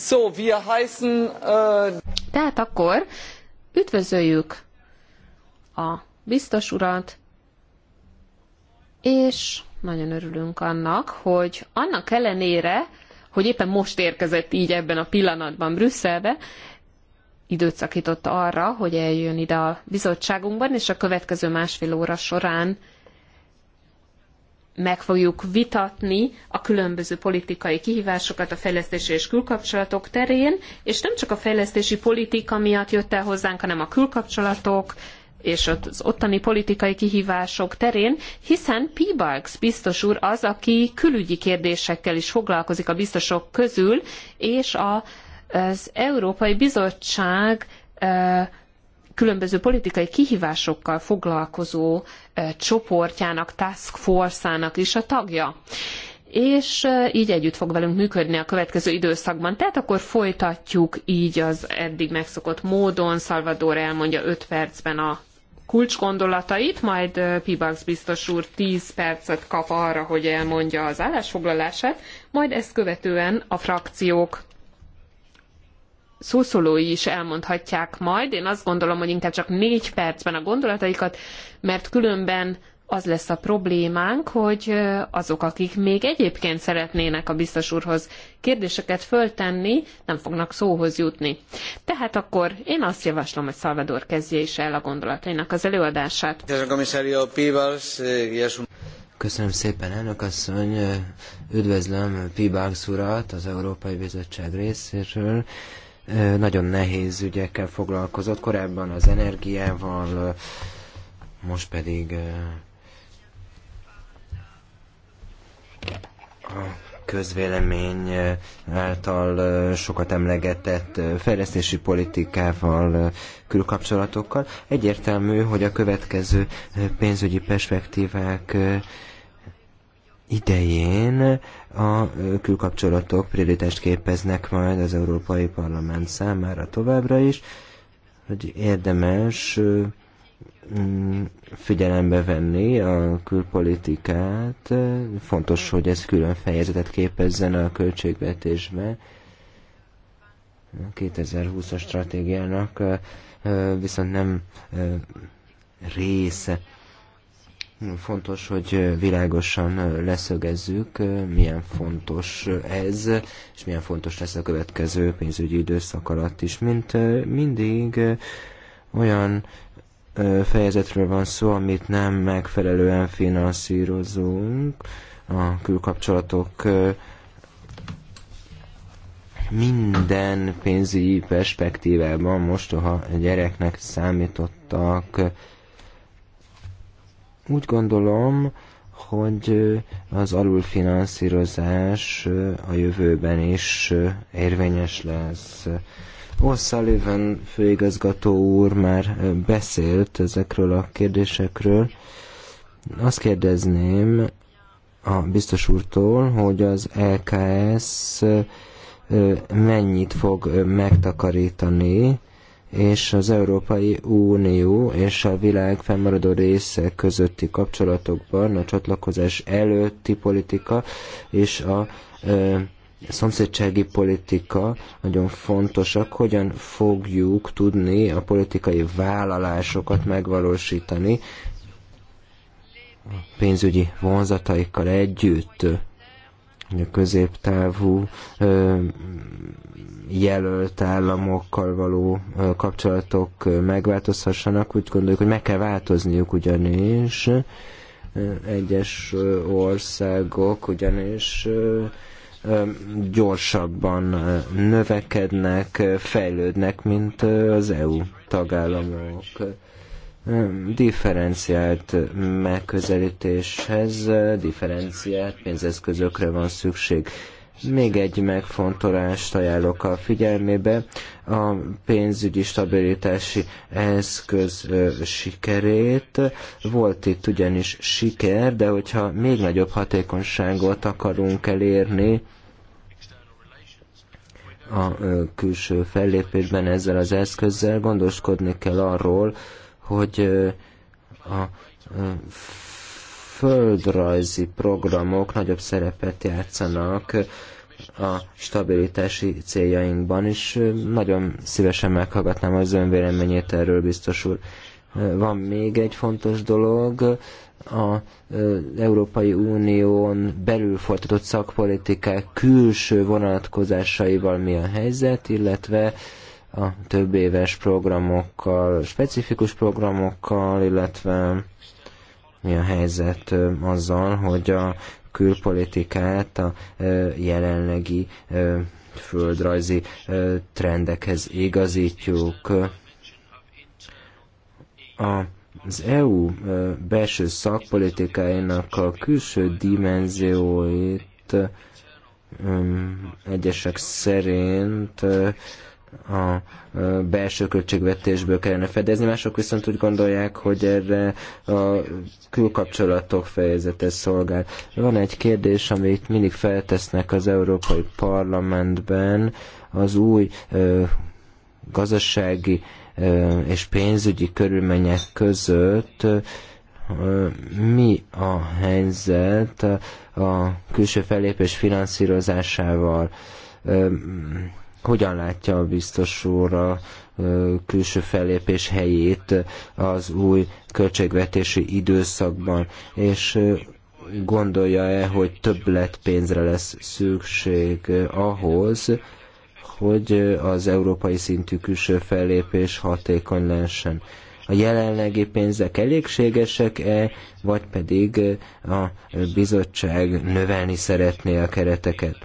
So, wir heißen... Uh... Tehát akkor üdvözöljük a biztos urat, és nagyon örülünk annak, hogy annak ellenére, hogy éppen most érkezett így ebben a pillanatban Brüsszelbe, időt szakított arra, hogy eljön ide a bizottságunkban, és a következő másfél óra során meg fogjuk vitatni a különböző politikai kihívásokat a fejlesztési és külkapcsolatok terén, és nem csak a fejlesztési politika miatt jött el hozzánk, hanem a külkapcsolatok és az ottani politikai kihívások terén, hiszen Pibarks biztos úr az, aki külügyi kérdésekkel is foglalkozik a biztosok közül, és a, az Európai Bizottság különböző politikai kihívásokkal foglalkozó csoportjának, task force-ának is a tagja és így együtt fog velünk működni a következő időszakban. Tehát akkor folytatjuk így az eddig megszokott módon. Salvador elmondja 5 percben a kulcsgondolatait, majd Pibax biztos úr 10 percet kap arra, hogy elmondja az állásfoglalását, majd ezt követően a frakciók szószólói is elmondhatják majd. Én azt gondolom, hogy inkább csak négy percben a gondolataikat, mert különben az lesz a problémánk, hogy azok, akik még egyébként szeretnének a biztos úrhoz kérdéseket föltenni, nem fognak szóhoz jutni. Tehát akkor én azt javaslom, hogy Salvador kezdje is el a gondolatainak az előadását. Köszönöm szépen, elnök asszony. Üdvözlöm Pibax urat az Európai Bizottság részéről nagyon nehéz ügyekkel foglalkozott, korábban az energiával, most pedig a közvélemény által sokat emlegetett fejlesztési politikával, külkapcsolatokkal. Egyértelmű, hogy a következő pénzügyi perspektívák idején a külkapcsolatok prioritást képeznek majd az Európai Parlament számára továbbra is, hogy érdemes mm, figyelembe venni a külpolitikát. Fontos, hogy ez külön fejezetet képezzen a költségvetésbe. A 2020-as stratégiának viszont nem része Fontos, hogy világosan leszögezzük, milyen fontos ez, és milyen fontos lesz a következő pénzügyi időszak alatt is. Mint mindig olyan fejezetről van szó, amit nem megfelelően finanszírozunk, a külkapcsolatok minden pénzügyi perspektívában mostoha gyereknek számítottak úgy gondolom, hogy eh, az alulfinanszírozás eh, a jövőben is eh, érvényes lesz. Osszalőven főigazgató úr már beszélt ezekről a kérdésekről. Azt kérdezném a biztos úrtól, hogy az LKS mennyit fog megtakarítani és az Európai Unió és a világ fennmaradó része közötti kapcsolatokban a csatlakozás előtti politika és a ö, szomszédsági politika nagyon fontosak, hogyan fogjuk tudni a politikai vállalásokat megvalósítani a pénzügyi vonzataikkal együtt középtávú jelölt államokkal való kapcsolatok megváltozhassanak. Úgy gondoljuk, hogy meg kell változniuk ugyanis. Egyes országok ugyanis gyorsabban növekednek, fejlődnek, mint az EU tagállamok differenciált megközelítéshez, differenciált pénzeszközökre van szükség. Még egy megfontolást ajánlok a figyelmébe, a pénzügyi stabilitási eszköz sikerét. Volt itt ugyanis siker, de hogyha még nagyobb hatékonyságot akarunk elérni, a külső fellépésben ezzel az eszközzel gondoskodni kell arról, hogy a földrajzi programok nagyobb szerepet játszanak a stabilitási céljainkban, és nagyon szívesen meghallgatnám az ön véleményét erről biztos úr. Van még egy fontos dolog, a Európai Unión belül folytatott szakpolitikák külső vonatkozásaival mi a helyzet, illetve a több éves programokkal, specifikus programokkal, illetve mi a helyzet azzal, hogy a külpolitikát a jelenlegi földrajzi trendekhez igazítjuk. Az EU belső szakpolitikáinak a külső dimenzióit egyesek szerint a belső költségvetésből kellene fedezni, mások viszont úgy gondolják, hogy erre a külkapcsolatok fejezete szolgál. Van egy kérdés, amit mindig feltesznek az Európai Parlamentben, az új ö, gazdasági ö, és pénzügyi körülmények között ö, mi a helyzet a külső felépés finanszírozásával. Ö, hogyan látja a biztos úr a külső fellépés helyét az új költségvetési időszakban, és gondolja-e, hogy többlet pénzre lesz szükség ahhoz, hogy az európai szintű külső fellépés hatékony lehessen. A jelenlegi pénzek elégségesek-e, vagy pedig a bizottság növelni szeretné a kereteket?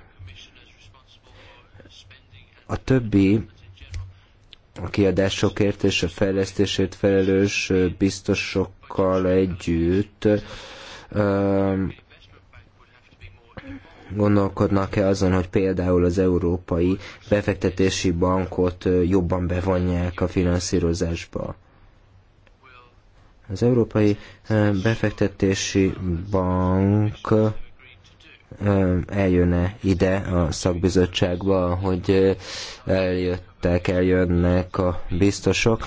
A többi a kiadásokért és a fejlesztésért felelős biztosokkal együtt gondolkodnak-e azon, hogy például az Európai Befektetési Bankot jobban bevonják a finanszírozásba? Az Európai Befektetési Bank eljönne ide a szakbizottságba, hogy eljöttek, eljönnek a biztosok.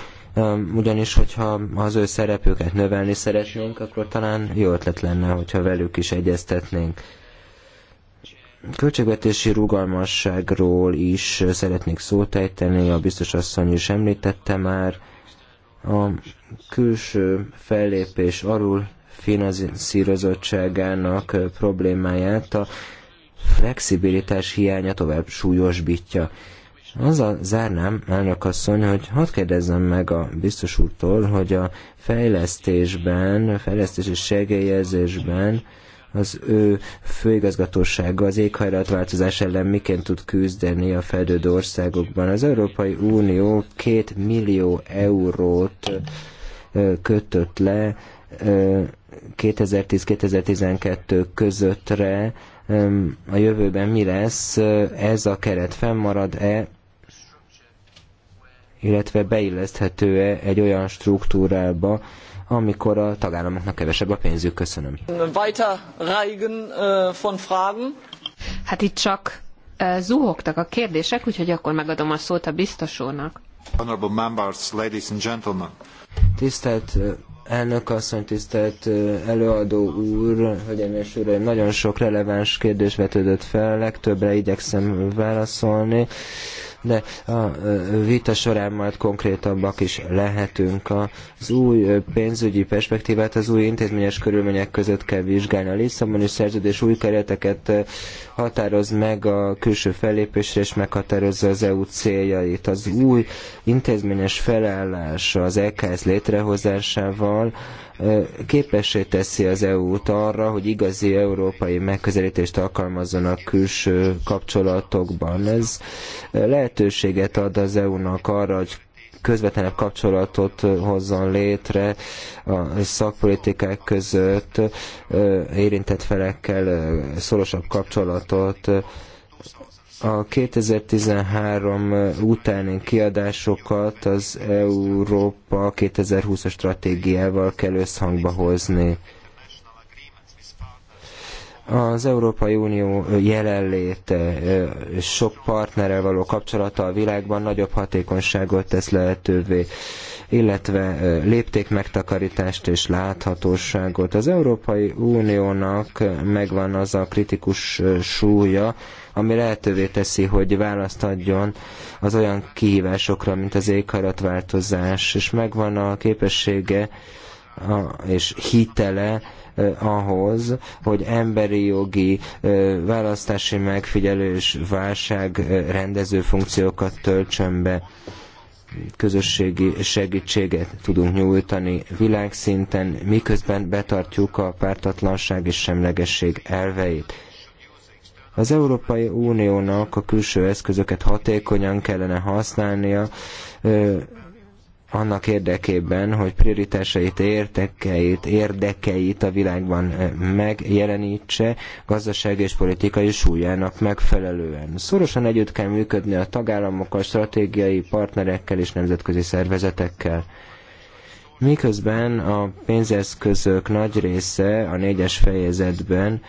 Ugyanis, hogyha az ő szerepüket növelni szeretnénk, akkor talán jó ötlet lenne, hogyha velük is egyeztetnénk. Költségvetési rugalmasságról is szeretnék szót ejteni, a biztos asszony is említette már. A külső fellépés arról finanszírozottságának problémáját a flexibilitás hiánya tovább súlyosbítja. Azzal zárnám, elnök asszony, hogy hadd kérdezzem meg a biztos úrtól, hogy a fejlesztésben, a fejlesztési segélyezésben az ő főigazgatósága az éghajlatváltozás ellen miként tud küzdeni a fejlődő országokban. Az Európai Unió két millió eurót kötött le 2010-2012 közöttre a jövőben mi lesz, ez a keret fennmarad-e, illetve beilleszthető-e egy olyan struktúrába, amikor a tagállamoknak kevesebb a pénzük. Köszönöm. Weiter reigen äh, von Fragen. Hát itt csak äh, zuhogtak a kérdések, úgyhogy akkor megadom a szót a biztosónak. members, ladies and gentlemen. Tisztelt Elnök asszony, tisztelt előadó úr, hölgyeim és uraim, nagyon sok releváns kérdés vetődött fel, legtöbbre igyekszem válaszolni de a vita során majd konkrétabbak is lehetünk. Az új pénzügyi perspektívát az új intézményes körülmények között kell vizsgálni. A Lisszaboni szerződés új kereteket határoz meg a külső fellépésre, és meghatározza az EU céljait. Az új intézményes felállás az EKS létrehozásával, képessé teszi az EU-t arra, hogy igazi európai megközelítést alkalmazzon a külső kapcsolatokban. Ez lehetőséget ad az EU-nak arra, hogy közvetlenebb kapcsolatot hozzon létre a szakpolitikák között, érintett felekkel szorosabb kapcsolatot a 2013 utáni kiadásokat az Európa 2020 stratégiával kell összhangba hozni. Az Európai Unió jelenléte, sok partnerrel való kapcsolata a világban nagyobb hatékonyságot tesz lehetővé, illetve lépték megtakarítást és láthatóságot. Az Európai Uniónak megvan az a kritikus súlya, ami lehetővé teszi, hogy választ adjon az olyan kihívásokra, mint az éghajlatváltozás, és megvan a képessége a, és hitele ahhoz, hogy emberi jogi, választási megfigyelős rendező funkciókat töltsön be közösségi segítséget tudunk nyújtani világszinten, miközben betartjuk a pártatlanság és semlegesség elveit. Az Európai Uniónak a külső eszközöket hatékonyan kellene használnia, annak érdekében, hogy prioritásait, értekeit, érdekeit a világban megjelenítse gazdasági és politikai súlyának megfelelően. Szorosan együtt kell működni a tagállamokkal, stratégiai partnerekkel és nemzetközi szervezetekkel. Miközben a pénzeszközök nagy része a négyes fejezetben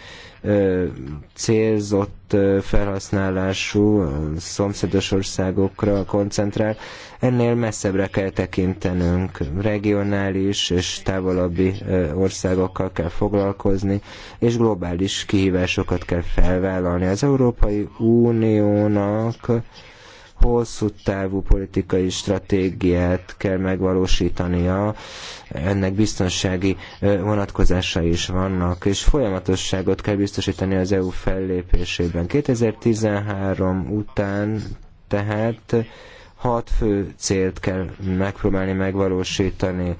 célzott felhasználású, szomszédos országokra koncentrál, ennél messzebbre kell tekintenünk, regionális és távolabbi országokkal kell foglalkozni, és globális kihívásokat kell felvállalni. Az Európai Uniónak hosszú távú politikai stratégiát kell megvalósítania, ennek biztonsági vonatkozásai is vannak, és folyamatosságot kell biztosítani az EU fellépésében. 2013 után tehát hat fő célt kell megpróbálni megvalósítani.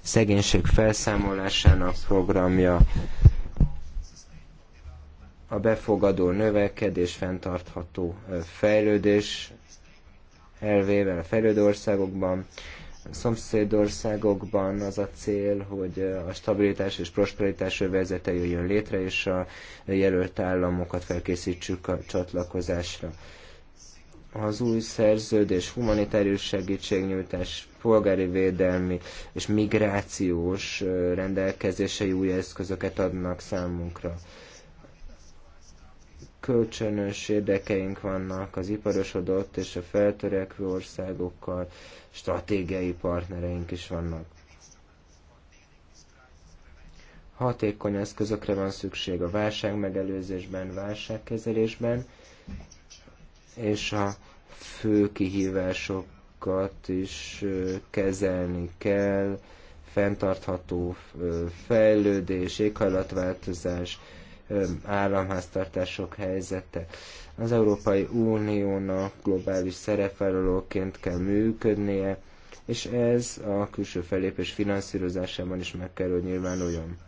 Szegénység felszámolásának programja, a befogadó növekedés, fenntartható fejlődés elvével a fejlődő országokban, a szomszédországokban az a cél, hogy a stabilitás és prosperitás övezete jöjjön létre, és a jelölt államokat felkészítsük a csatlakozásra. Az új szerződés humanitárius segítségnyújtás, polgári védelmi és migrációs rendelkezései új eszközöket adnak számunkra kölcsönös érdekeink vannak az iparosodott és a feltörekvő országokkal, stratégiai partnereink is vannak. Hatékony eszközökre van szükség a válság megelőzésben, válságkezelésben, és a fő kihívásokat is kezelni kell, fenntartható fejlődés, éghajlatváltozás, államháztartások helyzete. Az Európai Uniónak globális szerepvállalóként kell működnie, és ez a külső felépés finanszírozásában is meg kell, hogy nyilvánuljon.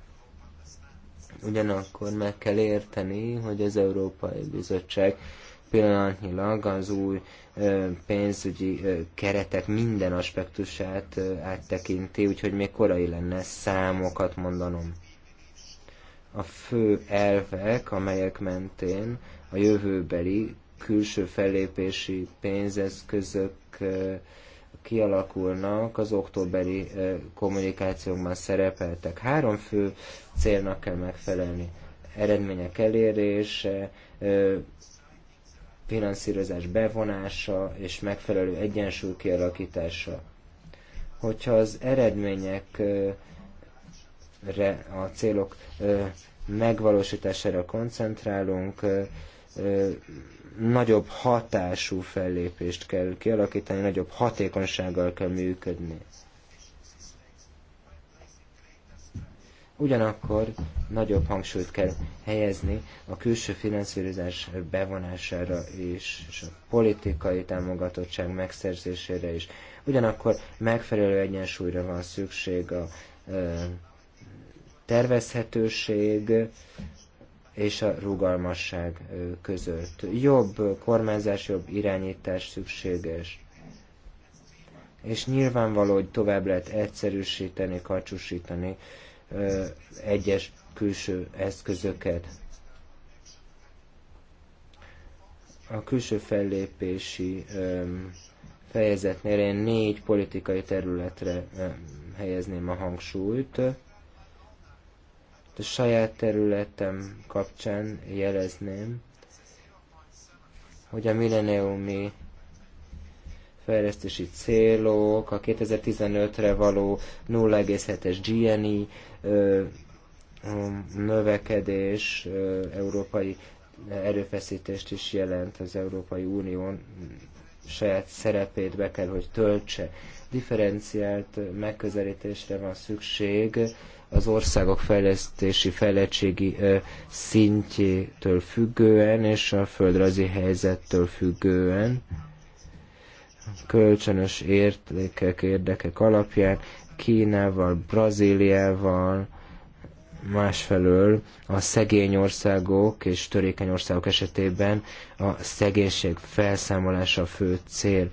Ugyanakkor meg kell érteni, hogy az Európai Bizottság pillanatnyilag az új pénzügyi keretek minden aspektusát áttekinti, úgyhogy még korai lenne számokat mondanom a fő elvek, amelyek mentén a jövőbeli külső fellépési pénzeszközök kialakulnak, az októberi kommunikációkban szerepeltek. Három fő célnak kell megfelelni. Eredmények elérése, finanszírozás bevonása és megfelelő egyensúly kialakítása. Hogyha az eredmények re a célok megvalósítására koncentrálunk, nagyobb hatású fellépést kell kialakítani, nagyobb hatékonysággal kell működni. Ugyanakkor nagyobb hangsúlyt kell helyezni a külső finanszírozás bevonására is, és a politikai támogatottság megszerzésére is. Ugyanakkor megfelelő egyensúlyra van szükség a tervezhetőség és a rugalmasság között. Jobb kormányzás, jobb irányítás szükséges. És nyilvánvaló, hogy tovább lehet egyszerűsíteni, karcsúsítani egyes külső eszközöket. A külső fellépési fejezetnél én négy politikai területre helyezném a hangsúlyt. A saját területem kapcsán jelezném, hogy a milleniumi fejlesztési célok, a 2015-re való 0,7-es GNI növekedés európai erőfeszítést is jelent az Európai Unión saját szerepét be kell, hogy töltse. Differenciált megközelítésre van szükség az országok fejlesztési, fejlettségi szintjétől függően és a földrajzi helyzettől függően kölcsönös értékek, érdekek alapján Kínával, Brazíliával, másfelől a szegény országok és törékeny országok esetében a szegénység felszámolása a fő cél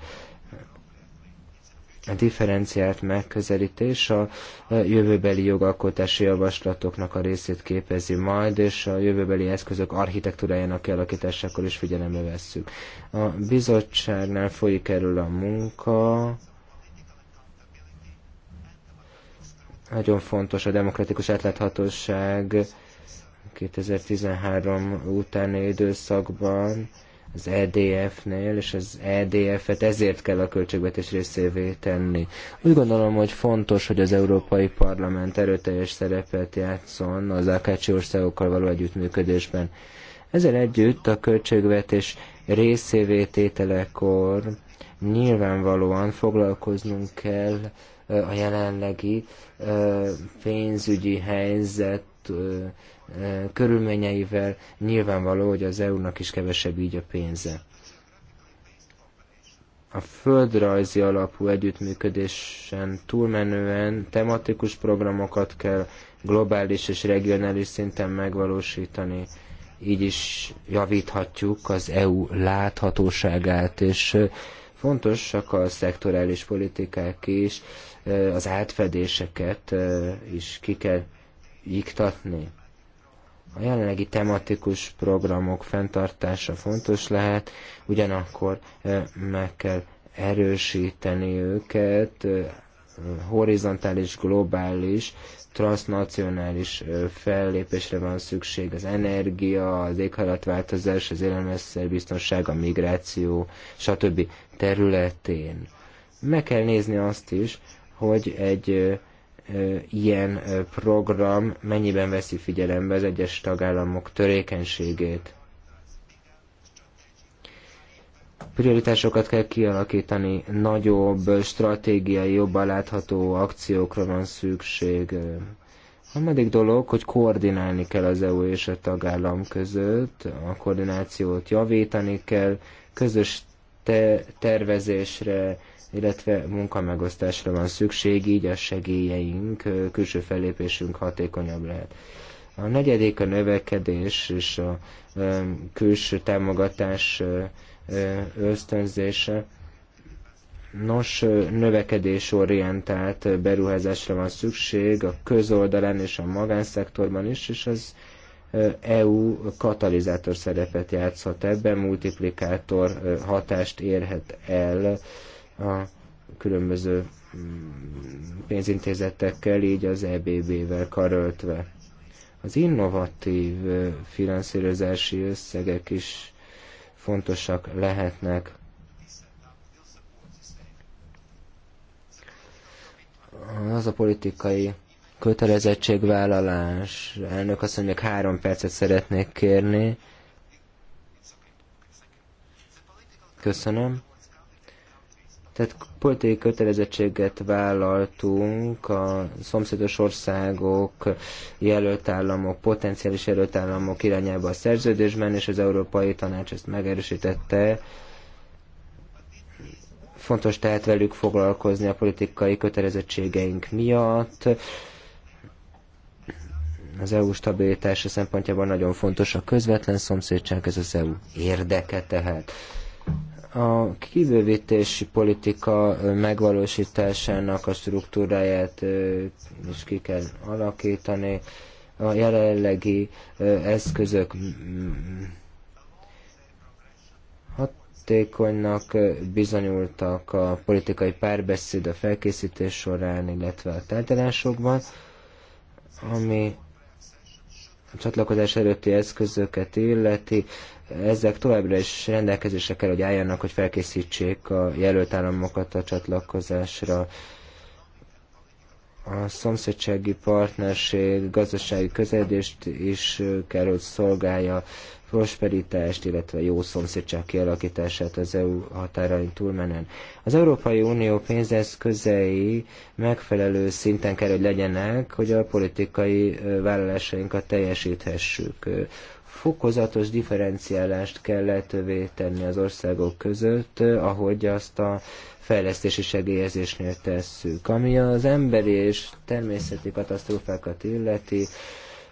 a differenciált megközelítés a jövőbeli jogalkotási javaslatoknak a részét képezi majd, és a jövőbeli eszközök architektúrájának kialakításakor is figyelembe vesszük. A bizottságnál folyik erről a munka, nagyon fontos a demokratikus átláthatóság 2013 utáni időszakban, az EDF-nél, és az EDF-et ezért kell a költségvetés részévé tenni. Úgy gondolom, hogy fontos, hogy az Európai Parlament erőteljes szerepet játszon az AKC országokkal való együttműködésben. Ezzel együtt a költségvetés részévé tételekor nyilvánvalóan foglalkoznunk kell a jelenlegi pénzügyi helyzet körülményeivel, nyilvánvaló, hogy az EU-nak is kevesebb így a pénze. A földrajzi alapú együttműködésen túlmenően tematikus programokat kell globális és regionális szinten megvalósítani. Így is javíthatjuk az EU láthatóságát, és fontosak a szektorális politikák is, az átfedéseket is ki kell iktatni. A jelenlegi tematikus programok fenntartása fontos lehet, ugyanakkor meg kell erősíteni őket, horizontális, globális, transnacionális fellépésre van szükség az energia, az éghajlatváltozás, az élelmiszerbiztonság, a migráció, stb. területén. Meg kell nézni azt is, hogy egy ilyen program mennyiben veszi figyelembe az egyes tagállamok törékenységét. Prioritásokat kell kialakítani, nagyobb, stratégiai, jobban látható akciókra van szükség. Harmadik dolog, hogy koordinálni kell az EU és a tagállam között, a koordinációt javítani kell, közös te tervezésre, illetve munkamegosztásra van szükség, így a segélyeink, külső fellépésünk hatékonyabb lehet. A negyedik a növekedés és a külső támogatás ösztönzése. Nos, növekedésorientált beruházásra van szükség a közoldalán és a magánszektorban is, és az EU katalizátor szerepet játszhat ebben, multiplikátor hatást érhet el a különböző mm, pénzintézetekkel, így az EBB-vel karöltve. Az innovatív finanszírozási összegek is fontosak lehetnek. Az a politikai kötelezettségvállalás. Elnök azt mondja, három percet szeretnék kérni. Köszönöm. Tehát politikai kötelezettséget vállaltunk a szomszédos országok, jelölt államok, potenciális jelölt államok irányába a szerződésben, és az Európai Tanács ezt megerősítette. Fontos tehát velük foglalkozni a politikai kötelezettségeink miatt. Az EU stabilitása szempontjában nagyon fontos a közvetlen szomszédság, ez az EU érdeke tehát a kibővítési politika megvalósításának a struktúráját is ki kell alakítani, a jelenlegi eszközök hatékonynak bizonyultak a politikai párbeszéd a felkészítés során, illetve a tárgyalásokban, ami a csatlakozás előtti eszközöket illeti, ezek továbbra is rendelkezésre kell, hogy álljanak, hogy felkészítsék a jelölt államokat a csatlakozásra. A szomszédsági partnerség gazdasági közeledést is kell, hogy szolgálja prosperitást, illetve jó szomszédság kialakítását az EU határain túlmenen. Az Európai Unió pénzeszközei megfelelő szinten kell, hogy legyenek, hogy a politikai vállalásainkat teljesíthessük fokozatos differenciálást kell lehetővé tenni az országok között, eh, ahogy azt a fejlesztési segélyezésnél tesszük. Ami az emberi és természeti katasztrófákat illeti,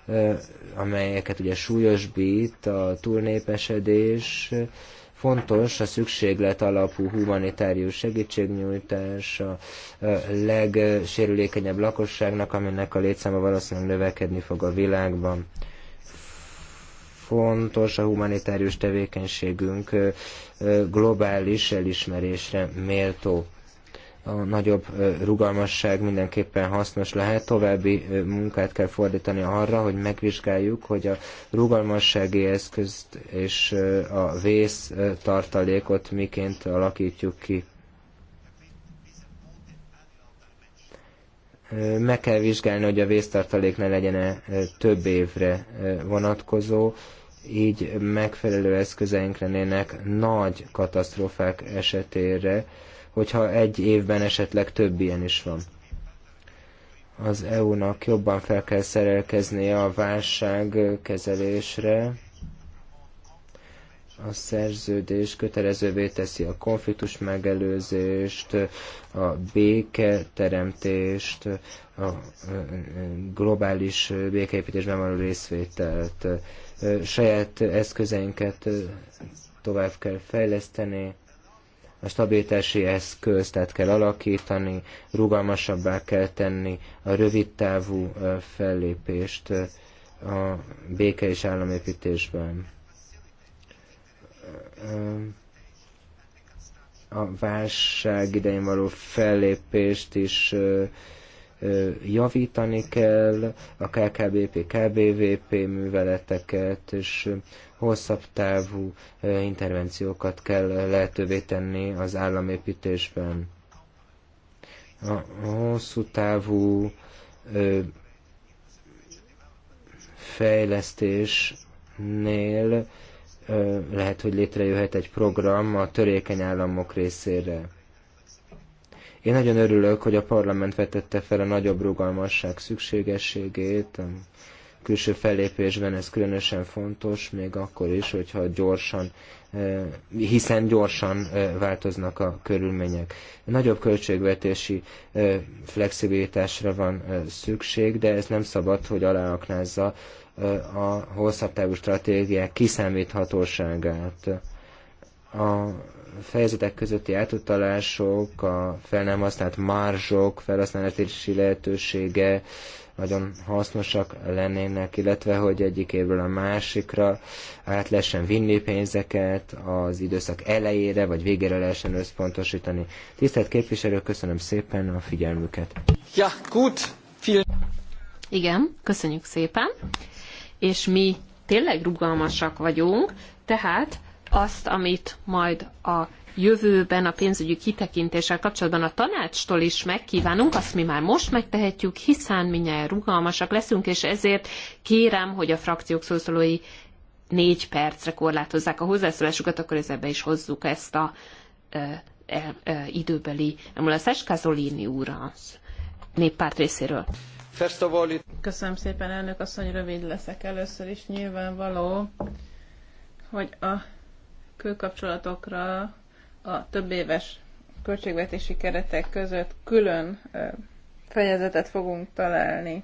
eh, amelyeket ugye súlyosbít a túlnépesedés, fontos a szükséglet alapú humanitárius segítségnyújtás a eh, legsérülékenyebb lakosságnak, aminek a létszáma valószínűleg növekedni fog a világban fontos a humanitárius tevékenységünk globális elismerésre méltó. A nagyobb rugalmasság mindenképpen hasznos lehet. További munkát kell fordítani arra, hogy megvizsgáljuk, hogy a rugalmassági eszközt és a vész tartalékot miként alakítjuk ki. meg kell vizsgálni, hogy a vésztartalék ne legyen -e több évre vonatkozó, így megfelelő eszközeink lennének nagy katasztrófák esetére, hogyha egy évben esetleg több ilyen is van. Az EU-nak jobban fel kell szerelkeznie a válság kezelésre. A szerződés kötelezővé teszi a konfliktus megelőzést, a béke teremtést, a globális békeépítésben való részvételt saját eszközeinket tovább kell fejleszteni, a stabilitási eszközt tehát kell alakítani, rugalmasabbá kell tenni a rövidtávú fellépést a béke és államépítésben. A válság idején való fellépést is javítani kell a KKBP, KBVP műveleteket, és hosszabb távú intervenciókat kell lehetővé tenni az államépítésben. A hosszú távú fejlesztésnél lehet, hogy létrejöhet egy program a törékeny államok részére én nagyon örülök, hogy a parlament vetette fel a nagyobb rugalmasság szükségességét, a külső fellépésben ez különösen fontos, még akkor is, hogyha gyorsan, eh, hiszen gyorsan eh, változnak a körülmények. Nagyobb költségvetési eh, flexibilitásra van szükség, de ez nem szabad, hogy aláaknázza a hosszabb távú stratégiák kiszámíthatóságát. A fejezetek közötti átutalások, a fel nem használt marzsok felhasználási lehetősége nagyon hasznosak lennének, illetve hogy egyik évről a másikra át lehessen vinni pénzeket, az időszak elejére vagy végére lehessen összpontosítani. Tisztelt képviselők, köszönöm szépen a figyelmüket. Ja, gut. Igen, köszönjük szépen. És mi tényleg rugalmasak vagyunk, tehát azt, amit majd a jövőben a pénzügyi kitekintéssel kapcsolatban a tanácstól is megkívánunk, azt mi már most megtehetjük, hiszen minél rugalmasak leszünk, és ezért kérem, hogy a frakciók szószólói négy percre korlátozzák a hozzászólásukat, akkor ezzel be is hozzuk ezt a e, e, e, időbeli emulászást. Kazolini úr a néppárt részéről. Köszönöm szépen, elnök asszony, rövid leszek először is. Nyilvánvaló, hogy a külkapcsolatokra a több éves költségvetési keretek között külön fejezetet fogunk találni.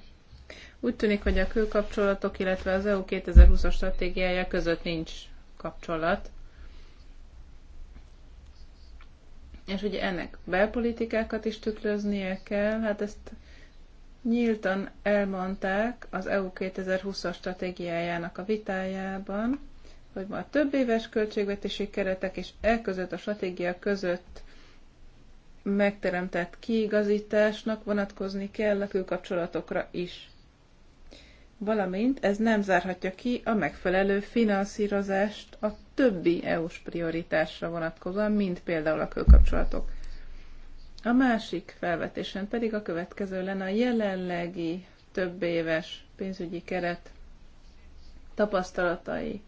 Úgy tűnik, hogy a külkapcsolatok, illetve az EU 2020-as stratégiája között nincs kapcsolat. És ugye ennek belpolitikákat is tükröznie kell, hát ezt nyíltan elmondták az EU 2020-as stratégiájának a vitájában, hogy ma a több éves költségvetési keretek és e között a stratégia között megteremtett kiigazításnak vonatkozni kell a külkapcsolatokra is. Valamint ez nem zárhatja ki a megfelelő finanszírozást a többi EU-s prioritásra vonatkozóan, mint például a külkapcsolatok. A másik felvetésen pedig a következő lenne a jelenlegi több éves pénzügyi keret tapasztalatai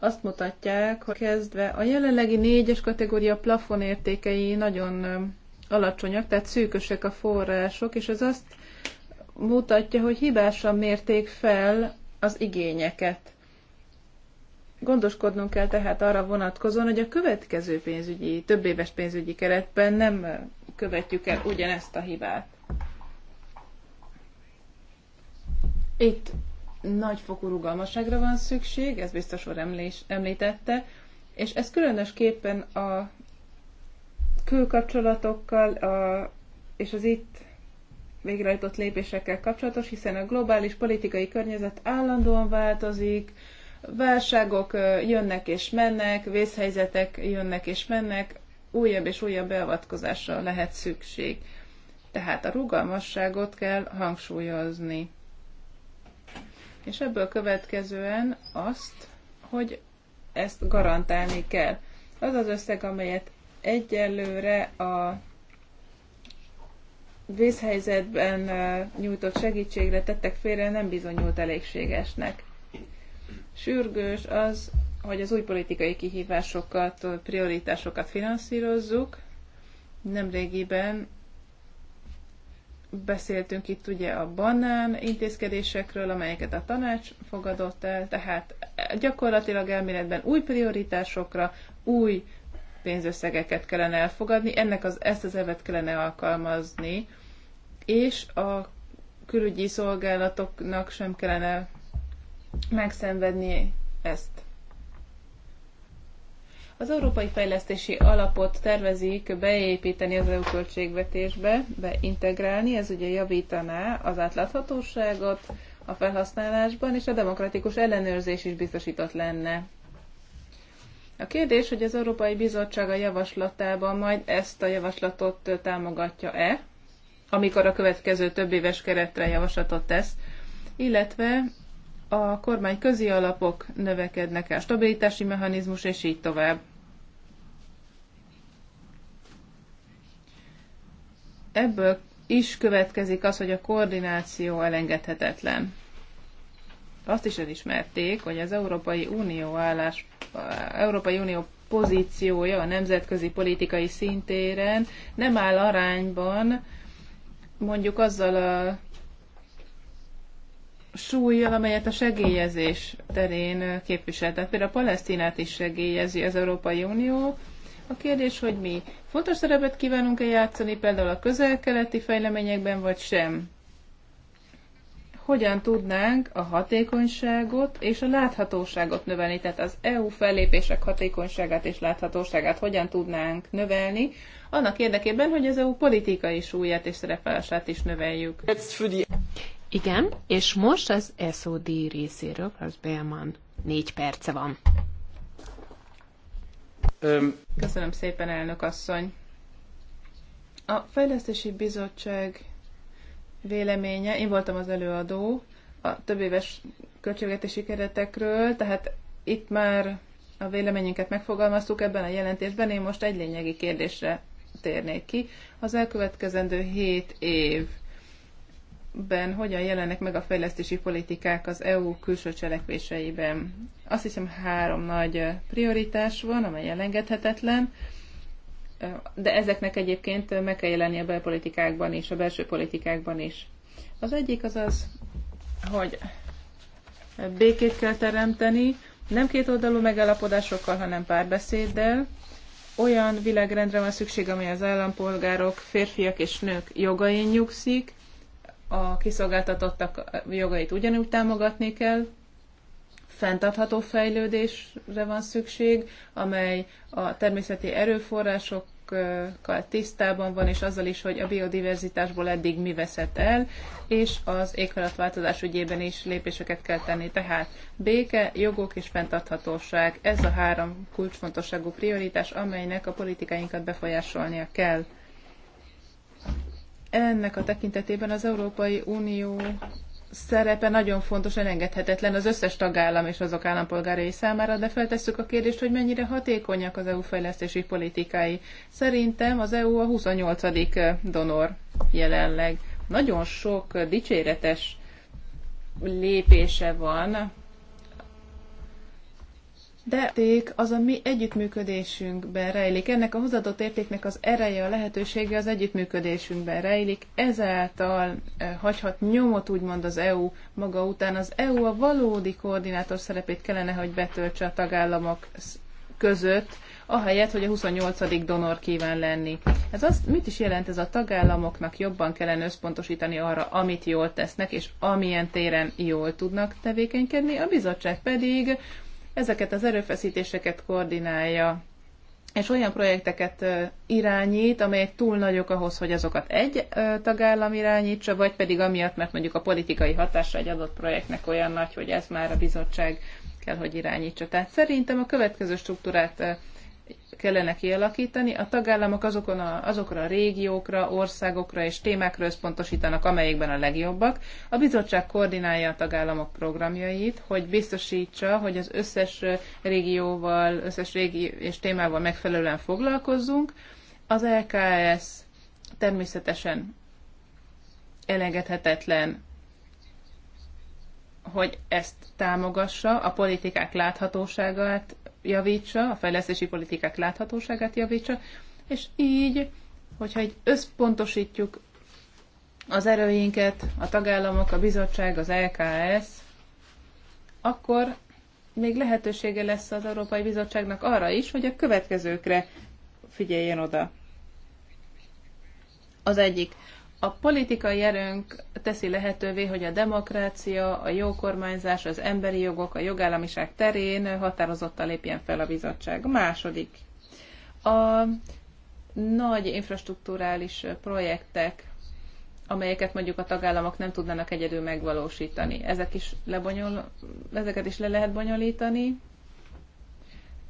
azt mutatják, hogy kezdve a jelenlegi négyes kategória plafon értékei nagyon alacsonyak, tehát szűkösek a források, és ez azt mutatja, hogy hibásan mérték fel az igényeket. Gondoskodnunk kell tehát arra vonatkozóan, hogy a következő pénzügyi, több éves pénzügyi keretben nem követjük el ugyanezt a hibát. Itt nagyfokú rugalmasságra van szükség, ez biztos úr említette, és ez különösképpen a külkapcsolatokkal a, és az itt végrehajtott lépésekkel kapcsolatos, hiszen a globális politikai környezet állandóan változik, válságok jönnek és mennek, vészhelyzetek jönnek és mennek, újabb és újabb beavatkozásra lehet szükség. Tehát a rugalmasságot kell hangsúlyozni és ebből következően azt, hogy ezt garantálni kell. Az az összeg, amelyet egyelőre a vészhelyzetben nyújtott segítségre tettek félre, nem bizonyult elégségesnek. Sürgős az, hogy az új politikai kihívásokat, prioritásokat finanszírozzuk. Nemrégiben beszéltünk itt ugye a banán intézkedésekről, amelyeket a tanács fogadott el, tehát gyakorlatilag elméletben új prioritásokra, új pénzösszegeket kellene elfogadni, ennek az, ezt az evet kellene alkalmazni, és a külügyi szolgálatoknak sem kellene megszenvedni ezt. Az Európai Fejlesztési Alapot tervezik beépíteni az EU költségvetésbe, beintegrálni, ez ugye javítaná az átláthatóságot a felhasználásban, és a demokratikus ellenőrzés is biztosított lenne. A kérdés, hogy az Európai Bizottság a javaslatában majd ezt a javaslatot támogatja-e, amikor a következő több éves keretre javaslatot tesz, illetve a kormány közi alapok növekednek el, stabilitási mechanizmus, és így tovább. Ebből is következik az, hogy a koordináció elengedhetetlen. Azt is elismerték, hogy az Európai Unió állás, Európai Unió pozíciója a nemzetközi politikai szintéren nem áll arányban mondjuk azzal a súlyjal, amelyet a segélyezés terén képvisel. Tehát például a Palesztinát is segélyezi az Európai Unió. A kérdés, hogy mi fontos szerepet kívánunk-e játszani például a közel-keleti fejleményekben, vagy sem? Hogyan tudnánk a hatékonyságot és a láthatóságot növelni, tehát az EU fellépések hatékonyságát és láthatóságát hogyan tudnánk növelni, annak érdekében, hogy az EU politikai súlyát és szerepelását is növeljük. Igen, és most az SOD részéről, az Bélman négy perce van. Öm. Köszönöm szépen, elnök asszony. A Fejlesztési Bizottság véleménye, én voltam az előadó a több éves költségvetési keretekről, tehát itt már a véleményünket megfogalmaztuk ebben a jelentésben, én most egy lényegi kérdésre térnék ki. Az elkövetkezendő hét év ben hogyan jelennek meg a fejlesztési politikák az EU külső cselekvéseiben. Azt hiszem három nagy prioritás van, amely elengedhetetlen, de ezeknek egyébként meg kell jelenni a belpolitikákban és a belső politikákban is. Az egyik az az, hogy békét kell teremteni, nem két oldalú megállapodásokkal, hanem párbeszéddel, olyan világrendre van szükség, amely az állampolgárok, férfiak és nők jogain nyugszik, a kiszolgáltatottak jogait ugyanúgy támogatni kell, fenntartható fejlődésre van szükség, amely a természeti erőforrásokkal tisztában van, és azzal is, hogy a biodiverzitásból eddig mi veszett el, és az éghajlatváltozás ügyében is lépéseket kell tenni. Tehát béke, jogok és fenntarthatóság, ez a három kulcsfontosságú prioritás, amelynek a politikáinkat befolyásolnia kell ennek a tekintetében az Európai Unió szerepe nagyon fontos, elengedhetetlen az összes tagállam és azok állampolgárai számára, de feltesszük a kérdést, hogy mennyire hatékonyak az EU fejlesztési politikái. Szerintem az EU a 28. Eh, donor jelenleg. Nagyon sok dicséretes lépése van de az a mi együttműködésünkben rejlik. Ennek a hozadott értéknek az ereje, a lehetősége az együttműködésünkben rejlik. Ezáltal eh, hagyhat nyomot úgymond az EU maga után. Az EU a valódi koordinátor szerepét kellene, hogy betöltse a tagállamok között, ahelyett, hogy a 28. donor kíván lenni. Ez azt, mit is jelent ez a tagállamoknak jobban kellene összpontosítani arra, amit jól tesznek, és amilyen téren jól tudnak tevékenykedni, a bizottság pedig ezeket az erőfeszítéseket koordinálja, és olyan projekteket irányít, amelyek túl nagyok ahhoz, hogy azokat egy tagállam irányítsa, vagy pedig amiatt, mert mondjuk a politikai hatása egy adott projektnek olyan nagy, hogy ez már a bizottság kell, hogy irányítsa. Tehát szerintem a következő struktúrát kellene kialakítani, a tagállamok azokon a, azokra a régiókra, országokra és témákra összpontosítanak, amelyekben a legjobbak. A bizottság koordinálja a tagállamok programjait, hogy biztosítsa, hogy az összes régióval, összes régi és témával megfelelően foglalkozzunk. Az LKS természetesen elengedhetetlen hogy ezt támogassa, a politikák láthatóságát javítsa, a fejlesztési politikák láthatóságát javítsa, és így, hogyha egy összpontosítjuk az erőinket, a tagállamok, a bizottság, az LKS, akkor még lehetősége lesz az Európai Bizottságnak arra is, hogy a következőkre figyeljen oda. Az egyik, a politikai erőnk teszi lehetővé, hogy a demokrácia, a jó kormányzás, az emberi jogok, a jogállamiság terén határozottan lépjen fel a bizottság. Második. A nagy infrastruktúrális projektek, amelyeket mondjuk a tagállamok nem tudnának egyedül megvalósítani. Ezek is lebonyol, ezeket is le lehet bonyolítani.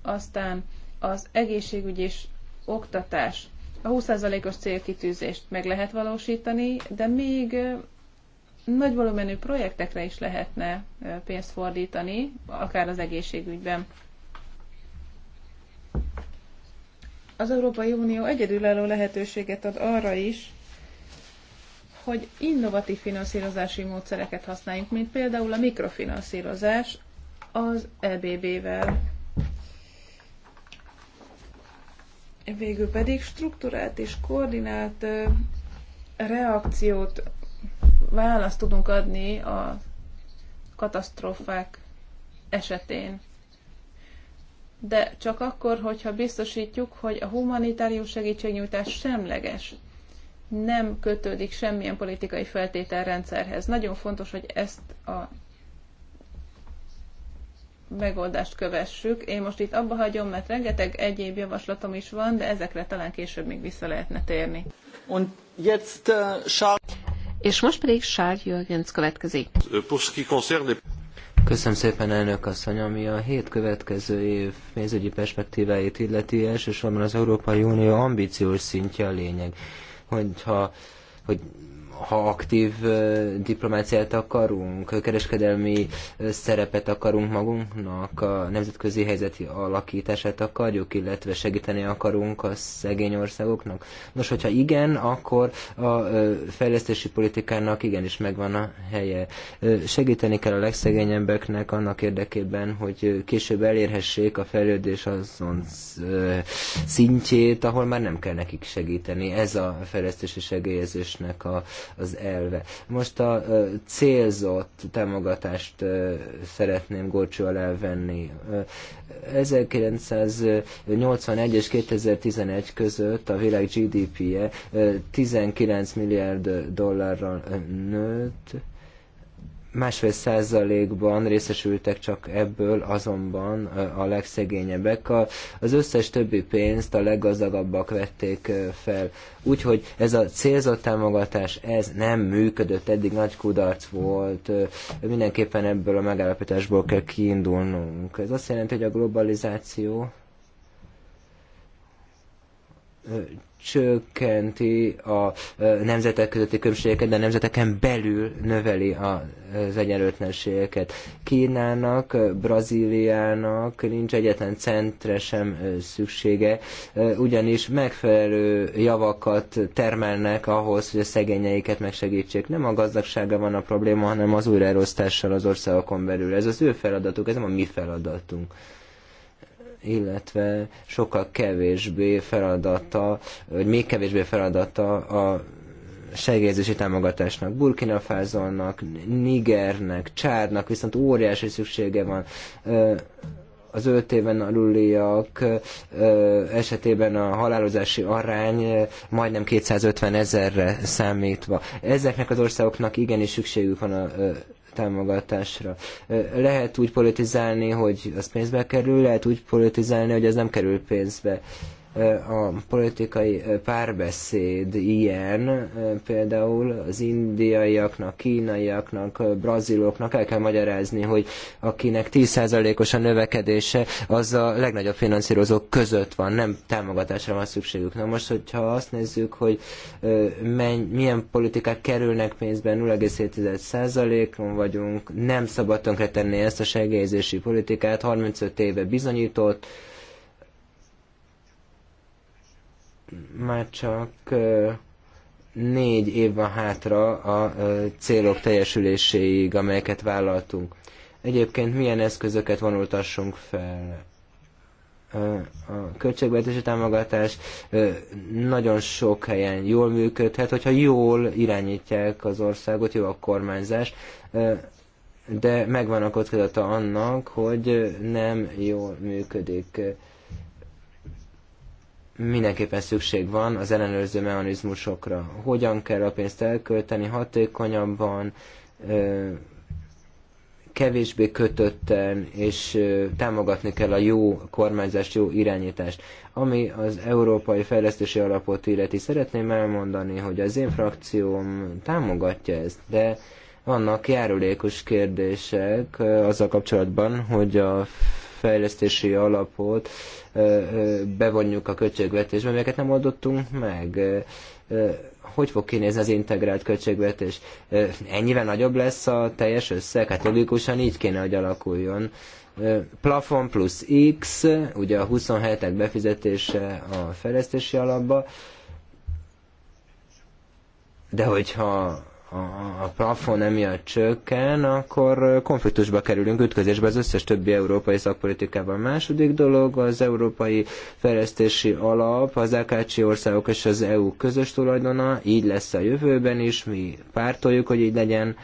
Aztán az egészségügy és oktatás a 20%-os célkitűzést meg lehet valósítani, de még nagy volumenű projektekre is lehetne pénzt fordítani, akár az egészségügyben. Az Európai Unió egyedülálló lehetőséget ad arra is, hogy innovatív finanszírozási módszereket használjunk, mint például a mikrofinanszírozás az EBB-vel. Végül pedig struktúrát és koordinált reakciót, választ tudunk adni a katasztrófák esetén. De csak akkor, hogyha biztosítjuk, hogy a humanitárius segítségnyújtás semleges, nem kötődik semmilyen politikai feltételrendszerhez. Nagyon fontos, hogy ezt a megoldást kövessük. Én most itt abba hagyom, mert rengeteg egyéb javaslatom is van, de ezekre talán később még vissza lehetne térni. Und jetzt, uh, És most pedig Sárgy Jürgens következik. Euh, Köszönöm szépen, elnök asszony, ami a hét következő év pénzügyi perspektíváit illeti, elsősorban az Európai Unió ambíciós szintje a lényeg. Hogyha, hogy ha aktív diplomáciát akarunk, kereskedelmi szerepet akarunk magunknak, a nemzetközi helyzeti alakítását akarjuk, illetve segíteni akarunk a szegény országoknak? Nos, hogyha igen, akkor a fejlesztési politikának igenis megvan a helye. Segíteni kell a legszegényebbeknek annak érdekében, hogy később elérhessék a fejlődés azon szintjét, ahol már nem kell nekik segíteni. Ez a fejlesztési segélyezésnek a az elve. Most a célzott támogatást szeretném Gorcső alá venni. 1981 és 2011 között a világ GDP-je 19 milliárd dollárral nőtt, másfél százalékban részesültek csak ebből azonban a legszegényebbek. Az összes többi pénzt a leggazdagabbak vették fel. Úgyhogy ez a célzott támogatás, ez nem működött, eddig nagy kudarc volt. Mindenképpen ebből a megállapításból kell kiindulnunk. Ez azt jelenti, hogy a globalizáció csökkenti a nemzetek közötti különbségeket, de a nemzeteken belül növeli az egyenlőtlenségeket. Kínának, Brazíliának nincs egyetlen centre sem szüksége, ugyanis megfelelő javakat termelnek ahhoz, hogy a szegényeiket megsegítsék. Nem a gazdagsága van a probléma, hanem az újraerosztással az országokon belül. Ez az ő feladatuk, ez nem a mi feladatunk illetve sokkal kevésbé feladata, vagy még kevésbé feladata a segélyezési támogatásnak, Burkina Fázolnak, Nigernek, Csárnak viszont óriási szüksége van az öt éven aluliak esetében a halálozási arány majdnem 250 ezerre számítva. Ezeknek az országoknak igenis szükségük van a támogatásra. Lehet úgy politizálni, hogy az pénzbe kerül, lehet úgy politizálni, hogy az nem kerül pénzbe a politikai párbeszéd ilyen, például az indiaiaknak, kínaiaknak, braziloknak el kell magyarázni, hogy akinek 10%-os a növekedése, az a legnagyobb finanszírozók között van, nem támogatásra van szükségük. Na most, hogyha azt nézzük, hogy menny, milyen politikák kerülnek pénzben, 0,7%-on vagyunk, nem szabad tönkretenni ezt a segélyezési politikát, 35 éve bizonyított, már csak négy év van hátra a célok teljesüléséig, amelyeket vállaltunk. Egyébként milyen eszközöket vonultassunk fel? A költségvetési támogatás nagyon sok helyen jól működhet, hogyha jól irányítják az országot, jó a kormányzás, de megvan a kockázata annak, hogy nem jól működik mindenképpen szükség van az ellenőrző mechanizmusokra. Hogyan kell a pénzt elkölteni hatékonyabban, kevésbé kötötten, és támogatni kell a jó kormányzást, jó irányítást. Ami az Európai Fejlesztési Alapot illeti, szeretném elmondani, hogy az én frakcióm támogatja ezt, de vannak járulékos kérdések azzal kapcsolatban, hogy a fejlesztési alapot bevonjuk a költségvetésbe, amelyeket nem oldottunk meg. Hogy fog kinézni az integrált költségvetés? Ennyivel nagyobb lesz a teljes összeg? Hát logikusan így kéne, hogy alakuljon plafon plusz X, ugye a 27-ek befizetése a fejlesztési alapba, de hogyha a plafon emiatt csökken, akkor konfliktusba kerülünk, ütközésbe az összes többi európai szakpolitikában A második dolog az Európai Fejlesztési Alap, az AKC országok és az EU közös tulajdona, így lesz a jövőben is, mi pártoljuk, hogy így legyen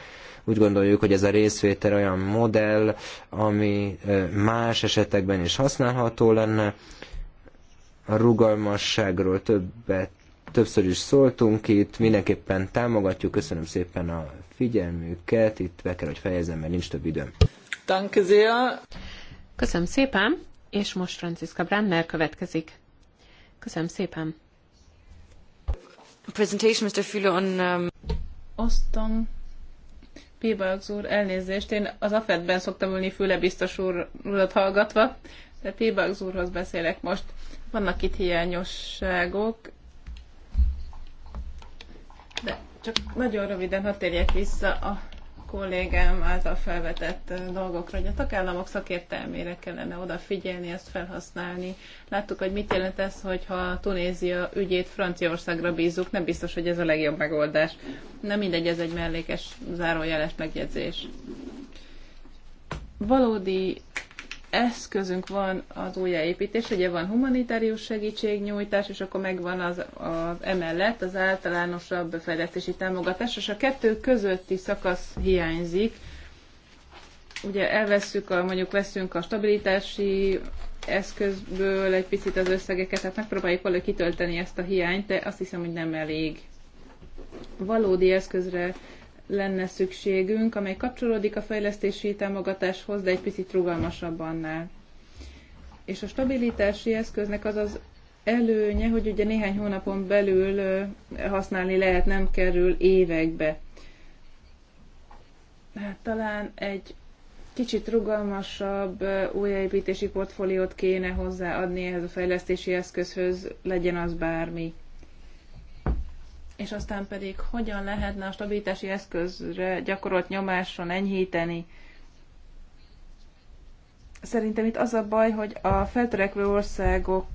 úgy gondoljuk, hogy ez a részvétel olyan modell, ami más esetekben is használható lenne. A rugalmasságról többet többször is szóltunk itt, mindenképpen támogatjuk, köszönöm szépen a figyelmüket, itt be kell, hogy fejezem, mert nincs több időm. Danke sehr. Köszönöm szépen, és most Franciska Brandner következik. Köszönöm szépen. Presentation, Mr. Füle, on... Um... Osztom. Pibalx úr, elnézést, én az afed szoktam ülni, Füle biztos úr, hallgatva, de Pibalx úrhoz beszélek most. Vannak itt hiányosságok, de csak nagyon röviden, ha térjek vissza a kollégám által felvetett dolgokra, hogy a tagállamok szakértelmére kellene odafigyelni, ezt felhasználni. Láttuk, hogy mit jelent ez, hogyha Tunézia ügyét Franciaországra bízzuk, nem biztos, hogy ez a legjobb megoldás. Nem mindegy, ez egy mellékes, zárójeles megjegyzés. Valódi eszközünk van az újjáépítés, ugye van humanitárius segítségnyújtás, és akkor megvan az, az emellett az általánosabb fejlesztési támogatás, és a kettő közötti szakasz hiányzik. Ugye elveszük, a, mondjuk veszünk a stabilitási eszközből egy picit az összegeket, tehát megpróbáljuk valahogy kitölteni ezt a hiányt, de azt hiszem, hogy nem elég. Valódi eszközre lenne szükségünk, amely kapcsolódik a fejlesztési támogatáshoz, de egy picit rugalmasabb annál. És a stabilitási eszköznek az az előnye, hogy ugye néhány hónapon belül használni lehet, nem kerül évekbe. Hát talán egy kicsit rugalmasabb újjáépítési portfóliót kéne hozzáadni ehhez a fejlesztési eszközhöz, legyen az bármi és aztán pedig hogyan lehetne a stabilitási eszközre gyakorolt nyomáson enyhíteni. Szerintem itt az a baj, hogy a feltörekvő országok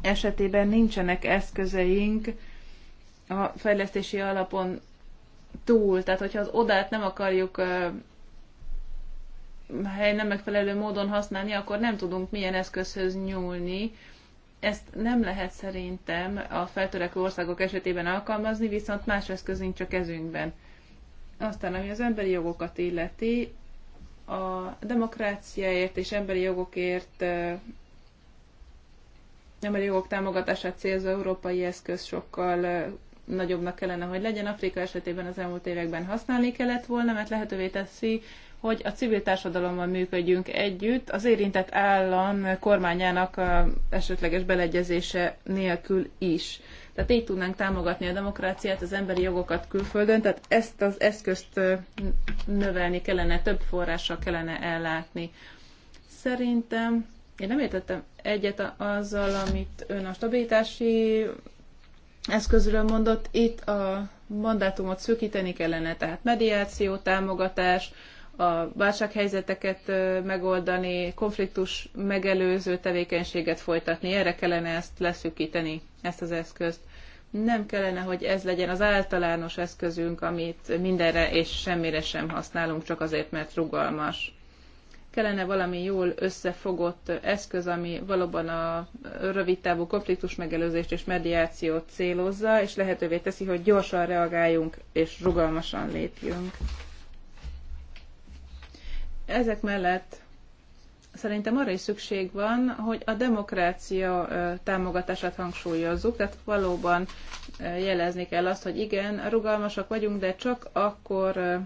esetében nincsenek eszközeink a fejlesztési alapon túl. Tehát, hogyha az odát nem akarjuk hely nem megfelelő módon használni, akkor nem tudunk milyen eszközhöz nyúlni, ezt nem lehet szerintem a feltörekvő országok esetében alkalmazni, viszont más eszközünk csak ezünkben, kezünkben. Aztán, ami az emberi jogokat illeti, a demokráciáért és emberi jogokért emberi jogok támogatását célzó európai eszköz sokkal nagyobbnak kellene, hogy legyen. Afrika esetében az elmúlt években használni kellett volna, mert lehetővé teszi hogy a civil társadalommal működjünk együtt, az érintett állam kormányának esetleges beleegyezése nélkül is. Tehát így tudnánk támogatni a demokráciát, az emberi jogokat külföldön, tehát ezt az eszközt növelni kellene, több forrással kellene ellátni. Szerintem én nem értettem egyet azzal, amit ön a stabilitási eszközről mondott, itt a mandátumot szűkíteni kellene, tehát mediáció, támogatás, a válsághelyzeteket megoldani, konfliktus megelőző tevékenységet folytatni, erre kellene ezt leszűkíteni, ezt az eszközt. Nem kellene, hogy ez legyen az általános eszközünk, amit mindenre és semmire sem használunk, csak azért, mert rugalmas. Kellene valami jól összefogott eszköz, ami valóban a rövid távú konfliktus megelőzést és mediációt célozza, és lehetővé teszi, hogy gyorsan reagáljunk és rugalmasan lépjünk. Ezek mellett szerintem arra is szükség van, hogy a demokrácia támogatását hangsúlyozzuk, tehát valóban jelezni kell azt, hogy igen, rugalmasak vagyunk, de csak akkor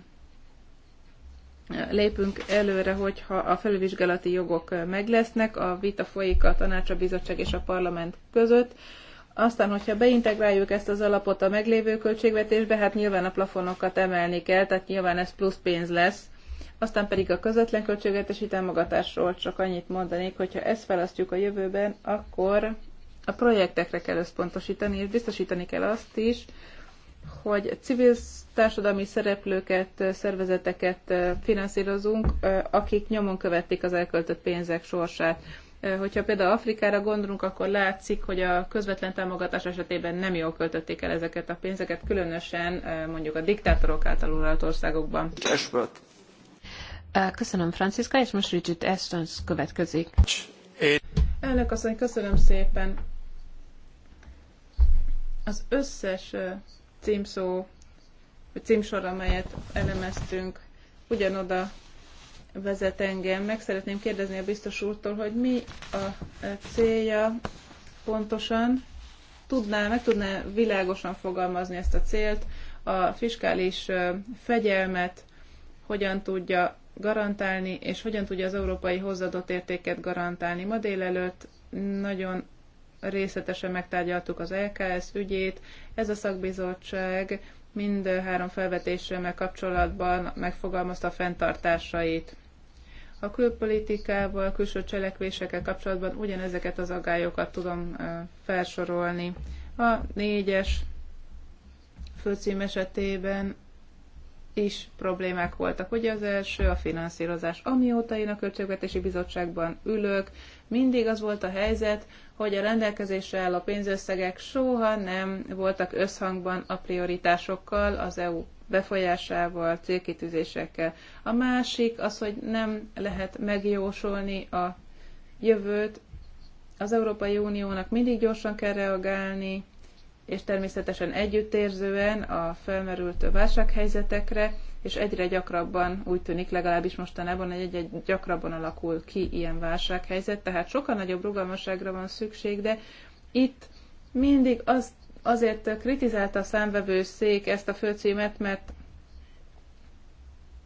lépünk előre, hogyha a felülvizsgálati jogok meglesznek, a vita folyik a tanács, a bizottság és a parlament között. Aztán, hogyha beintegráljuk ezt az alapot a meglévő költségvetésbe, hát nyilván a plafonokat emelni kell, tehát nyilván ez plusz pénz lesz, aztán pedig a közvetlen költségvetési támogatásról csak annyit mondanék, hogyha ezt felasztjuk a jövőben, akkor a projektekre kell összpontosítani, és biztosítani kell azt is, hogy civil társadalmi szereplőket, szervezeteket finanszírozunk, akik nyomon követik az elköltött pénzek sorsát. Hogyha például Afrikára gondolunk, akkor látszik, hogy a közvetlen támogatás esetében nem jól költötték el ezeket a pénzeket, különösen mondjuk a diktátorok által uralt országokban. Köszönöm, Franciszka, és most Richard Ashton következik. Elnök asszony, köszönöm szépen. Az összes címszó, vagy címsor, amelyet elemeztünk, ugyanoda vezet engem. Meg szeretném kérdezni a biztos úrtól, hogy mi a célja pontosan, tudná, meg tudná világosan fogalmazni ezt a célt, a fiskális fegyelmet hogyan tudja garantálni, és hogyan tudja az európai hozzáadott értéket garantálni. Ma délelőtt nagyon részletesen megtárgyaltuk az LKS ügyét. Ez a szakbizottság mind három felvetésemmel kapcsolatban megfogalmazta a fenntartásait. A külpolitikával, külső cselekvésekkel kapcsolatban ugyanezeket az agályokat tudom felsorolni. A négyes főcím esetében is problémák voltak. Ugye az első a finanszírozás. Amióta én a Költségvetési Bizottságban ülök, mindig az volt a helyzet, hogy a rendelkezésre álló pénzösszegek soha nem voltak összhangban a prioritásokkal, az EU befolyásával, célkitűzésekkel. A másik az, hogy nem lehet megjósolni a jövőt. Az Európai Uniónak mindig gyorsan kell reagálni, és természetesen együttérzően a felmerült válsághelyzetekre, és egyre gyakrabban, úgy tűnik legalábbis mostanában, hogy egyre gyakrabban alakul ki ilyen válsághelyzet, tehát sokkal nagyobb rugalmasságra van szükség, de itt mindig az, azért kritizálta a szék ezt a főcímet, mert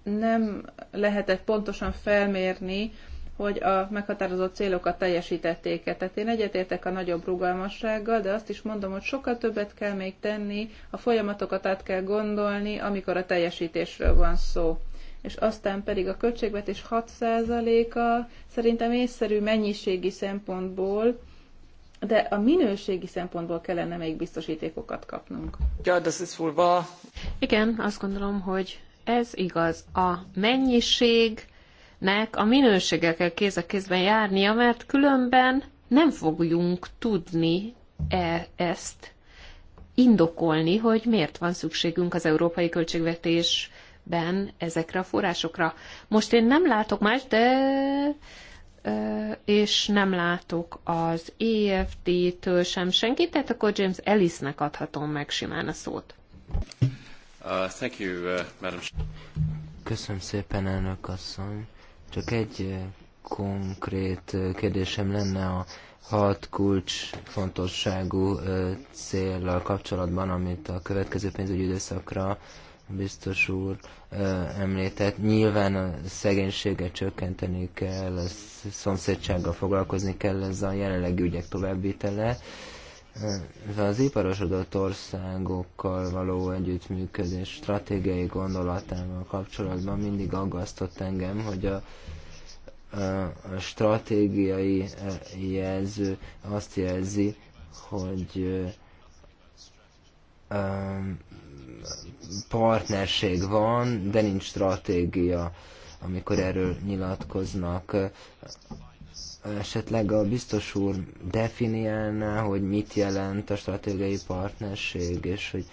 nem lehetett pontosan felmérni hogy a meghatározott célokat teljesítették-e. Tehát én egyetértek a nagyobb rugalmassággal, de azt is mondom, hogy sokkal többet kell még tenni, a folyamatokat át kell gondolni, amikor a teljesítésről van szó. És aztán pedig a költségvetés 6%-a szerintem észszerű mennyiségi szempontból, de a minőségi szempontból kellene még biztosítékokat kapnunk. Ja, das ist wohl wahr. Igen, azt gondolom, hogy ez igaz. A mennyiség nek a minőséggel kell kéz a kézben járnia, mert különben nem fogjunk tudni e- ezt indokolni, hogy miért van szükségünk az európai költségvetésben ezekre a forrásokra. Most én nem látok más, de és nem látok az EFT-től sem senkit, tehát akkor James Ellisnek adhatom meg simán a szót. Uh, thank you, uh, madam. Köszönöm szépen, elnök asszony. Csak egy eh, konkrét eh, kérdésem lenne a hat kulcs fontosságú eh, céllal kapcsolatban, amit a következő pénzügyi időszakra biztos úr említett. Nyilván a szegénységet csökkenteni kell, a szomszédsággal foglalkozni kell, ez a jelenlegi ügyek továbbvitele. Ez az iparosodott országokkal való együttműködés stratégiai gondolatával kapcsolatban mindig aggasztott engem, hogy a, a stratégiai e, jelző azt jelzi, hogy e, e, partnerség van, de nincs stratégia, amikor erről nyilatkoznak esetleg a biztos úr definiálná, hogy mit jelent a stratégiai partnerség, és hogy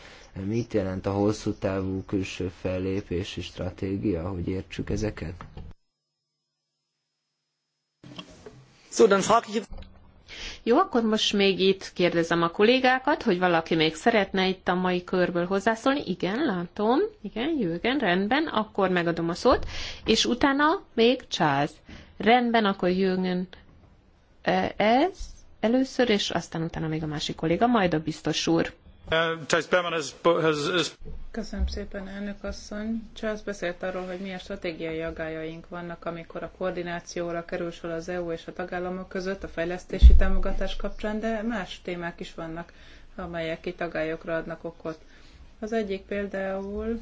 mit jelent a hosszú távú külső fellépési stratégia, hogy értsük ezeket? Jó, akkor most még itt kérdezem a kollégákat, hogy valaki még szeretne itt a mai körből hozzászólni. Igen, látom. Igen, jövőgen, rendben. Akkor megadom a szót. És utána még Charles. Rendben, akkor jöjjön ez először, és aztán utána még a másik kolléga, majd a biztos úr. Köszönöm szépen, elnök asszony. Charles beszélt arról, hogy milyen stratégiai agályaink vannak, amikor a koordinációra kerül sor az EU és a tagállamok között a fejlesztési támogatás kapcsán, de más témák is vannak, amelyek itt adnak okot. Az egyik például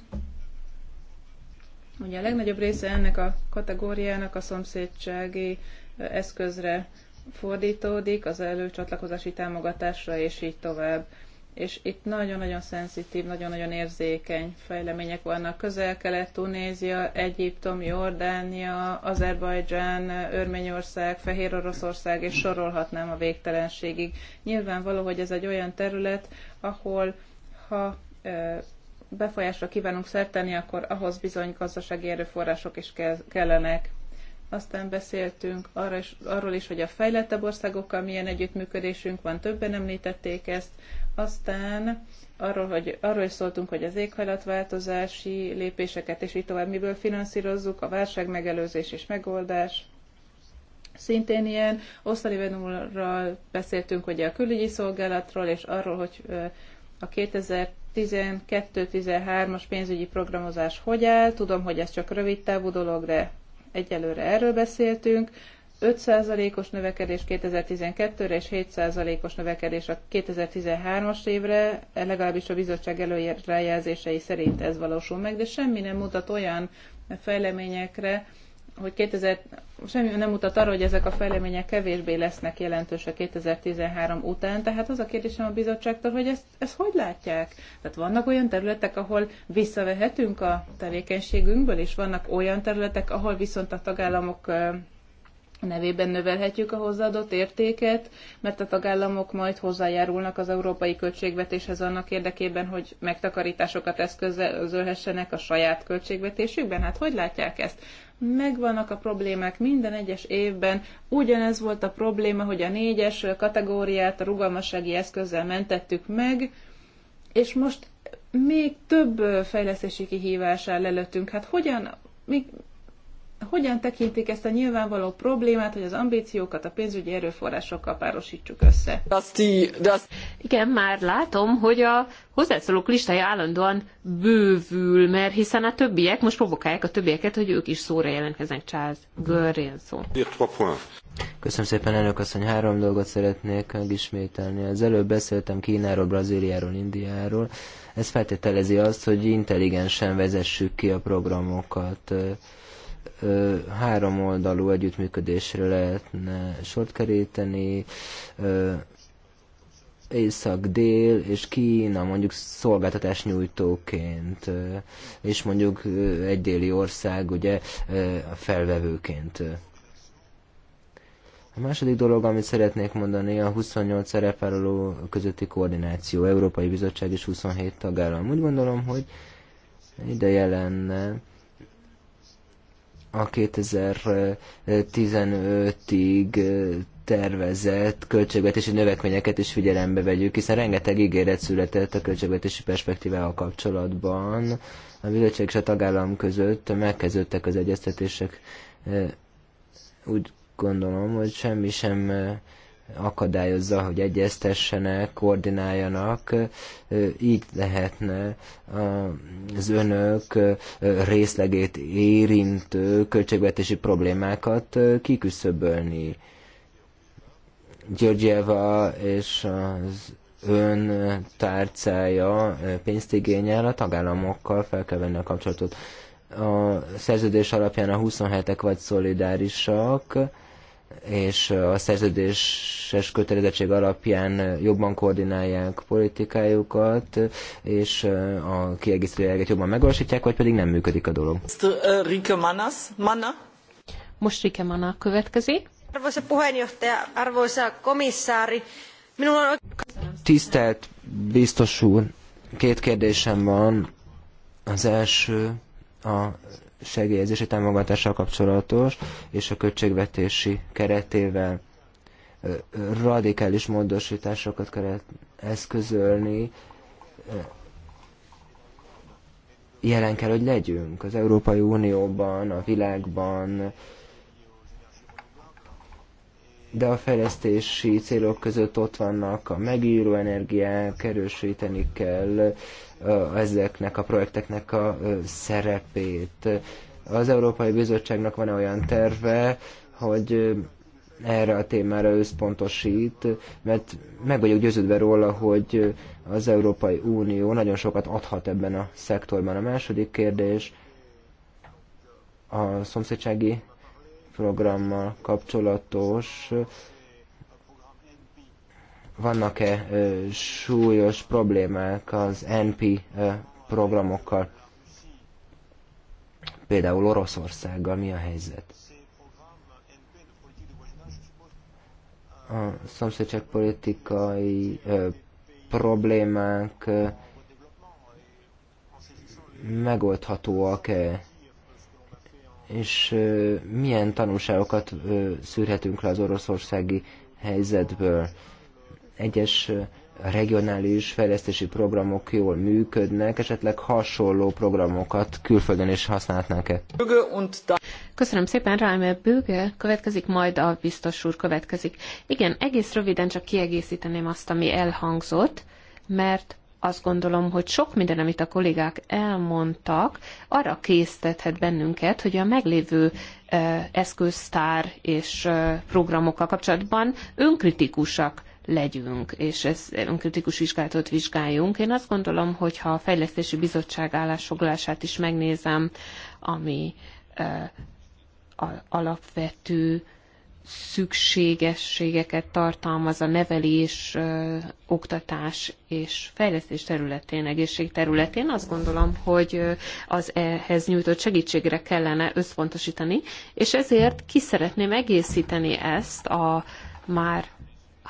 Ugye a legnagyobb része ennek a kategóriának a szomszédsági eszközre fordítódik, az előcsatlakozási támogatásra, és így tovább. És itt nagyon-nagyon szenzitív, nagyon-nagyon érzékeny fejlemények vannak. Közel-kelet, Tunézia, Egyiptom, Jordánia, Azerbajdzsán, Örményország, Fehér Oroszország, és sorolhatnám a végtelenségig. Nyilvánvaló, hogy ez egy olyan terület, ahol ha befolyásra kívánunk szerteni, akkor ahhoz bizony gazdasági erőforrások is kellenek. Aztán beszéltünk arra is, arról is, hogy a fejlettebb országokkal milyen együttműködésünk van, többen említették ezt. Aztán arról, hogy, arról is szóltunk, hogy az éghajlatváltozási lépéseket és így tovább miből finanszírozzuk, a válság megelőzés és megoldás. Szintén ilyen Oszalivenúrral beszéltünk ugye a külügyi szolgálatról, és arról, hogy a 2000 12-13-as pénzügyi programozás hogy áll. Tudom, hogy ez csak rövid távú dolog, de egyelőre erről beszéltünk. 5%-os növekedés 2012-re és 7%-os növekedés a 2013-as évre, legalábbis a bizottság előjelzései szerint ez valósul meg, de semmi nem mutat olyan fejleményekre, hogy 2000, semmi nem mutat arra, hogy ezek a fejlemények kevésbé lesznek jelentősek 2013 után, tehát az a kérdésem a bizottságtól, hogy ezt, ezt hogy látják? Tehát vannak olyan területek, ahol visszavehetünk a tevékenységünkből, és vannak olyan területek, ahol viszont a tagállamok nevében növelhetjük a hozzáadott értéket, mert a tagállamok majd hozzájárulnak az európai költségvetéshez annak érdekében, hogy megtakarításokat eszközölhessenek a saját költségvetésükben. Hát hogy látják ezt? megvannak a problémák minden egyes évben. Ugyanez volt a probléma, hogy a négyes kategóriát a rugalmassági eszközzel mentettük meg, és most még több fejlesztési kihívás áll előttünk. Hát hogyan, mi, hogyan tekintik ezt a nyilvánvaló problémát, hogy az ambíciókat a pénzügyi erőforrásokkal párosítsuk össze? Igen, már látom, hogy a hozzászólók listája állandóan bővül, mert hiszen a többiek most provokálják a többieket, hogy ők is szóra jelentkeznek. Charles Görrén szó. Köszönöm szépen, elnök asszony. Három dolgot szeretnék megismételni. Az előbb beszéltem Kínáról, Brazíliáról, Indiáról. Ez feltételezi azt, hogy intelligensen vezessük ki a programokat három oldalú együttműködésre lehetne sort keríteni, észak-dél és Kína mondjuk szolgáltatás nyújtóként, és mondjuk egy déli ország ugye felvevőként. A második dolog, amit szeretnék mondani, a 28 szerepvállaló közötti koordináció, Európai Bizottság és 27 tagállam. Úgy gondolom, hogy ideje lenne a 2015-ig tervezett költségvetési növekményeket is figyelembe vegyük, hiszen rengeteg ígéret született a költségvetési perspektívával kapcsolatban. A bizottság és a tagállam között megkezdődtek az egyeztetések. Úgy gondolom, hogy semmi sem akadályozza, hogy egyeztessenek, koordináljanak, így lehetne az önök részlegét érintő költségvetési problémákat kiküszöbölni. Györgyeva és az ön tárcája pénzt igényel, a tagállamokkal fel kell venni a kapcsolatot. A szerződés alapján a 27-ek vagy szolidárisak, és a szerződéses kötelezettség alapján jobban koordinálják politikájukat, és a kiegészítő jelleget jobban megvalósítják, vagy pedig nem működik a dolog. Rike Manas, mana? Most Rike Mana következik. Arvoisa puheenjohtaja, arvoisa komissári, Minulla on... Tisztelt biztos úr, két kérdésem van. Az első a segélyezési támogatással kapcsolatos, és a költségvetési keretével radikális módosításokat kellett eszközölni, jelen kell, hogy legyünk az Európai Unióban, a világban, de a fejlesztési célok között ott vannak a megíró energiák, erősíteni kell ezeknek a projekteknek a szerepét. Az Európai Bizottságnak van -e olyan terve, hogy erre a témára összpontosít, mert meg vagyok győződve róla, hogy az Európai Unió nagyon sokat adhat ebben a szektorban. A második kérdés a szomszédsági programmal kapcsolatos vannak-e súlyos problémák az NP programokkal? Például Oroszországgal mi a helyzet? A szomszédságpolitikai problémák megoldhatóak-e és milyen tanulságokat szűrhetünk le az oroszországi helyzetből. Egyes regionális fejlesztési programok jól működnek, esetleg hasonló programokat külföldön is használhatnánk-e? Köszönöm szépen, Ráime Böge, következik majd a biztos úr következik. Igen, egész röviden csak kiegészíteném azt, ami elhangzott, mert azt gondolom, hogy sok minden, amit a kollégák elmondtak, arra késztethet bennünket, hogy a meglévő eszköztár és programokkal kapcsolatban önkritikusak legyünk, és ez önkritikus vizsgálatot vizsgáljunk. Én azt gondolom, hogy ha a Fejlesztési Bizottság állásfoglalását is megnézem, ami alapvető szükségességeket tartalmaz a nevelés, oktatás és fejlesztés területén, egészség területén. Azt gondolom, hogy az ehhez nyújtott segítségre kellene összpontosítani, és ezért ki szeretném egészíteni ezt a már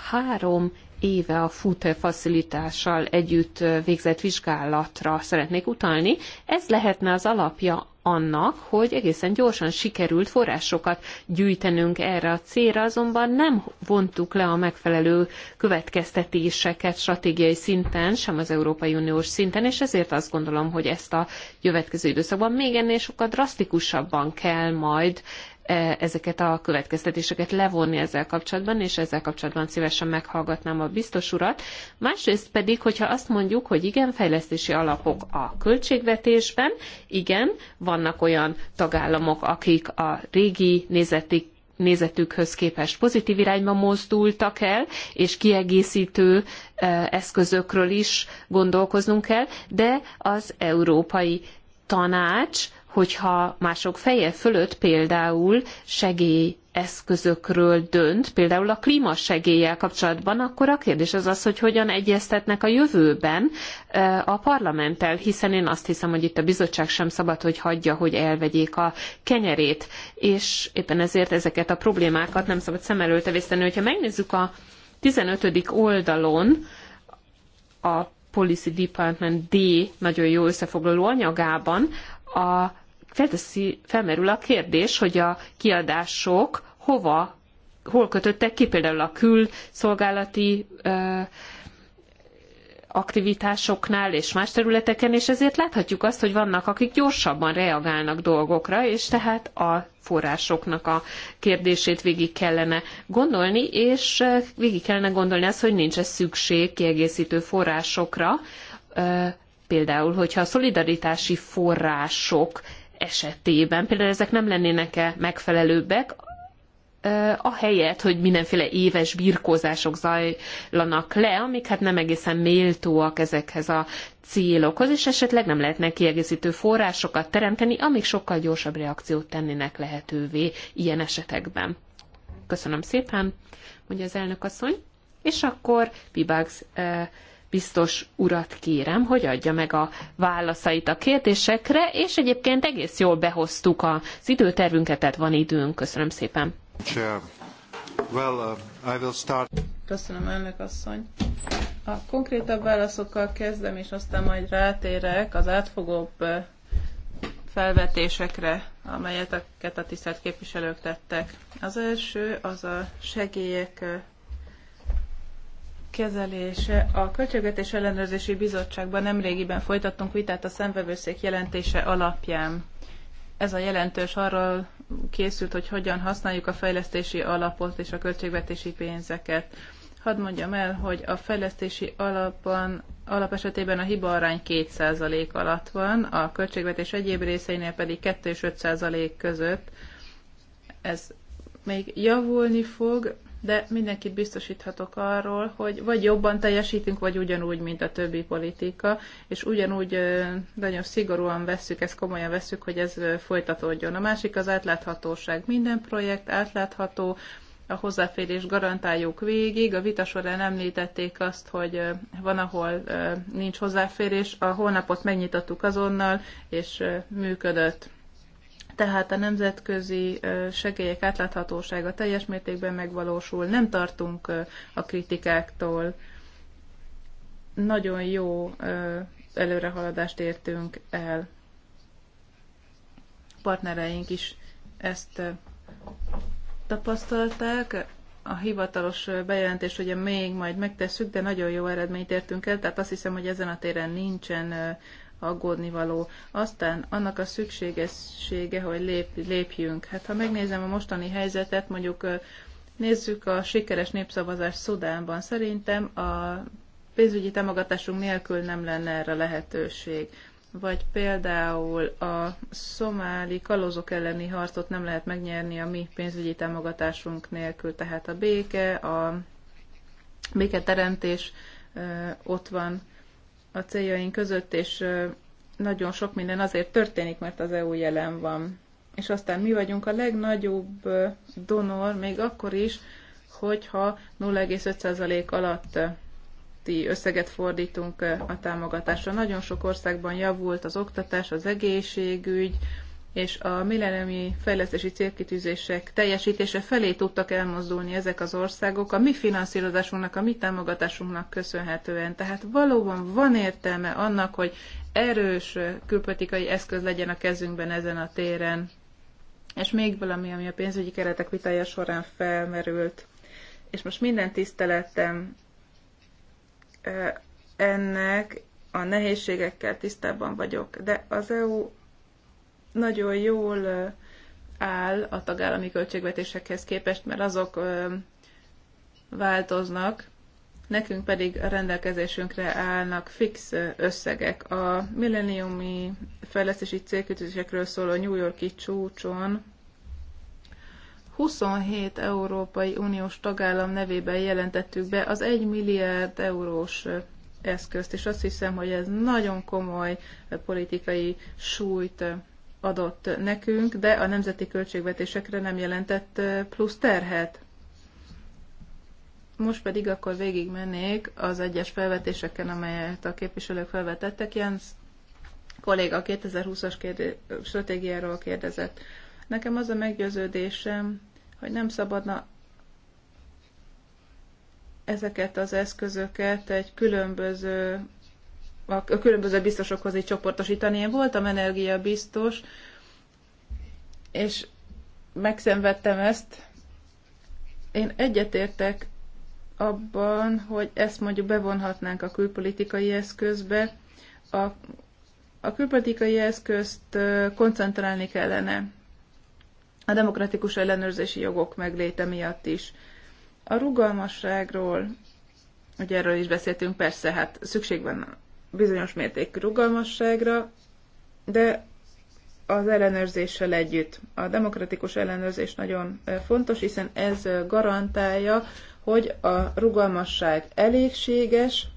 három éve a FUTE facilitással együtt végzett vizsgálatra szeretnék utalni. Ez lehetne az alapja annak, hogy egészen gyorsan sikerült forrásokat gyűjtenünk erre a célra, azonban nem vontuk le a megfelelő következtetéseket stratégiai szinten, sem az Európai Uniós szinten, és ezért azt gondolom, hogy ezt a következő időszakban még ennél sokkal drasztikusabban kell majd E, ezeket a következtetéseket levonni ezzel kapcsolatban, és ezzel kapcsolatban szívesen meghallgatnám a biztos urat. Másrészt pedig, hogyha azt mondjuk, hogy igen, fejlesztési alapok a költségvetésben, igen, vannak olyan tagállamok, akik a régi nézetik nézetükhöz képest pozitív irányba mozdultak el, és kiegészítő e, eszközökről is gondolkoznunk kell, de az Európai Tanács hogyha mások feje fölött például segély eszközökről dönt, például a klímasegéllyel kapcsolatban, akkor a kérdés az az, hogy hogyan egyeztetnek a jövőben a parlamenttel, hiszen én azt hiszem, hogy itt a bizottság sem szabad, hogy hagyja, hogy elvegyék a kenyerét, és éppen ezért ezeket a problémákat nem szabad szem előtt evészteni. Hogyha megnézzük a 15. oldalon a Policy Department D nagyon jó összefoglaló anyagában, a felteszi, felmerül a kérdés, hogy a kiadások hova, hol kötöttek ki, például a külszolgálati ö, aktivitásoknál és más területeken, és ezért láthatjuk azt, hogy vannak, akik gyorsabban reagálnak dolgokra, és tehát a forrásoknak a kérdését végig kellene gondolni, és végig kellene gondolni azt, hogy nincs e szükség kiegészítő forrásokra, például, hogyha a szolidaritási források esetében például ezek nem lennének-e megfelelőbbek, a helyet, hogy mindenféle éves birkózások zajlanak le, amik hát nem egészen méltóak ezekhez a célokhoz, és esetleg nem lehetnek kiegészítő forrásokat teremteni, amik sokkal gyorsabb reakciót tennének lehetővé ilyen esetekben. Köszönöm szépen, mondja az elnök asszony. És akkor Pibags biztos urat kérem, hogy adja meg a válaszait a kérdésekre, és egyébként egész jól behoztuk az időtervünket, tehát van időnk. Köszönöm szépen. Uh, Köszönöm önnek, asszony. A konkrétabb válaszokkal kezdem, és aztán majd rátérek az átfogóbb uh, felvetésekre, amelyeket a tisztelt képviselők tettek. Az első az a segélyek uh, kezelése. A Költségvetés Ellenőrzési Bizottságban nemrégiben folytattunk vitát a szemvevőszék jelentése alapján. Ez a jelentős arról készült, hogy hogyan használjuk a fejlesztési alapot és a költségvetési pénzeket. Hadd mondjam el, hogy a fejlesztési alapban, alap esetében a hiba arány 2% alatt van, a költségvetés egyéb részeinél pedig 2 és 5% között. Ez még javulni fog, de mindenkit biztosíthatok arról, hogy vagy jobban teljesítünk, vagy ugyanúgy, mint a többi politika, és ugyanúgy nagyon szigorúan vesszük, ezt komolyan vesszük, hogy ez folytatódjon. A másik az átláthatóság. Minden projekt átlátható, a hozzáférés garantáljuk végig. A vita során említették azt, hogy van, ahol nincs hozzáférés. A holnapot megnyitottuk azonnal, és működött tehát a nemzetközi segélyek átláthatósága teljes mértékben megvalósul, nem tartunk a kritikáktól, nagyon jó előrehaladást értünk el. A partnereink is ezt tapasztalták, a hivatalos bejelentést ugye még majd megtesszük, de nagyon jó eredményt értünk el, tehát azt hiszem, hogy ezen a téren nincsen aggódni való. Aztán annak a szükségessége, hogy lép, lépjünk. Hát ha megnézem a mostani helyzetet, mondjuk nézzük a sikeres népszavazás Szudánban. Szerintem a pénzügyi támogatásunk nélkül nem lenne erre lehetőség. Vagy például a szomáli kalózok elleni harcot nem lehet megnyerni a mi pénzügyi támogatásunk nélkül. Tehát a béke, a béketeremtés ott van a céljaink között, és nagyon sok minden azért történik, mert az EU jelen van. És aztán mi vagyunk a legnagyobb donor, még akkor is, hogyha 0,5% alatt összeget fordítunk a támogatásra. Nagyon sok országban javult az oktatás, az egészségügy, és a millenniumi fejlesztési célkitűzések teljesítése felé tudtak elmozdulni ezek az országok a mi finanszírozásunknak, a mi támogatásunknak köszönhetően. Tehát valóban van értelme annak, hogy erős külpolitikai eszköz legyen a kezünkben ezen a téren. És még valami, ami a pénzügyi keretek vitája során felmerült. És most minden tiszteletem eh, ennek a nehézségekkel tisztában vagyok, de az EU nagyon jól áll a tagállami költségvetésekhez képest, mert azok változnak, nekünk pedig a rendelkezésünkre állnak fix összegek. A milleniumi fejlesztési célkötésekről szóló New Yorki csúcson 27 Európai Uniós tagállam nevében jelentettük be az 1 milliárd eurós eszközt, és azt hiszem, hogy ez nagyon komoly politikai súlyt adott nekünk, de a nemzeti költségvetésekre nem jelentett plusz terhet. Most pedig akkor végigmennék az egyes felvetéseken, amelyet a képviselők felvetettek. Jens kolléga a 2020-as kérdé- stratégiáról kérdezett. Nekem az a meggyőződésem, hogy nem szabadna ezeket az eszközöket egy különböző a különböző biztosokhoz egy csoportosítani. Én voltam energia biztos, és megszenvedtem ezt. Én egyetértek abban, hogy ezt mondjuk bevonhatnánk a külpolitikai eszközbe. A, a külpolitikai eszközt koncentrálni kellene a demokratikus ellenőrzési jogok megléte miatt is. A rugalmasságról, ugye erről is beszéltünk, persze, hát szükség van bizonyos mértékű rugalmasságra, de az ellenőrzéssel együtt. A demokratikus ellenőrzés nagyon fontos, hiszen ez garantálja, hogy a rugalmasság elégséges,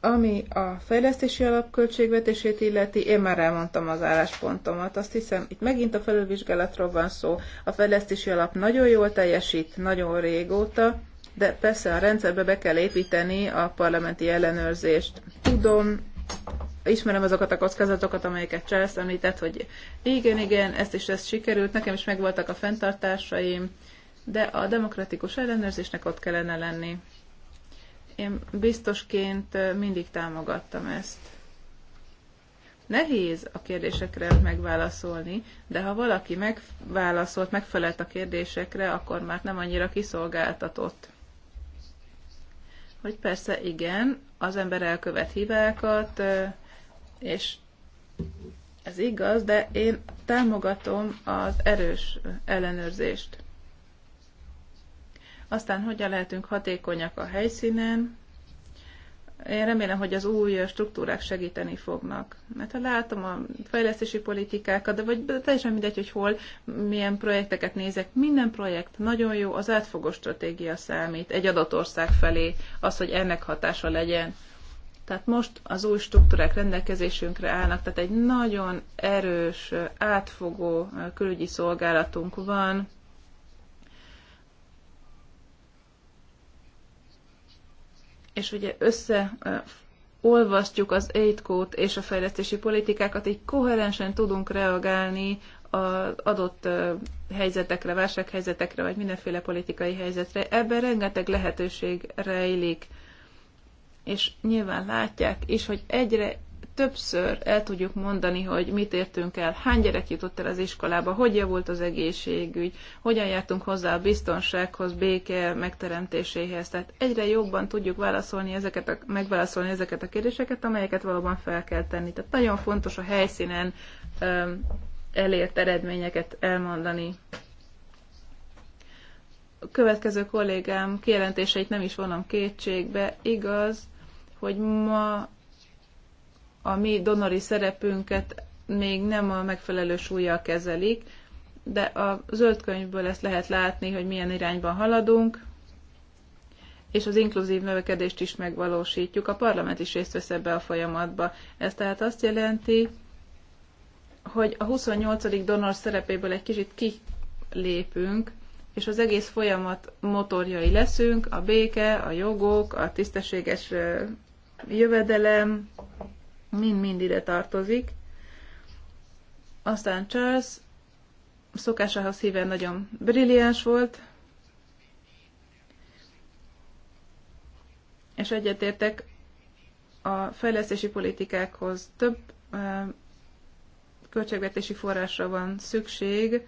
ami a fejlesztési alapköltségvetését illeti, én már elmondtam az álláspontomat. Azt hiszem, itt megint a felülvizsgálatról van szó. A fejlesztési alap nagyon jól teljesít, nagyon régóta, de persze a rendszerbe be kell építeni a parlamenti ellenőrzést. Tudom, ismerem azokat a kockázatokat, amelyeket Charles említett, hogy igen, igen, ezt is ezt sikerült, nekem is megvoltak a fenntartásaim, de a demokratikus ellenőrzésnek ott kellene lenni. Én biztosként eh, mindig támogattam ezt. Nehéz a kérdésekre megválaszolni, de ha valaki megválaszolt, megfelelt a kérdésekre, akkor már nem annyira kiszolgáltatott hogy persze igen, az ember elkövet hibákat, és ez igaz, de én támogatom az erős ellenőrzést. Aztán hogyan lehetünk hatékonyak a helyszínen, én remélem, hogy az új struktúrák segíteni fognak. Mert ha látom a fejlesztési politikákat, de vagy teljesen mindegy, hogy hol, milyen projekteket nézek, minden projekt nagyon jó, az átfogó stratégia számít egy adott ország felé, az, hogy ennek hatása legyen. Tehát most az új struktúrák rendelkezésünkre állnak, tehát egy nagyon erős, átfogó külügyi szolgálatunk van, és ugye össze olvasztjuk az aid és a fejlesztési politikákat, így koherensen tudunk reagálni az adott helyzetekre, válsághelyzetekre, vagy mindenféle politikai helyzetre. Ebben rengeteg lehetőség rejlik. És nyilván látják is, hogy egyre többször el tudjuk mondani, hogy mit értünk el, hány gyerek jutott el az iskolába, hogy javult az egészségügy, hogyan jártunk hozzá a biztonsághoz, béke megteremtéséhez. Tehát egyre jobban tudjuk válaszolni ezeket a, megválaszolni ezeket a kérdéseket, amelyeket valóban fel kell tenni. Tehát nagyon fontos a helyszínen um, elért eredményeket elmondani. A következő kollégám kijelentéseit nem is vonom kétségbe. Igaz, hogy ma a mi donori szerepünket még nem a megfelelő súlyjal kezelik, de a zöld könyvből ezt lehet látni, hogy milyen irányban haladunk, és az inkluzív növekedést is megvalósítjuk. A parlament is részt vesz ebbe a folyamatba. Ez tehát azt jelenti, hogy a 28. donor szerepéből egy kicsit kilépünk, és az egész folyamat motorjai leszünk, a béke, a jogok, a tisztességes jövedelem, mind-mind ide tartozik. Aztán Charles szokásához híven nagyon brilliáns volt, és egyetértek a fejlesztési politikákhoz több költségvetési forrásra van szükség,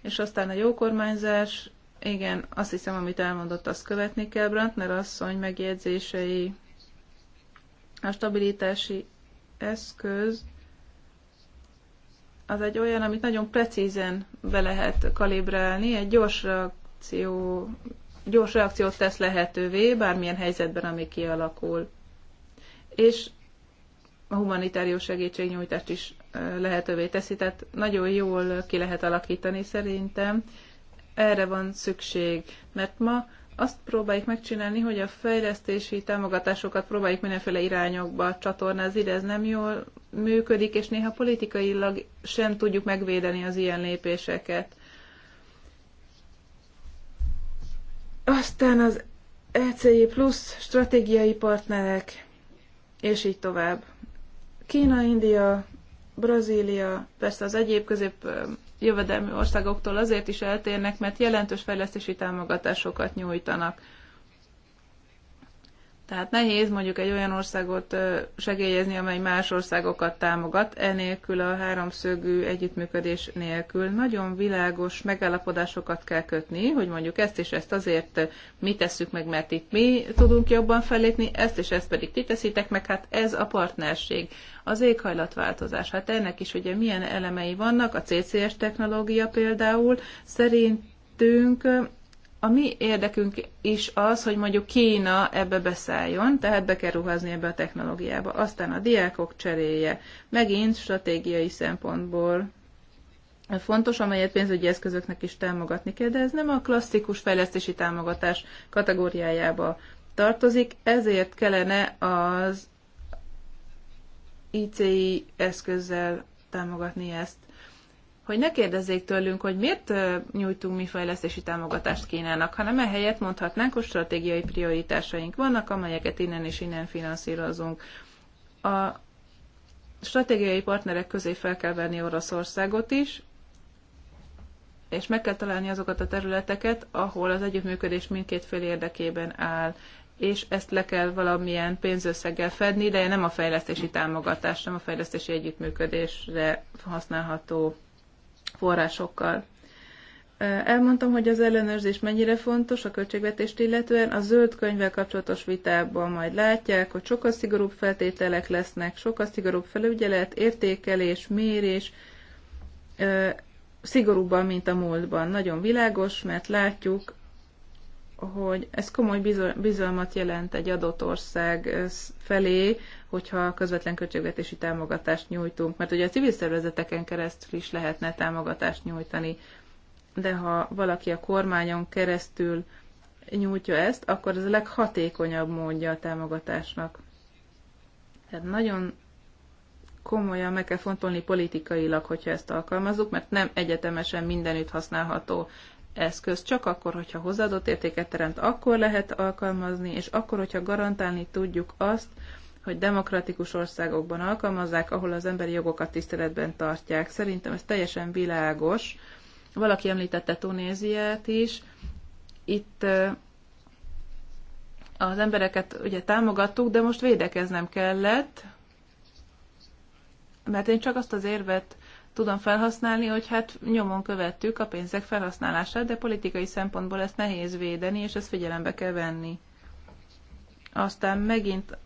és aztán a jó kormányzás, igen, azt hiszem, amit elmondott, azt követni kell Brandner asszony megjegyzései, a stabilitási eszköz az egy olyan, amit nagyon precízen be lehet kalibrálni, egy gyors reakció, gyors reakciót tesz lehetővé bármilyen helyzetben, ami kialakul. És a humanitárius segítségnyújtást is lehetővé teszi, tehát nagyon jól ki lehet alakítani szerintem. Erre van szükség, mert ma azt próbáljuk megcsinálni, hogy a fejlesztési támogatásokat próbáljuk mindenféle irányokba csatornázni, de ez nem jól működik, és néha politikailag sem tudjuk megvédeni az ilyen lépéseket. Aztán az ECI plusz stratégiai partnerek, és így tovább. Kína, India, Brazília persze az egyéb közép jövedelmi országoktól azért is eltérnek, mert jelentős fejlesztési támogatásokat nyújtanak. Tehát nehéz mondjuk egy olyan országot segélyezni, amely más országokat támogat, enélkül a háromszögű együttműködés nélkül nagyon világos megállapodásokat kell kötni, hogy mondjuk ezt és ezt azért mi tesszük meg, mert itt mi tudunk jobban fellépni, ezt és ezt pedig ti teszitek meg, hát ez a partnerség. Az éghajlatváltozás, hát ennek is ugye milyen elemei vannak, a CCS technológia például, szerint szerintünk a mi érdekünk is az, hogy mondjuk Kína ebbe beszálljon, tehát be kell ruházni ebbe a technológiába. Aztán a diákok cseréje, megint stratégiai szempontból fontos, amelyet pénzügyi eszközöknek is támogatni kell, de ez nem a klasszikus fejlesztési támogatás kategóriájába tartozik, ezért kellene az ICI eszközzel támogatni ezt hogy ne kérdezzék tőlünk, hogy miért nyújtunk mi fejlesztési támogatást Kínának, hanem ehelyett mondhatnánk, hogy stratégiai prioritásaink vannak, amelyeket innen és innen finanszírozunk. A stratégiai partnerek közé fel kell venni Oroszországot is, és meg kell találni azokat a területeket, ahol az együttműködés mindkét fél érdekében áll és ezt le kell valamilyen pénzösszeggel fedni, de nem a fejlesztési támogatás, nem a fejlesztési együttműködésre használható forrásokkal. Elmondtam, hogy az ellenőrzés mennyire fontos a költségvetést illetően. A zöld könyvvel kapcsolatos vitában majd látják, hogy sokkal szigorúbb feltételek lesznek, sokkal szigorúbb felügyelet, értékelés, mérés, szigorúbban, mint a múltban. Nagyon világos, mert látjuk hogy ez komoly bizalmat jelent egy adott ország felé, hogyha közvetlen költségvetési támogatást nyújtunk, mert ugye a civil szervezeteken keresztül is lehetne támogatást nyújtani, de ha valaki a kormányon keresztül nyújtja ezt, akkor ez a leghatékonyabb módja a támogatásnak. Tehát nagyon komolyan meg kell fontolni politikailag, hogyha ezt alkalmazzuk, mert nem egyetemesen mindenütt használható eszköz csak akkor, hogyha hozzáadott értéket teremt, akkor lehet alkalmazni, és akkor, hogyha garantálni tudjuk azt, hogy demokratikus országokban alkalmazzák, ahol az emberi jogokat tiszteletben tartják. Szerintem ez teljesen világos. Valaki említette Tunéziát is. Itt az embereket ugye támogattuk, de most védekeznem kellett, mert én csak azt az érvet tudom felhasználni, hogy hát nyomon követtük a pénzek felhasználását, de politikai szempontból ezt nehéz védeni, és ezt figyelembe kell venni. Aztán megint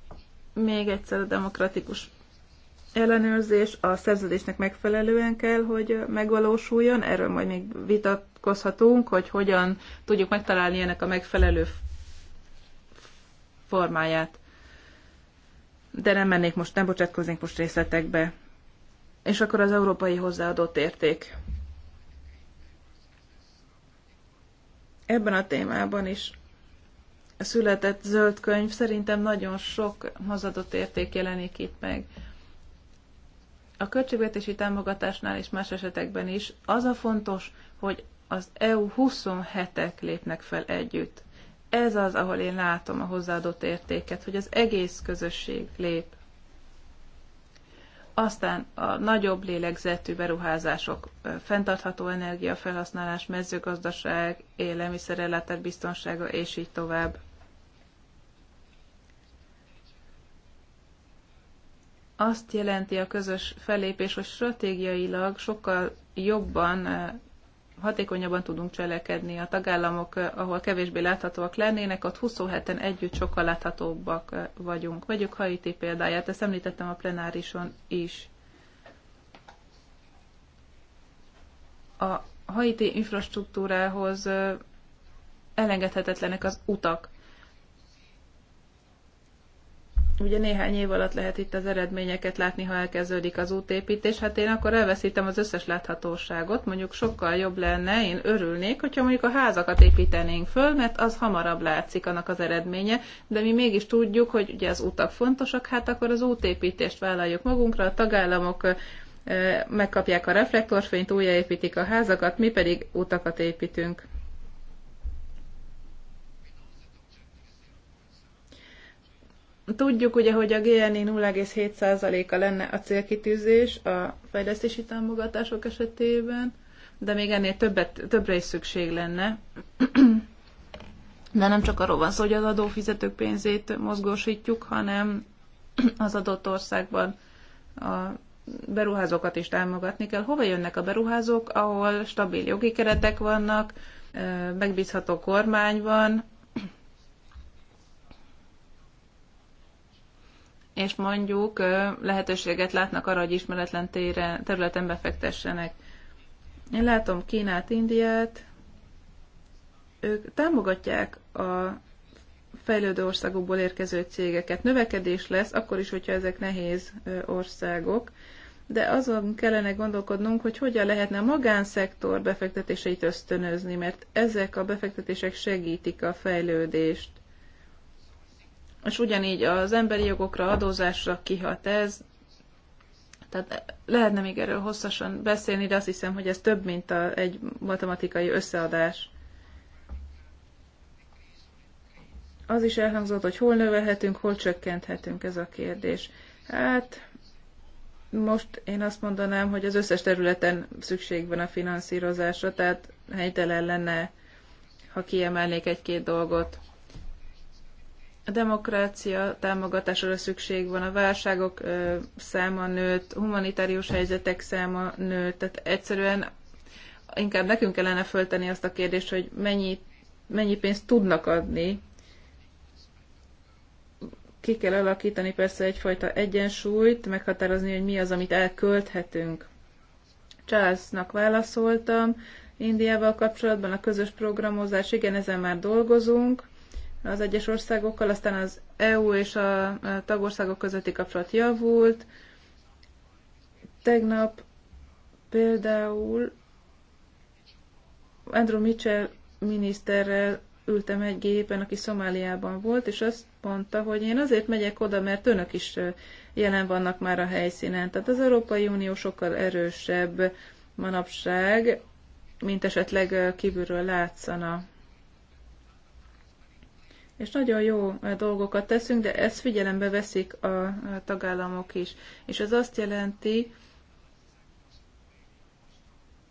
még egyszer a demokratikus ellenőrzés a szerződésnek megfelelően kell, hogy megvalósuljon. Erről majd még vitatkozhatunk, hogy hogyan tudjuk megtalálni ennek a megfelelő formáját. De nem mennék most, nem bocsátkoznék most részletekbe és akkor az európai hozzáadott érték. Ebben a témában is született zöld könyv, szerintem nagyon sok hozzáadott érték jelenik itt meg. A költségvetési támogatásnál és más esetekben is az a fontos, hogy az EU 27-ek lépnek fel együtt. Ez az, ahol én látom a hozzáadott értéket, hogy az egész közösség lép aztán a nagyobb lélegzetű beruházások, fenntartható energiafelhasználás, mezőgazdaság, élelmiszerellátás biztonsága, és így tovább. Azt jelenti a közös felépés, hogy stratégiailag sokkal jobban hatékonyabban tudunk cselekedni. A tagállamok, ahol kevésbé láthatóak lennének, ott 27-en együtt sokkal láthatóbbak eh, vagyunk. Vegyük Haiti példáját, ezt említettem a plenárison is. A Haiti infrastruktúrához eh, elengedhetetlenek az utak. Ugye néhány év alatt lehet itt az eredményeket látni, ha elkezdődik az útépítés. Hát én akkor elveszítem az összes láthatóságot, mondjuk sokkal jobb lenne, én örülnék, hogyha mondjuk a házakat építenénk föl, mert az hamarabb látszik annak az eredménye, de mi mégis tudjuk, hogy ugye az utak fontosak, hát akkor az útépítést vállaljuk magunkra, a tagállamok megkapják a reflektorfényt, újjáépítik a házakat, mi pedig utakat építünk. Tudjuk ugye, hogy a GNI 0,7%-a lenne a célkitűzés a fejlesztési támogatások esetében, de még ennél többet, többre is szükség lenne. De nem csak arról van szó, hogy az adófizetők pénzét mozgósítjuk, hanem az adott országban a beruházókat is támogatni kell. Hova jönnek a beruházók, ahol stabil jogi keretek vannak, megbízható kormány van, és mondjuk lehetőséget látnak arra, hogy ismeretlen téren, területen befektessenek. Én látom Kínát, Indiát, ők támogatják a fejlődő országokból érkező cégeket. Növekedés lesz, akkor is, hogyha ezek nehéz országok, de azon kellene gondolkodnunk, hogy hogyan lehetne a magánszektor befektetéseit ösztönözni, mert ezek a befektetések segítik a fejlődést és ugyanígy az emberi jogokra, adózásra kihat ez, tehát lehetne még erről hosszasan beszélni, de azt hiszem, hogy ez több, mint a, egy matematikai összeadás. Az is elhangzott, hogy hol növelhetünk, hol csökkenthetünk ez a kérdés. Hát most én azt mondanám, hogy az összes területen szükség van a finanszírozásra, tehát helytelen lenne, ha kiemelnék egy-két dolgot. A demokrácia támogatásra szükség van, a válságok száma nőtt, humanitárius helyzetek száma nőtt, tehát egyszerűen inkább nekünk kellene föltenni azt a kérdést, hogy mennyi, mennyi pénzt tudnak adni. Ki kell alakítani persze egyfajta egyensúlyt, meghatározni, hogy mi az, amit elkölthetünk. Charlesnak válaszoltam Indiával kapcsolatban, a közös programozás, igen, ezen már dolgozunk az egyes országokkal, aztán az EU és a tagországok közötti kapcsolat javult. Tegnap például Andrew Mitchell miniszterrel ültem egy gépen, aki Szomáliában volt, és azt mondta, hogy én azért megyek oda, mert önök is jelen vannak már a helyszínen. Tehát az Európai Unió sokkal erősebb manapság, mint esetleg kívülről látszana és nagyon jó eh, dolgokat teszünk, de ezt figyelembe veszik a eh, tagállamok is. És ez azt jelenti,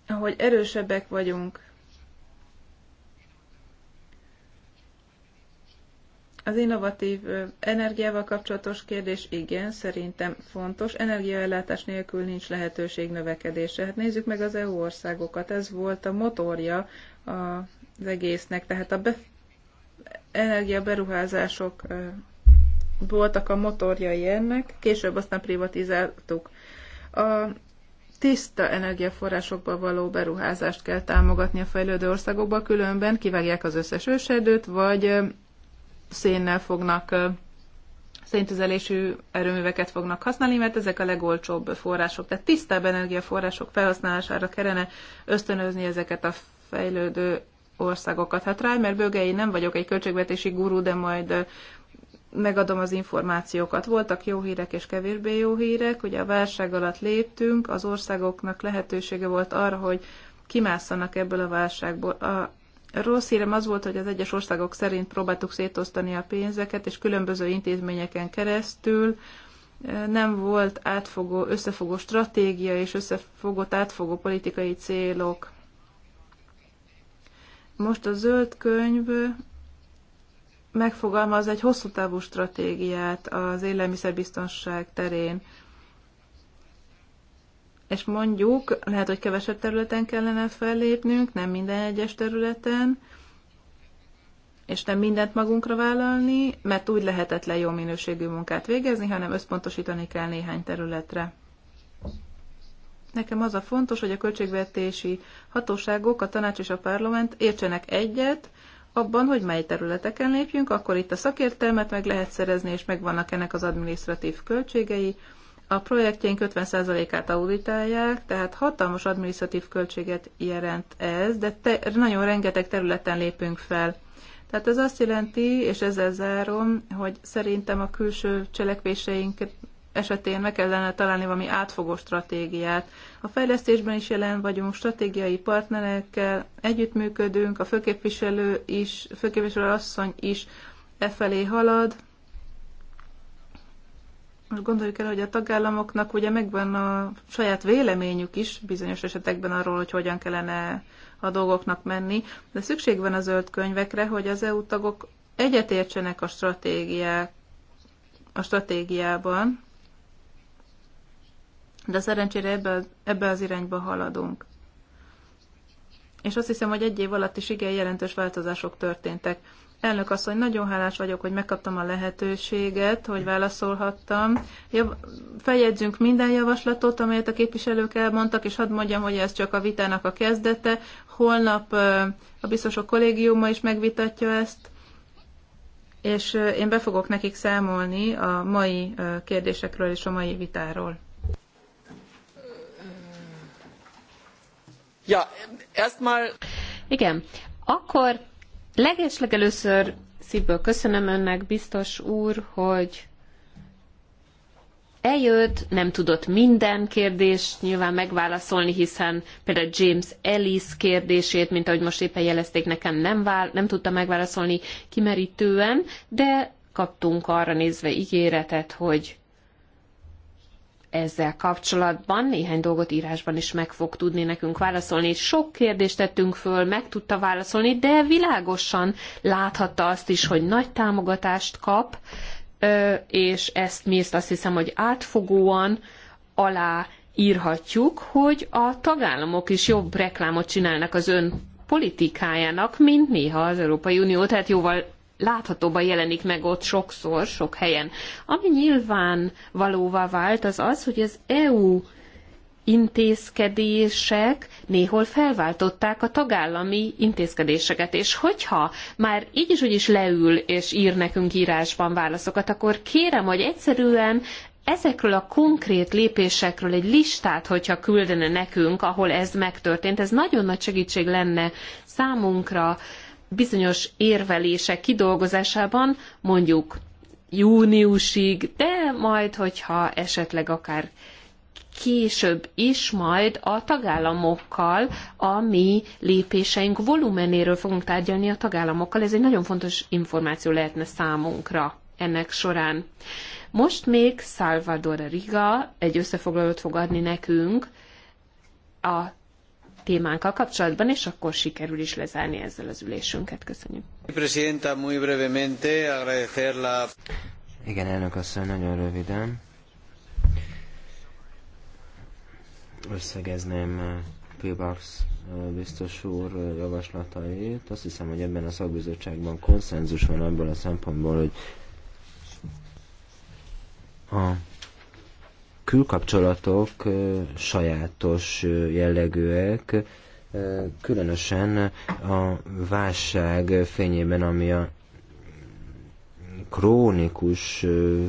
hogy erősebbek vagyunk. Az innovatív eh, energiával kapcsolatos kérdés igen, szerintem fontos. Energiaellátás nélkül nincs lehetőség növekedésre. Hát nézzük meg az EU országokat, ez volt a motorja az egésznek, tehát a energiaberuházások voltak a motorjai ennek, később aztán privatizáltuk. A tiszta energiaforrásokba való beruházást kell támogatni a fejlődő országokba, különben kivágják az összes őserdőt, vagy szénnel fognak széntüzelésű erőműveket fognak használni, mert ezek a legolcsóbb források. Tehát tisztább energiaforrások felhasználására kellene ösztönözni ezeket a fejlődő országokat. Hát Reimer Bögei nem vagyok egy költségvetési gurú, de majd megadom az információkat. Voltak jó hírek és kevésbé jó hírek, ugye a válság alatt léptünk, az országoknak lehetősége volt arra, hogy kimásszanak ebből a válságból. A rossz hírem az volt, hogy az egyes országok szerint próbáltuk szétosztani a pénzeket, és különböző intézményeken keresztül nem volt átfogó, összefogó stratégia és összefogott átfogó politikai célok most a zöld könyv megfogalmaz egy hosszú távú stratégiát az élelmiszerbiztonság terén. És mondjuk, lehet, hogy kevesebb területen kellene fellépnünk, nem minden egyes területen, és nem mindent magunkra vállalni, mert úgy lehetetlen jó minőségű munkát végezni, hanem összpontosítani kell néhány területre. Nekem az a fontos, hogy a költségvetési hatóságok, a tanács és a parlament értsenek egyet, abban, hogy mely területeken lépjünk, akkor itt a szakértelmet meg lehet szerezni, és megvannak ennek az administratív költségei. A projektjeink 50%-át auditálják, tehát hatalmas administratív költséget jelent ez, de te, nagyon rengeteg területen lépünk fel. Tehát ez azt jelenti, és ezzel zárom, hogy szerintem a külső cselekvéseink esetén meg kellene találni valami átfogó stratégiát. A fejlesztésben is jelen vagyunk, stratégiai partnerekkel együttműködünk, a főképviselő is, főképviselő asszony is e felé halad. Most gondoljuk el, hogy a tagállamoknak ugye megvan a saját véleményük is bizonyos esetekben arról, hogy hogyan kellene a dolgoknak menni, de szükség van a zöld könyvekre, hogy az EU tagok egyetértsenek a stratégiák a stratégiában, de szerencsére ebbe, ebbe az irányba haladunk. És azt hiszem, hogy egy év alatt is igen jelentős változások történtek. Elnök asszony, nagyon hálás vagyok, hogy megkaptam a lehetőséget, hogy válaszolhattam. Jav- feljegyzünk minden javaslatot, amelyet a képviselők elmondtak, és hadd mondjam, hogy ez csak a vitának a kezdete. Holnap a biztosok kollégiuma is megvitatja ezt, és én be fogok nekik számolni a mai kérdésekről és a mai vitáról. Ja, erstmal... Igen, akkor legeslegelőször szívből köszönöm önnek, biztos úr, hogy eljött, nem tudott minden kérdést nyilván megválaszolni, hiszen például James Ellis kérdését, mint ahogy most éppen jelezték nekem, nem, vál, nem tudta megválaszolni kimerítően, de kaptunk arra nézve ígéretet, hogy ezzel kapcsolatban. Néhány dolgot írásban is meg fog tudni nekünk válaszolni. Sok kérdést tettünk föl, meg tudta válaszolni, de világosan láthatta azt is, hogy nagy támogatást kap, és ezt mi ezt azt hiszem, hogy átfogóan alá írhatjuk, hogy a tagállamok is jobb reklámot csinálnak az ön politikájának, mint néha az Európai Unió, tehát jóval láthatóban jelenik meg ott sokszor, sok helyen. Ami nyilván valóvá vált, az az, hogy az EU intézkedések néhol felváltották a tagállami intézkedéseket, és hogyha már így is úgy is leül és ír nekünk írásban válaszokat, akkor kérem, hogy egyszerűen ezekről a konkrét lépésekről egy listát, hogyha küldene nekünk, ahol ez megtörtént, ez nagyon nagy segítség lenne számunkra, bizonyos érvelések kidolgozásában, mondjuk júniusig, de majd, hogyha esetleg akár később is majd a tagállamokkal a mi lépéseink volumenéről fogunk tárgyalni a tagállamokkal. Ez egy nagyon fontos információ lehetne számunkra ennek során. Most még Salvador Riga egy összefoglalót fog adni nekünk a témánkkal kapcsolatban, és akkor sikerül is lezárni ezzel az ülésünket. Köszönjük. Igen, elnök asszony, nagyon röviden. Összegezném eh, Pilbax eh, biztos úr eh, javaslatait. Azt hiszem, hogy ebben a szakbizottságban konszenzus van abból a szempontból, hogy a külkapcsolatok sajátos jellegűek, különösen a válság fényében, ami a krónikus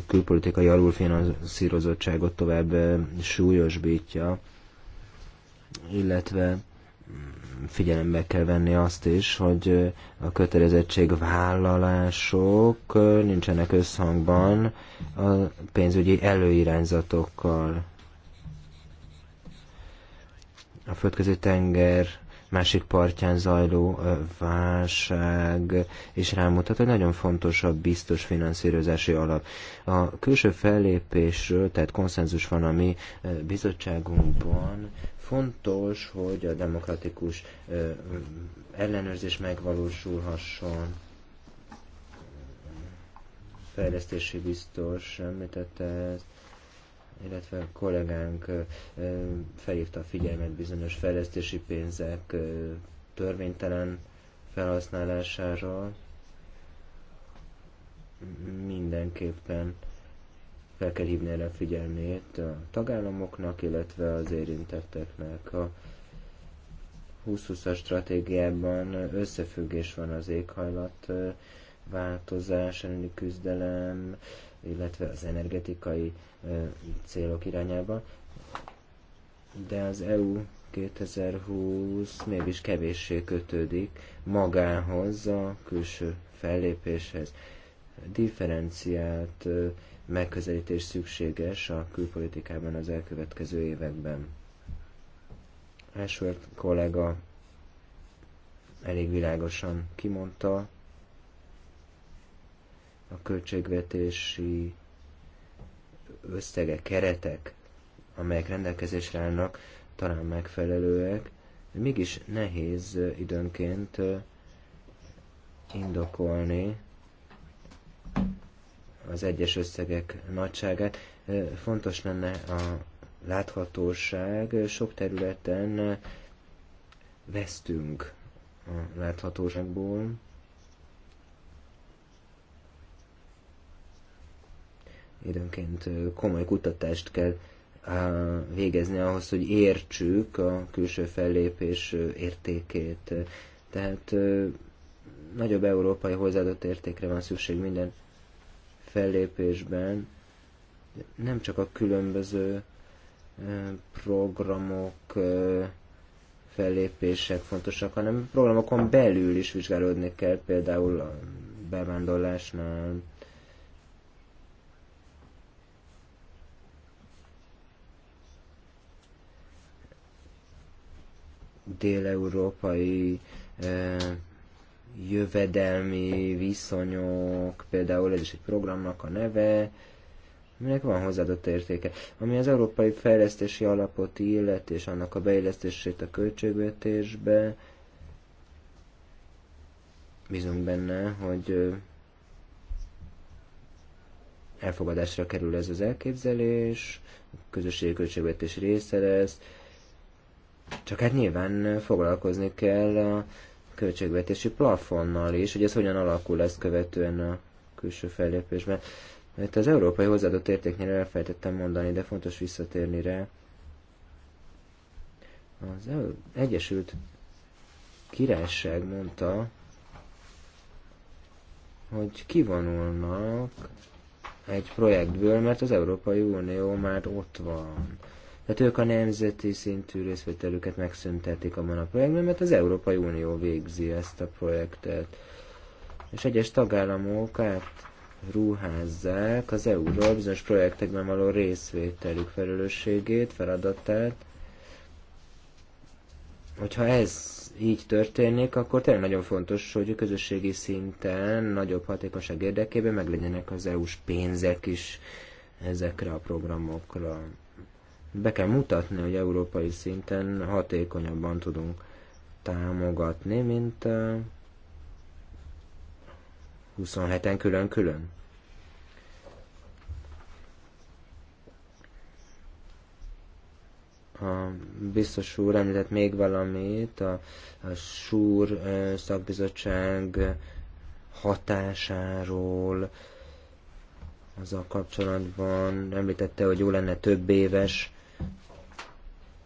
külpolitikai alulfinanszírozottságot tovább súlyosbítja, illetve figyelembe kell venni azt is, hogy a vállalások nincsenek összhangban a pénzügyi előirányzatokkal. A földközi tenger másik partján zajló válság és rámutat, hogy nagyon fontos a biztos finanszírozási alap. A külső fellépésről, tehát konszenzus van a mi bizottságunkban, fontos, hogy a demokratikus ellenőrzés megvalósulhasson, fejlesztési biztos említette ezt, illetve a kollégánk felhívta a figyelmet bizonyos fejlesztési pénzek törvénytelen felhasználására Mindenképpen fel kell hívni erre a figyelmét a tagállamoknak, illetve az érintetteknek. A 2020-as stratégiában összefüggés van az éghajlat változás elleni küzdelem, illetve az energetikai célok irányába, de az EU 2020 mégis kevéssé kötődik magához, a külső fellépéshez. Differenciált megközelítés szükséges a külpolitikában az elkövetkező években. Ashworth kollega elég világosan kimondta, a költségvetési összegek, keretek, amelyek rendelkezésre állnak, talán megfelelőek, de mégis nehéz időnként indokolni az egyes összegek nagyságát. Fontos lenne a láthatóság, sok területen vesztünk a láthatóságból, időnként komoly kutatást kell végezni ahhoz, hogy értsük a külső fellépés értékét. Tehát nagyobb európai hozzáadott értékre van szükség minden fellépésben, nem csak a különböző programok, fellépések fontosak, hanem programokon belül is vizsgálódni kell, például a bevándorlásnál, déleurópai eh, jövedelmi viszonyok, például ez is egy programnak a neve, aminek van hozzáadott értéke. Ami az Európai Fejlesztési Alapot illet, és annak a beillesztését a költségvetésbe, bízunk benne, hogy eh, elfogadásra kerül ez az elképzelés, a közösségi költségvetés része lesz, csak hát nyilván foglalkozni kell a költségvetési plafonnal is, hogy ez hogyan alakul ezt követően a külső fellépésben. Mert az európai hozzáadott értéknél elfelejtettem mondani, de fontos visszatérni rá. Az Egyesült Királyság mondta, hogy kivonulnak egy projektből, mert az Európai Unió már ott van. Tehát ők a nemzeti szintű részvételüket megszüntetik abban a projektben, mert az Európai Unió végzi ezt a projektet. És egyes tagállamok átruházzák az EU-ról bizonyos projektekben való részvételük felelősségét, feladatát. Hogyha ez így történik, akkor tényleg nagyon fontos, hogy a közösségi szinten nagyobb hatékonyság érdekében meglegyenek az EU-s pénzek is ezekre a programokra be kell mutatni, hogy európai szinten hatékonyabban tudunk támogatni, mint 27-en külön-külön. a biztos úr említett még valamit, a, a SUR szakbizottság hatásáról azzal kapcsolatban említette, hogy jó lenne több éves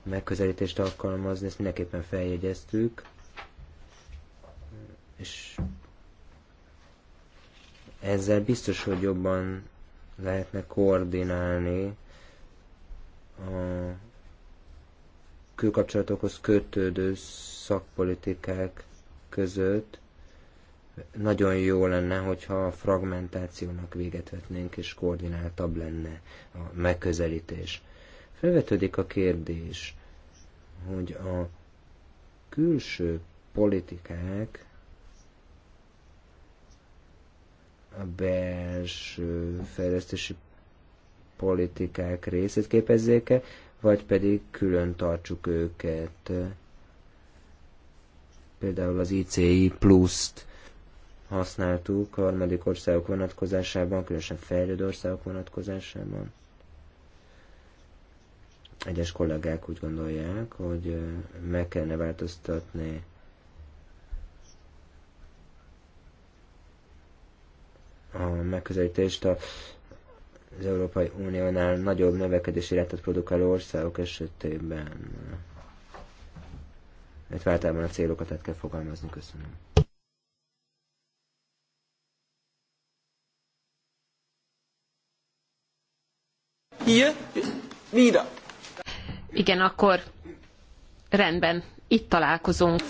megközelítést alkalmazni, ezt mindenképpen feljegyeztük, és ezzel biztos, hogy jobban lehetne koordinálni a külkapcsolatokhoz kötődő szakpolitikák között. Nagyon jó lenne, hogyha a fragmentációnak véget vetnénk, és koordináltabb lenne a megközelítés. Felvetődik a kérdés, hogy a külső politikák a belső fejlesztési politikák részét képezzék-e, vagy pedig külön tartsuk őket. Például az ICI pluszt használtuk harmadik országok vonatkozásában, különösen fejlődő országok vonatkozásában. Egyes kollégák úgy gondolják, hogy meg kellene változtatni a megközelítést a az Európai Uniónál nagyobb növekedési rátot produkáló országok esetében. Egy általában a célokat át kell fogalmazni. Köszönöm. Hier wieder. Igen, akkor rendben, itt találkozunk.